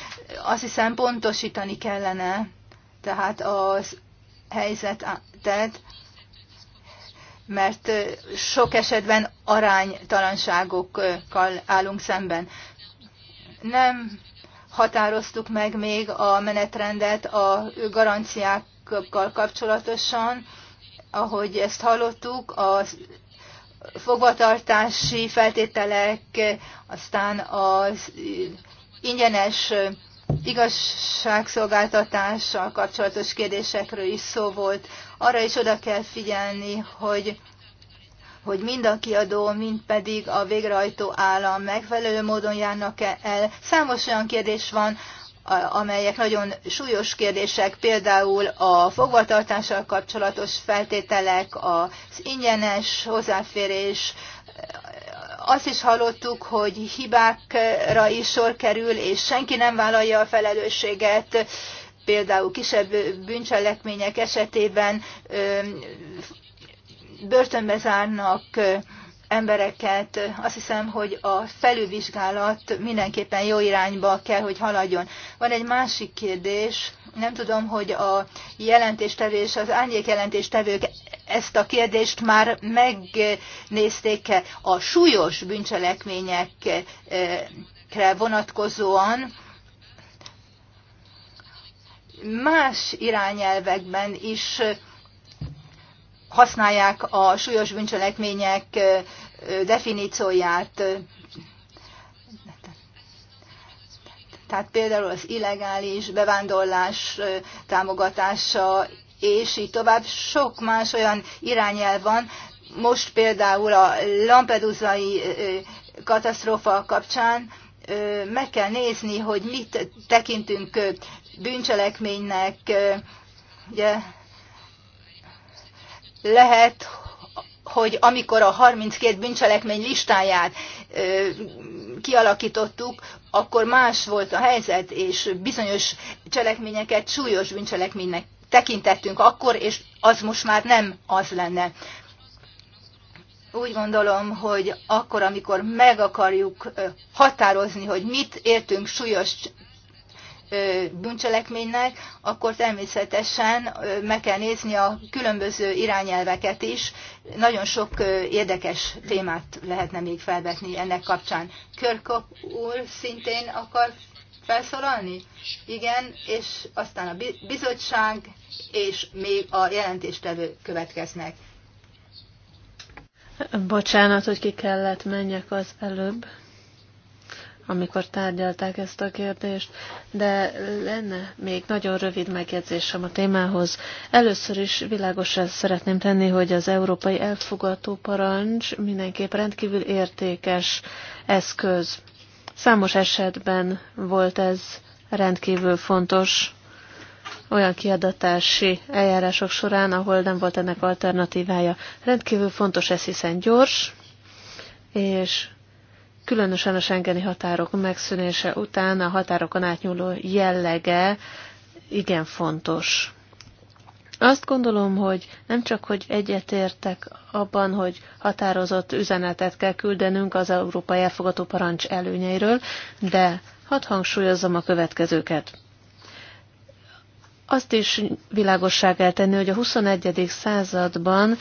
azt hiszem pontosítani kellene tehát az helyzetet, mert sok esetben aránytalanságokkal állunk szemben. Nem határoztuk meg még a menetrendet a garanciákkal kapcsolatosan, ahogy ezt hallottuk, az fogvatartási feltételek, aztán az ingyenes igazságszolgáltatással kapcsolatos kérdésekről is szó volt. Arra is oda kell figyelni, hogy hogy mind a kiadó, mind pedig a végrehajtó állam megfelelő módon járnak -e el. Számos olyan kérdés van, amelyek nagyon súlyos kérdések, például a fogvatartással kapcsolatos feltételek, az ingyenes hozzáférés, azt is hallottuk, hogy hibákra is sor kerül, és senki nem vállalja a felelősséget, például kisebb bűncselekmények esetében börtönbe zárnak embereket. Azt hiszem, hogy a felülvizsgálat mindenképpen jó irányba kell, hogy haladjon. Van egy másik kérdés, nem tudom, hogy a jelentéstevő és az árnyék jelentéstevők ezt a kérdést már megnézték-e a súlyos bűncselekményekre vonatkozóan, más irányelvekben is használják a súlyos bűncselekmények definícióját. Tehát például az illegális bevándorlás támogatása, és így tovább sok más olyan irányel van. Most például a Lampedusai katasztrófa kapcsán meg kell nézni, hogy mit tekintünk bűncselekménynek, ugye lehet, hogy amikor a 32 bűncselekmény listáját ö, kialakítottuk, akkor más volt a helyzet, és bizonyos cselekményeket súlyos bűncselekménynek tekintettünk akkor, és az most már nem az lenne. Úgy gondolom, hogy akkor, amikor meg akarjuk határozni, hogy mit értünk súlyos bűncselekménynek, akkor természetesen meg kell nézni a különböző irányelveket is. Nagyon sok érdekes témát lehetne még felvetni ennek kapcsán. Körkop úr szintén akar felszólalni? Igen, és aztán a bizottság és még a jelentéstevő következnek. Bocsánat, hogy ki kellett menjek az előbb amikor tárgyalták ezt a kérdést, de lenne még nagyon rövid megjegyzésem a témához. Először is világosra szeretném tenni, hogy az európai elfogató parancs mindenképp rendkívül értékes eszköz. Számos esetben volt ez rendkívül fontos olyan kiadatási eljárások során, ahol nem volt ennek alternatívája. Rendkívül fontos ez, hiszen gyors, és Különösen a Schengeni határok megszűnése után a határokon átnyúló jellege igen fontos. Azt gondolom, hogy nem csak, hogy egyetértek abban, hogy határozott üzenetet kell küldenünk az Európai Elfogató Parancs előnyeiről, de hadd hangsúlyozzam a következőket. Azt is világossá kell tenni, hogy a 21. században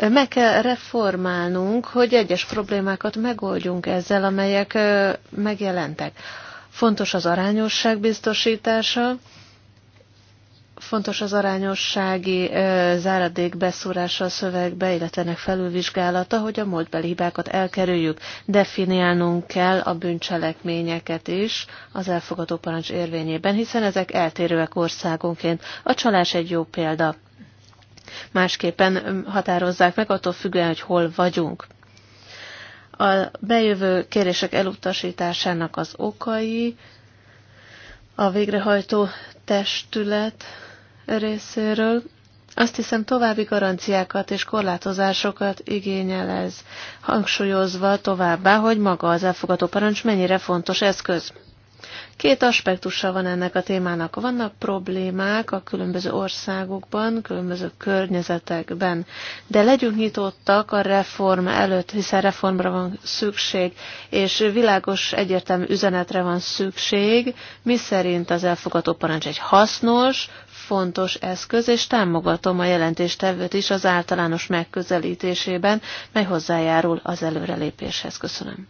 meg kell reformálnunk, hogy egyes problémákat megoldjunk ezzel, amelyek megjelentek. Fontos az arányosság biztosítása, fontos az arányossági záradék beszúrása a szövegbe, illetve ennek felülvizsgálata, hogy a múltbeli hibákat elkerüljük. Definiálnunk kell a bűncselekményeket is az elfogadó parancs érvényében, hiszen ezek eltérőek országonként. A csalás egy jó példa másképpen határozzák meg, attól függően, hogy hol vagyunk. A bejövő kérések elutasításának az okai a végrehajtó testület részéről. Azt hiszem további garanciákat és korlátozásokat igényel ez, hangsúlyozva továbbá, hogy maga az elfogadó parancs mennyire fontos eszköz. Két aspektusa van ennek a témának. Vannak problémák a különböző országokban, különböző környezetekben, de legyünk nyitottak a reform előtt, hiszen reformra van szükség, és világos egyértelmű üzenetre van szükség, mi szerint az elfogadó parancs egy hasznos, fontos eszköz, és támogatom a jelentéstevőt is az általános megközelítésében, mely hozzájárul az előrelépéshez. Köszönöm.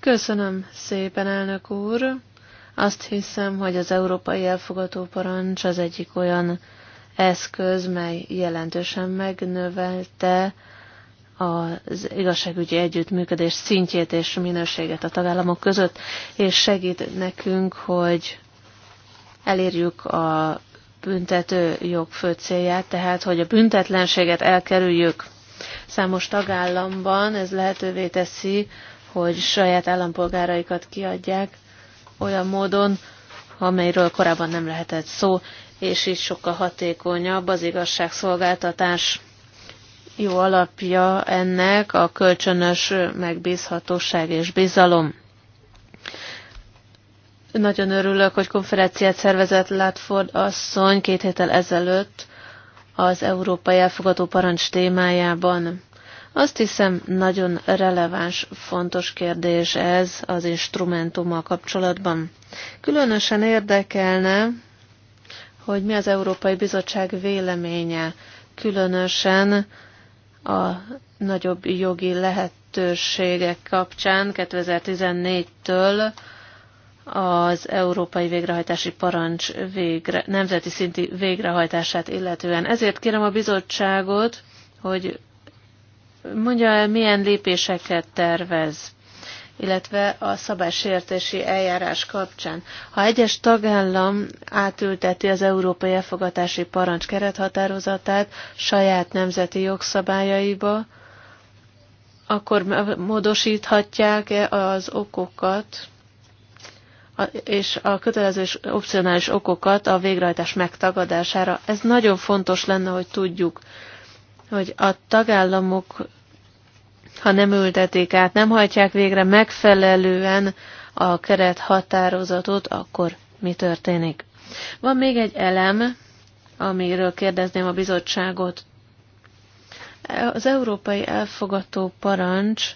Köszönöm szépen, elnök úr. Azt hiszem, hogy az európai elfogató parancs az egyik olyan eszköz, mely jelentősen megnövelte az igazságügyi együttműködés szintjét és minőséget a tagállamok között, és segít nekünk, hogy elérjük a büntető jog fő célját, tehát hogy a büntetlenséget elkerüljük. Számos tagállamban ez lehetővé teszi hogy saját állampolgáraikat kiadják olyan módon, amelyről korábban nem lehetett szó, és így sokkal hatékonyabb az igazságszolgáltatás. Jó alapja ennek a kölcsönös megbízhatóság és bizalom. Nagyon örülök, hogy konferenciát szervezett Látford asszony két héttel ezelőtt az Európai Elfogadó Parancs témájában. Azt hiszem, nagyon releváns, fontos kérdés ez az instrumentummal kapcsolatban. Különösen érdekelne, hogy mi az Európai Bizottság véleménye, különösen a nagyobb jogi lehetőségek kapcsán 2014-től az európai végrehajtási parancs végre, nemzeti szinti végrehajtását illetően. Ezért kérem a bizottságot, hogy mondja el, milyen lépéseket tervez illetve a szabálysértési eljárás kapcsán. Ha egyes tagállam átülteti az Európai Elfogatási Parancs kerethatározatát saját nemzeti jogszabályaiba, akkor módosíthatják az okokat, és a kötelező és opcionális okokat a végrehajtás megtagadására. Ez nagyon fontos lenne, hogy tudjuk hogy a tagállamok, ha nem ültetik át, nem hajtják végre megfelelően a keret határozatot, akkor mi történik? Van még egy elem, amiről kérdezném a bizottságot. Az európai elfogató parancs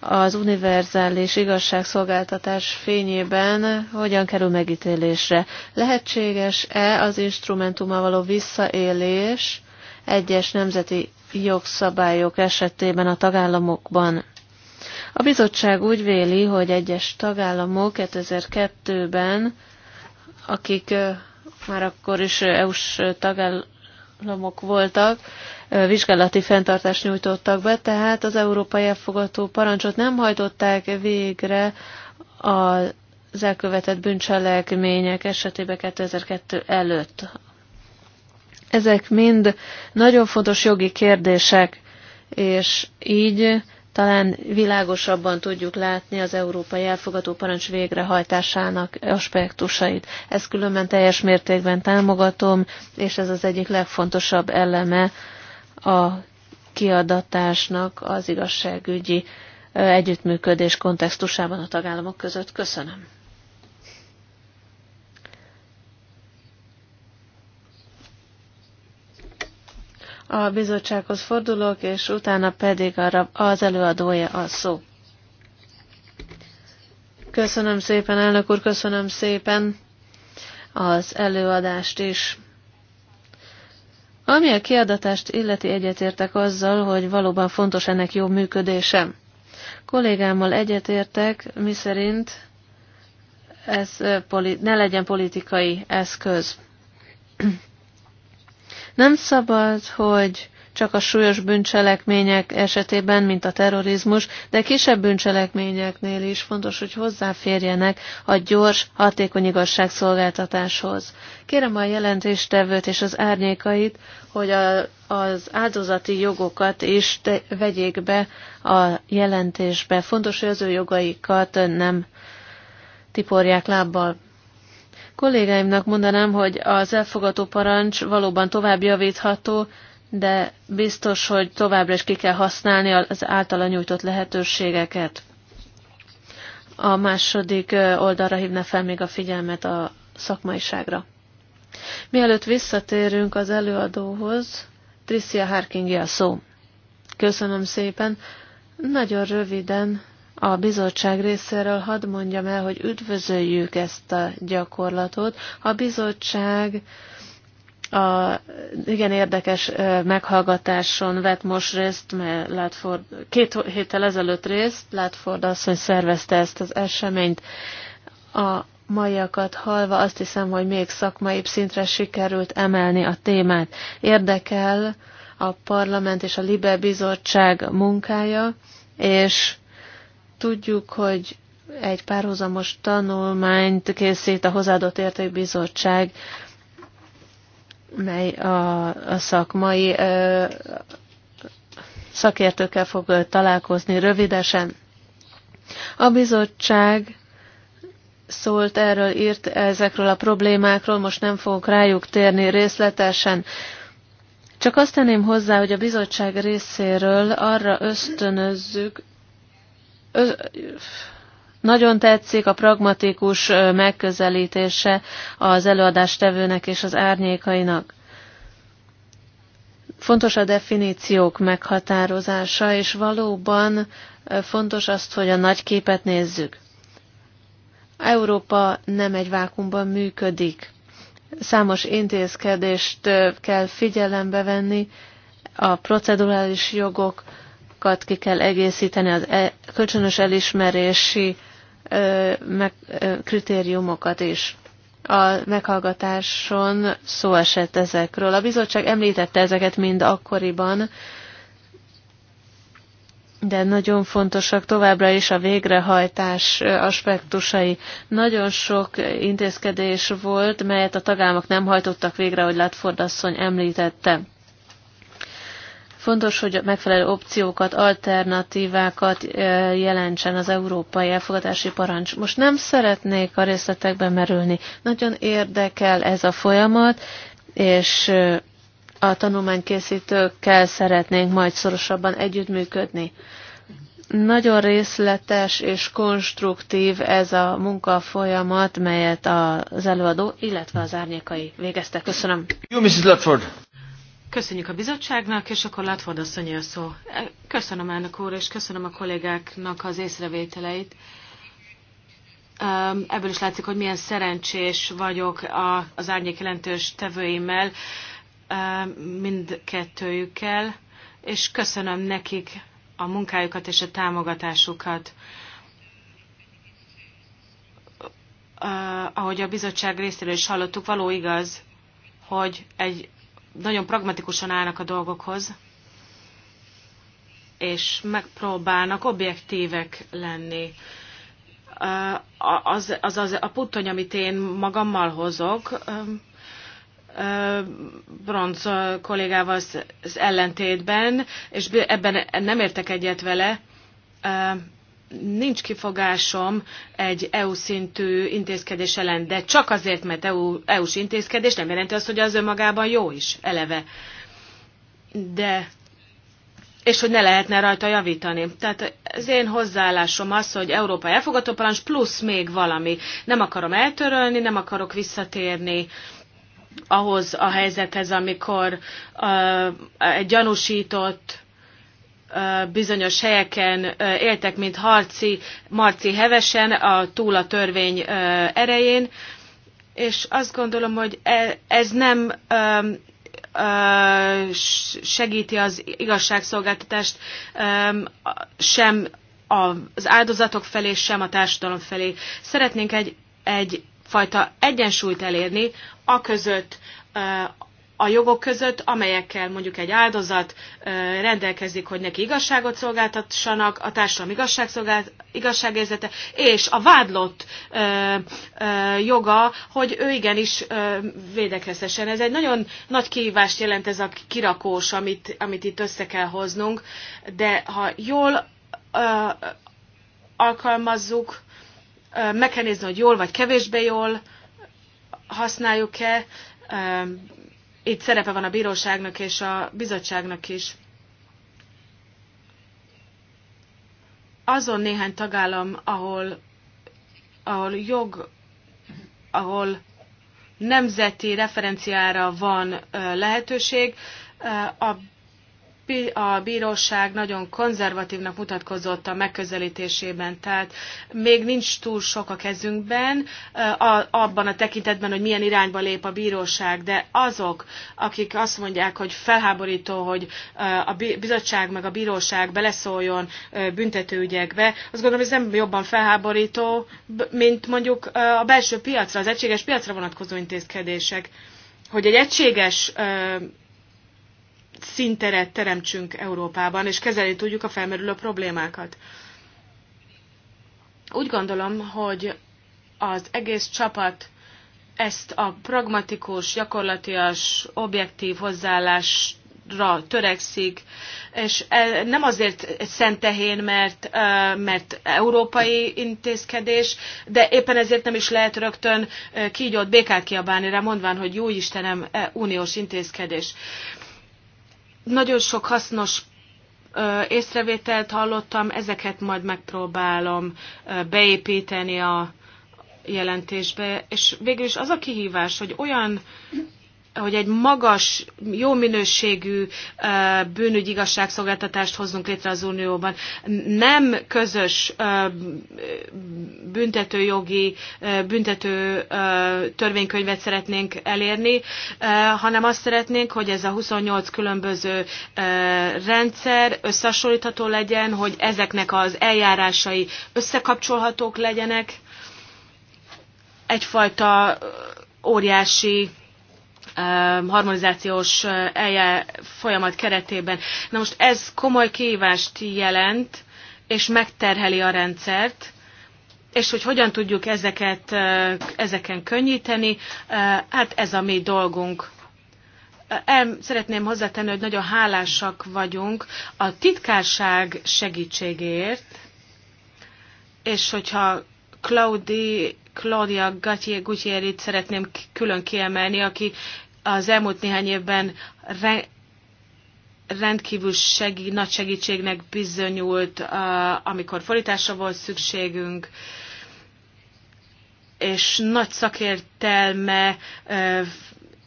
az univerzális igazságszolgáltatás fényében hogyan kerül megítélésre? Lehetséges-e az instrumentummal való visszaélés egyes nemzeti jogszabályok esetében a tagállamokban. A bizottság úgy véli, hogy egyes tagállamok 2002-ben, akik már akkor is EU-s tagállamok voltak, vizsgálati fenntartást nyújtottak be, tehát az európai elfogató parancsot nem hajtották végre az elkövetett bűncselekmények esetében 2002 előtt. Ezek mind nagyon fontos jogi kérdések, és így talán világosabban tudjuk látni az európai elfogadó parancs végrehajtásának aspektusait. Ezt különben teljes mértékben támogatom, és ez az egyik legfontosabb eleme a kiadatásnak az igazságügyi együttműködés kontextusában a tagállamok között. Köszönöm. a bizottsághoz fordulok, és utána pedig az előadója a szó. Köszönöm szépen, elnök úr, köszönöm szépen az előadást is. Ami a kiadatást illeti egyetértek azzal, hogy valóban fontos ennek jó működése. Kollégámmal egyetértek, miszerint ez eh, ne legyen politikai eszköz. Nem szabad, hogy csak a súlyos bűncselekmények esetében, mint a terrorizmus, de kisebb bűncselekményeknél is fontos, hogy hozzáférjenek a gyors, hatékony igazságszolgáltatáshoz. Kérem a jelentéstevőt és az árnyékait, hogy a, az áldozati jogokat is te, vegyék be a jelentésbe. Fontos, hogy az ő jogaikat nem tiporják lábbal Kollégáimnak mondanám, hogy az elfogadó parancs valóban tovább javítható, de biztos, hogy továbbra is ki kell használni az általa nyújtott lehetőségeket. A második oldalra hívna fel még a figyelmet a szakmaiságra. Mielőtt visszatérünk az előadóhoz, Tricia Harkingi a szó. Köszönöm szépen. Nagyon röviden a bizottság részéről hadd mondjam el, hogy üdvözöljük ezt a gyakorlatot. A bizottság a igen érdekes meghallgatáson vett most részt, mert Látford, két héttel ezelőtt részt, Látford asszony szervezte ezt az eseményt. A maiakat hallva azt hiszem, hogy még szakmaibb szintre sikerült emelni a témát. Érdekel a parlament és a Libe bizottság munkája, és Tudjuk, hogy egy párhuzamos tanulmányt készít a Hozzáadott Értékbizottság, mely a, a szakmai ö, szakértőkkel fog találkozni rövidesen. A bizottság szólt erről, írt ezekről a problémákról, most nem fogok rájuk térni részletesen. Csak azt tenném hozzá, hogy a bizottság részéről arra ösztönözzük nagyon tetszik a pragmatikus megközelítése az előadástevőnek és az árnyékainak. Fontos a definíciók meghatározása, és valóban fontos azt, hogy a nagy képet nézzük. Európa nem egy vákumban működik. Számos intézkedést kell figyelembe venni, a procedurális jogok, szabályokat ki kell egészíteni, az e, kölcsönös elismerési ö, meg, ö, kritériumokat is. A meghallgatáson szó esett ezekről. A bizottság említette ezeket mind akkoriban, de nagyon fontosak továbbra is a végrehajtás aspektusai. Nagyon sok intézkedés volt, melyet a tagállamok nem hajtottak végre, hogy Latford asszony említette. Fontos, hogy megfelelő opciókat, alternatívákat jelentsen az európai elfogadási parancs. Most nem szeretnék a részletekbe merülni. Nagyon érdekel ez a folyamat, és a tanulmánykészítőkkel szeretnénk majd szorosabban együttműködni. Nagyon részletes és konstruktív ez a munkafolyamat, melyet az előadó, illetve az árnyékai végeztek. Köszönöm. Jó, Mrs. Ledford. Köszönjük a bizottságnak, és akkor Látford a szó. E, köszönöm elnök úr, és köszönöm a kollégáknak az észrevételeit. Ebből is látszik, hogy milyen szerencsés vagyok az árnyék jelentős tevőimmel, mindkettőjükkel, és köszönöm nekik a munkájukat és a támogatásukat. Ahogy a bizottság részéről is hallottuk, való igaz, hogy egy nagyon pragmatikusan állnak a dolgokhoz, és megpróbálnak objektívek lenni. Az, az, az a puttony, amit én magammal hozok, Bronz kollégával az ellentétben, és ebben nem értek egyet vele, nincs kifogásom egy EU szintű intézkedés ellen, de csak azért, mert EU, EU-s intézkedés nem jelenti azt, hogy az önmagában jó is, eleve. De és hogy ne lehetne rajta javítani. Tehát az én hozzáállásom az, hogy Európa elfogadó parancs plusz még valami. Nem akarom eltörölni, nem akarok visszatérni ahhoz a helyzethez, amikor uh, egy gyanúsított bizonyos helyeken éltek, mint harci, marci hevesen, a, túl a törvény erején, és azt gondolom, hogy e, ez nem segíti az igazságszolgáltatást sem az áldozatok felé, sem a társadalom felé. Szeretnénk egy, egyfajta egyensúlyt elérni, aközött, a jogok között, amelyekkel mondjuk egy áldozat rendelkezik, hogy neki igazságot szolgáltassanak, a társadalom igazságérzete, és a vádlott joga, hogy ő igenis védekezhessen. Ez egy nagyon nagy kihívást jelent ez a kirakós, amit, amit itt össze kell hoznunk, de ha jól alkalmazzuk, meg kell nézni, hogy jól vagy kevésbé jól használjuk-e, itt szerepe van a bíróságnak és a bizottságnak is. Azon néhány tagállam, ahol, ahol jog, ahol nemzeti referenciára van lehetőség, a a bíróság nagyon konzervatívnak mutatkozott a megközelítésében, tehát még nincs túl sok a kezünkben abban a tekintetben, hogy milyen irányba lép a bíróság, de azok, akik azt mondják, hogy felháborító, hogy a bizottság meg a bíróság beleszóljon büntetőügyekbe, azt gondolom, hogy ez nem jobban felháborító, mint mondjuk a belső piacra, az egységes piacra vonatkozó intézkedések hogy egy egységes szinteret teremtsünk Európában, és kezelni tudjuk a felmerülő problémákat. Úgy gondolom, hogy az egész csapat ezt a pragmatikus, gyakorlatias, objektív hozzáállás törekszik, és e, nem azért szentehén, mert, e, mert európai intézkedés, de éppen ezért nem is lehet rögtön e, kígyót békát kiabálni rá, mondván, hogy jó Istenem, uniós intézkedés. Nagyon sok hasznos észrevételt hallottam, ezeket majd megpróbálom beépíteni a jelentésbe, és végül is az a kihívás, hogy olyan hogy egy magas, jó minőségű bűnügyi igazságszolgáltatást hozzunk létre az Unióban. Nem közös büntetőjogi, büntető törvénykönyvet szeretnénk elérni, hanem azt szeretnénk, hogy ez a 28 különböző rendszer összehasonlítható legyen, hogy ezeknek az eljárásai összekapcsolhatók legyenek. Egyfajta óriási Um, harmonizációs uh, eljá folyamat keretében. Na most ez komoly kihívást jelent, és megterheli a rendszert, és hogy hogyan tudjuk ezeket, uh, ezeken könnyíteni, uh, hát ez a mi dolgunk. El szeretném hozzátenni, hogy nagyon hálásak vagyunk a titkárság segítségéért, és hogyha Claudi, Claudia gutieri szeretném külön kiemelni, aki az elmúlt néhány évben re, rendkívül segí, nagy segítségnek bizonyult, amikor fordításra volt szükségünk, és nagy szakértelme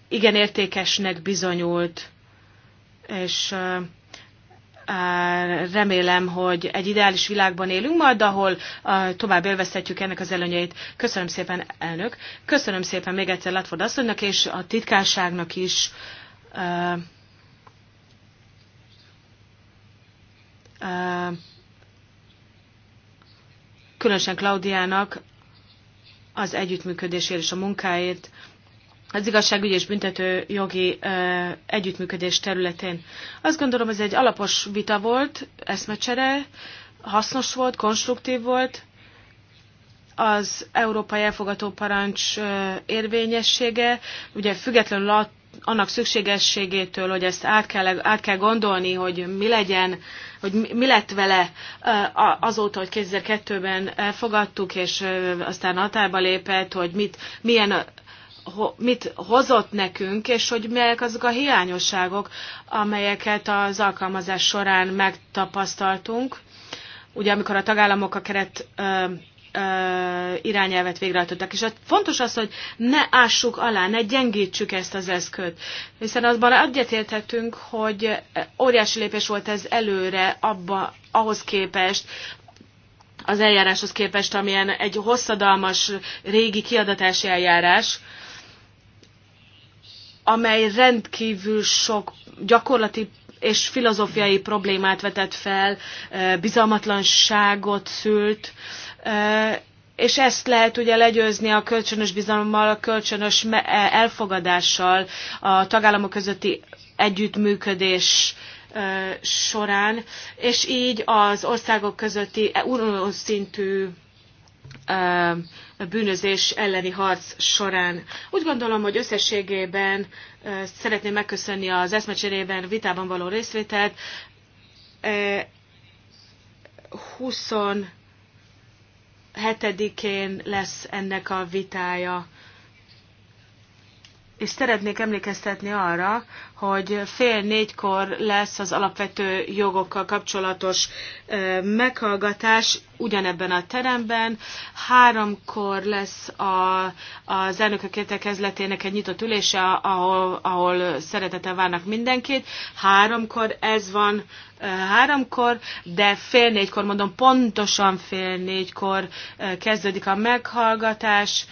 igen értékesnek bizonyult, és remélem, hogy egy ideális világban élünk majd, ahol tovább élvezhetjük ennek az előnyeit. Köszönöm szépen, elnök. Köszönöm szépen még egyszer Latford asszonynak és a titkárságnak is. Különösen Klaudiának az együttműködésért és a munkáért az igazságügyi és büntető jogi ö, együttműködés területén. Azt gondolom, ez egy alapos vita volt, eszmecsere, hasznos volt, konstruktív volt, az európai elfogató parancs ö, érvényessége, ugye függetlenül a, annak szükségességétől, hogy ezt át kell, át kell gondolni, hogy mi legyen, hogy mi lett vele azóta, hogy 2002-ben elfogadtuk, és aztán hatályba lépett, hogy mit, milyen mit hozott nekünk, és hogy melyek azok a hiányosságok, amelyeket az alkalmazás során megtapasztaltunk. Ugye amikor a tagállamok a keret ö, ö, irányelvet végrehajtottak. És hát fontos az, hogy ne ássuk alá, ne gyengítsük ezt az eszköt. Hiszen azban egyetérthetünk, hogy óriási lépés volt ez előre abba, ahhoz képest, az eljáráshoz képest, amilyen egy hosszadalmas régi kiadatási eljárás, amely rendkívül sok gyakorlati és filozófiai problémát vetett fel, bizalmatlanságot szült, és ezt lehet ugye legyőzni a kölcsönös bizalommal, a kölcsönös e, elfogadással, a tagállamok közötti együttműködés során, és így az országok közötti e-, uniós szintű bűnözés elleni harc során. Úgy gondolom, hogy összességében szeretném megköszönni az eszmecserében vitában való részvételt. 27-én lesz ennek a vitája és szeretnék emlékeztetni arra, hogy fél négykor lesz az alapvető jogokkal kapcsolatos meghallgatás ugyanebben a teremben, háromkor lesz a, az elnökök értekezletének egy nyitott ülése, ahol, ahol szeretettel várnak mindenkit, háromkor ez van, háromkor, de fél négykor, mondom, pontosan fél négykor kezdődik a meghallgatás,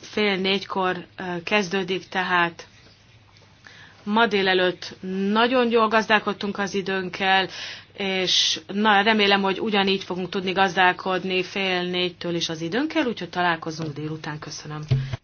fél négykor kezdődik, tehát ma délelőtt nagyon jól gazdálkodtunk az időnkkel, és na, remélem, hogy ugyanígy fogunk tudni gazdálkodni fél négytől is az időnkkel, úgyhogy találkozunk délután. Köszönöm.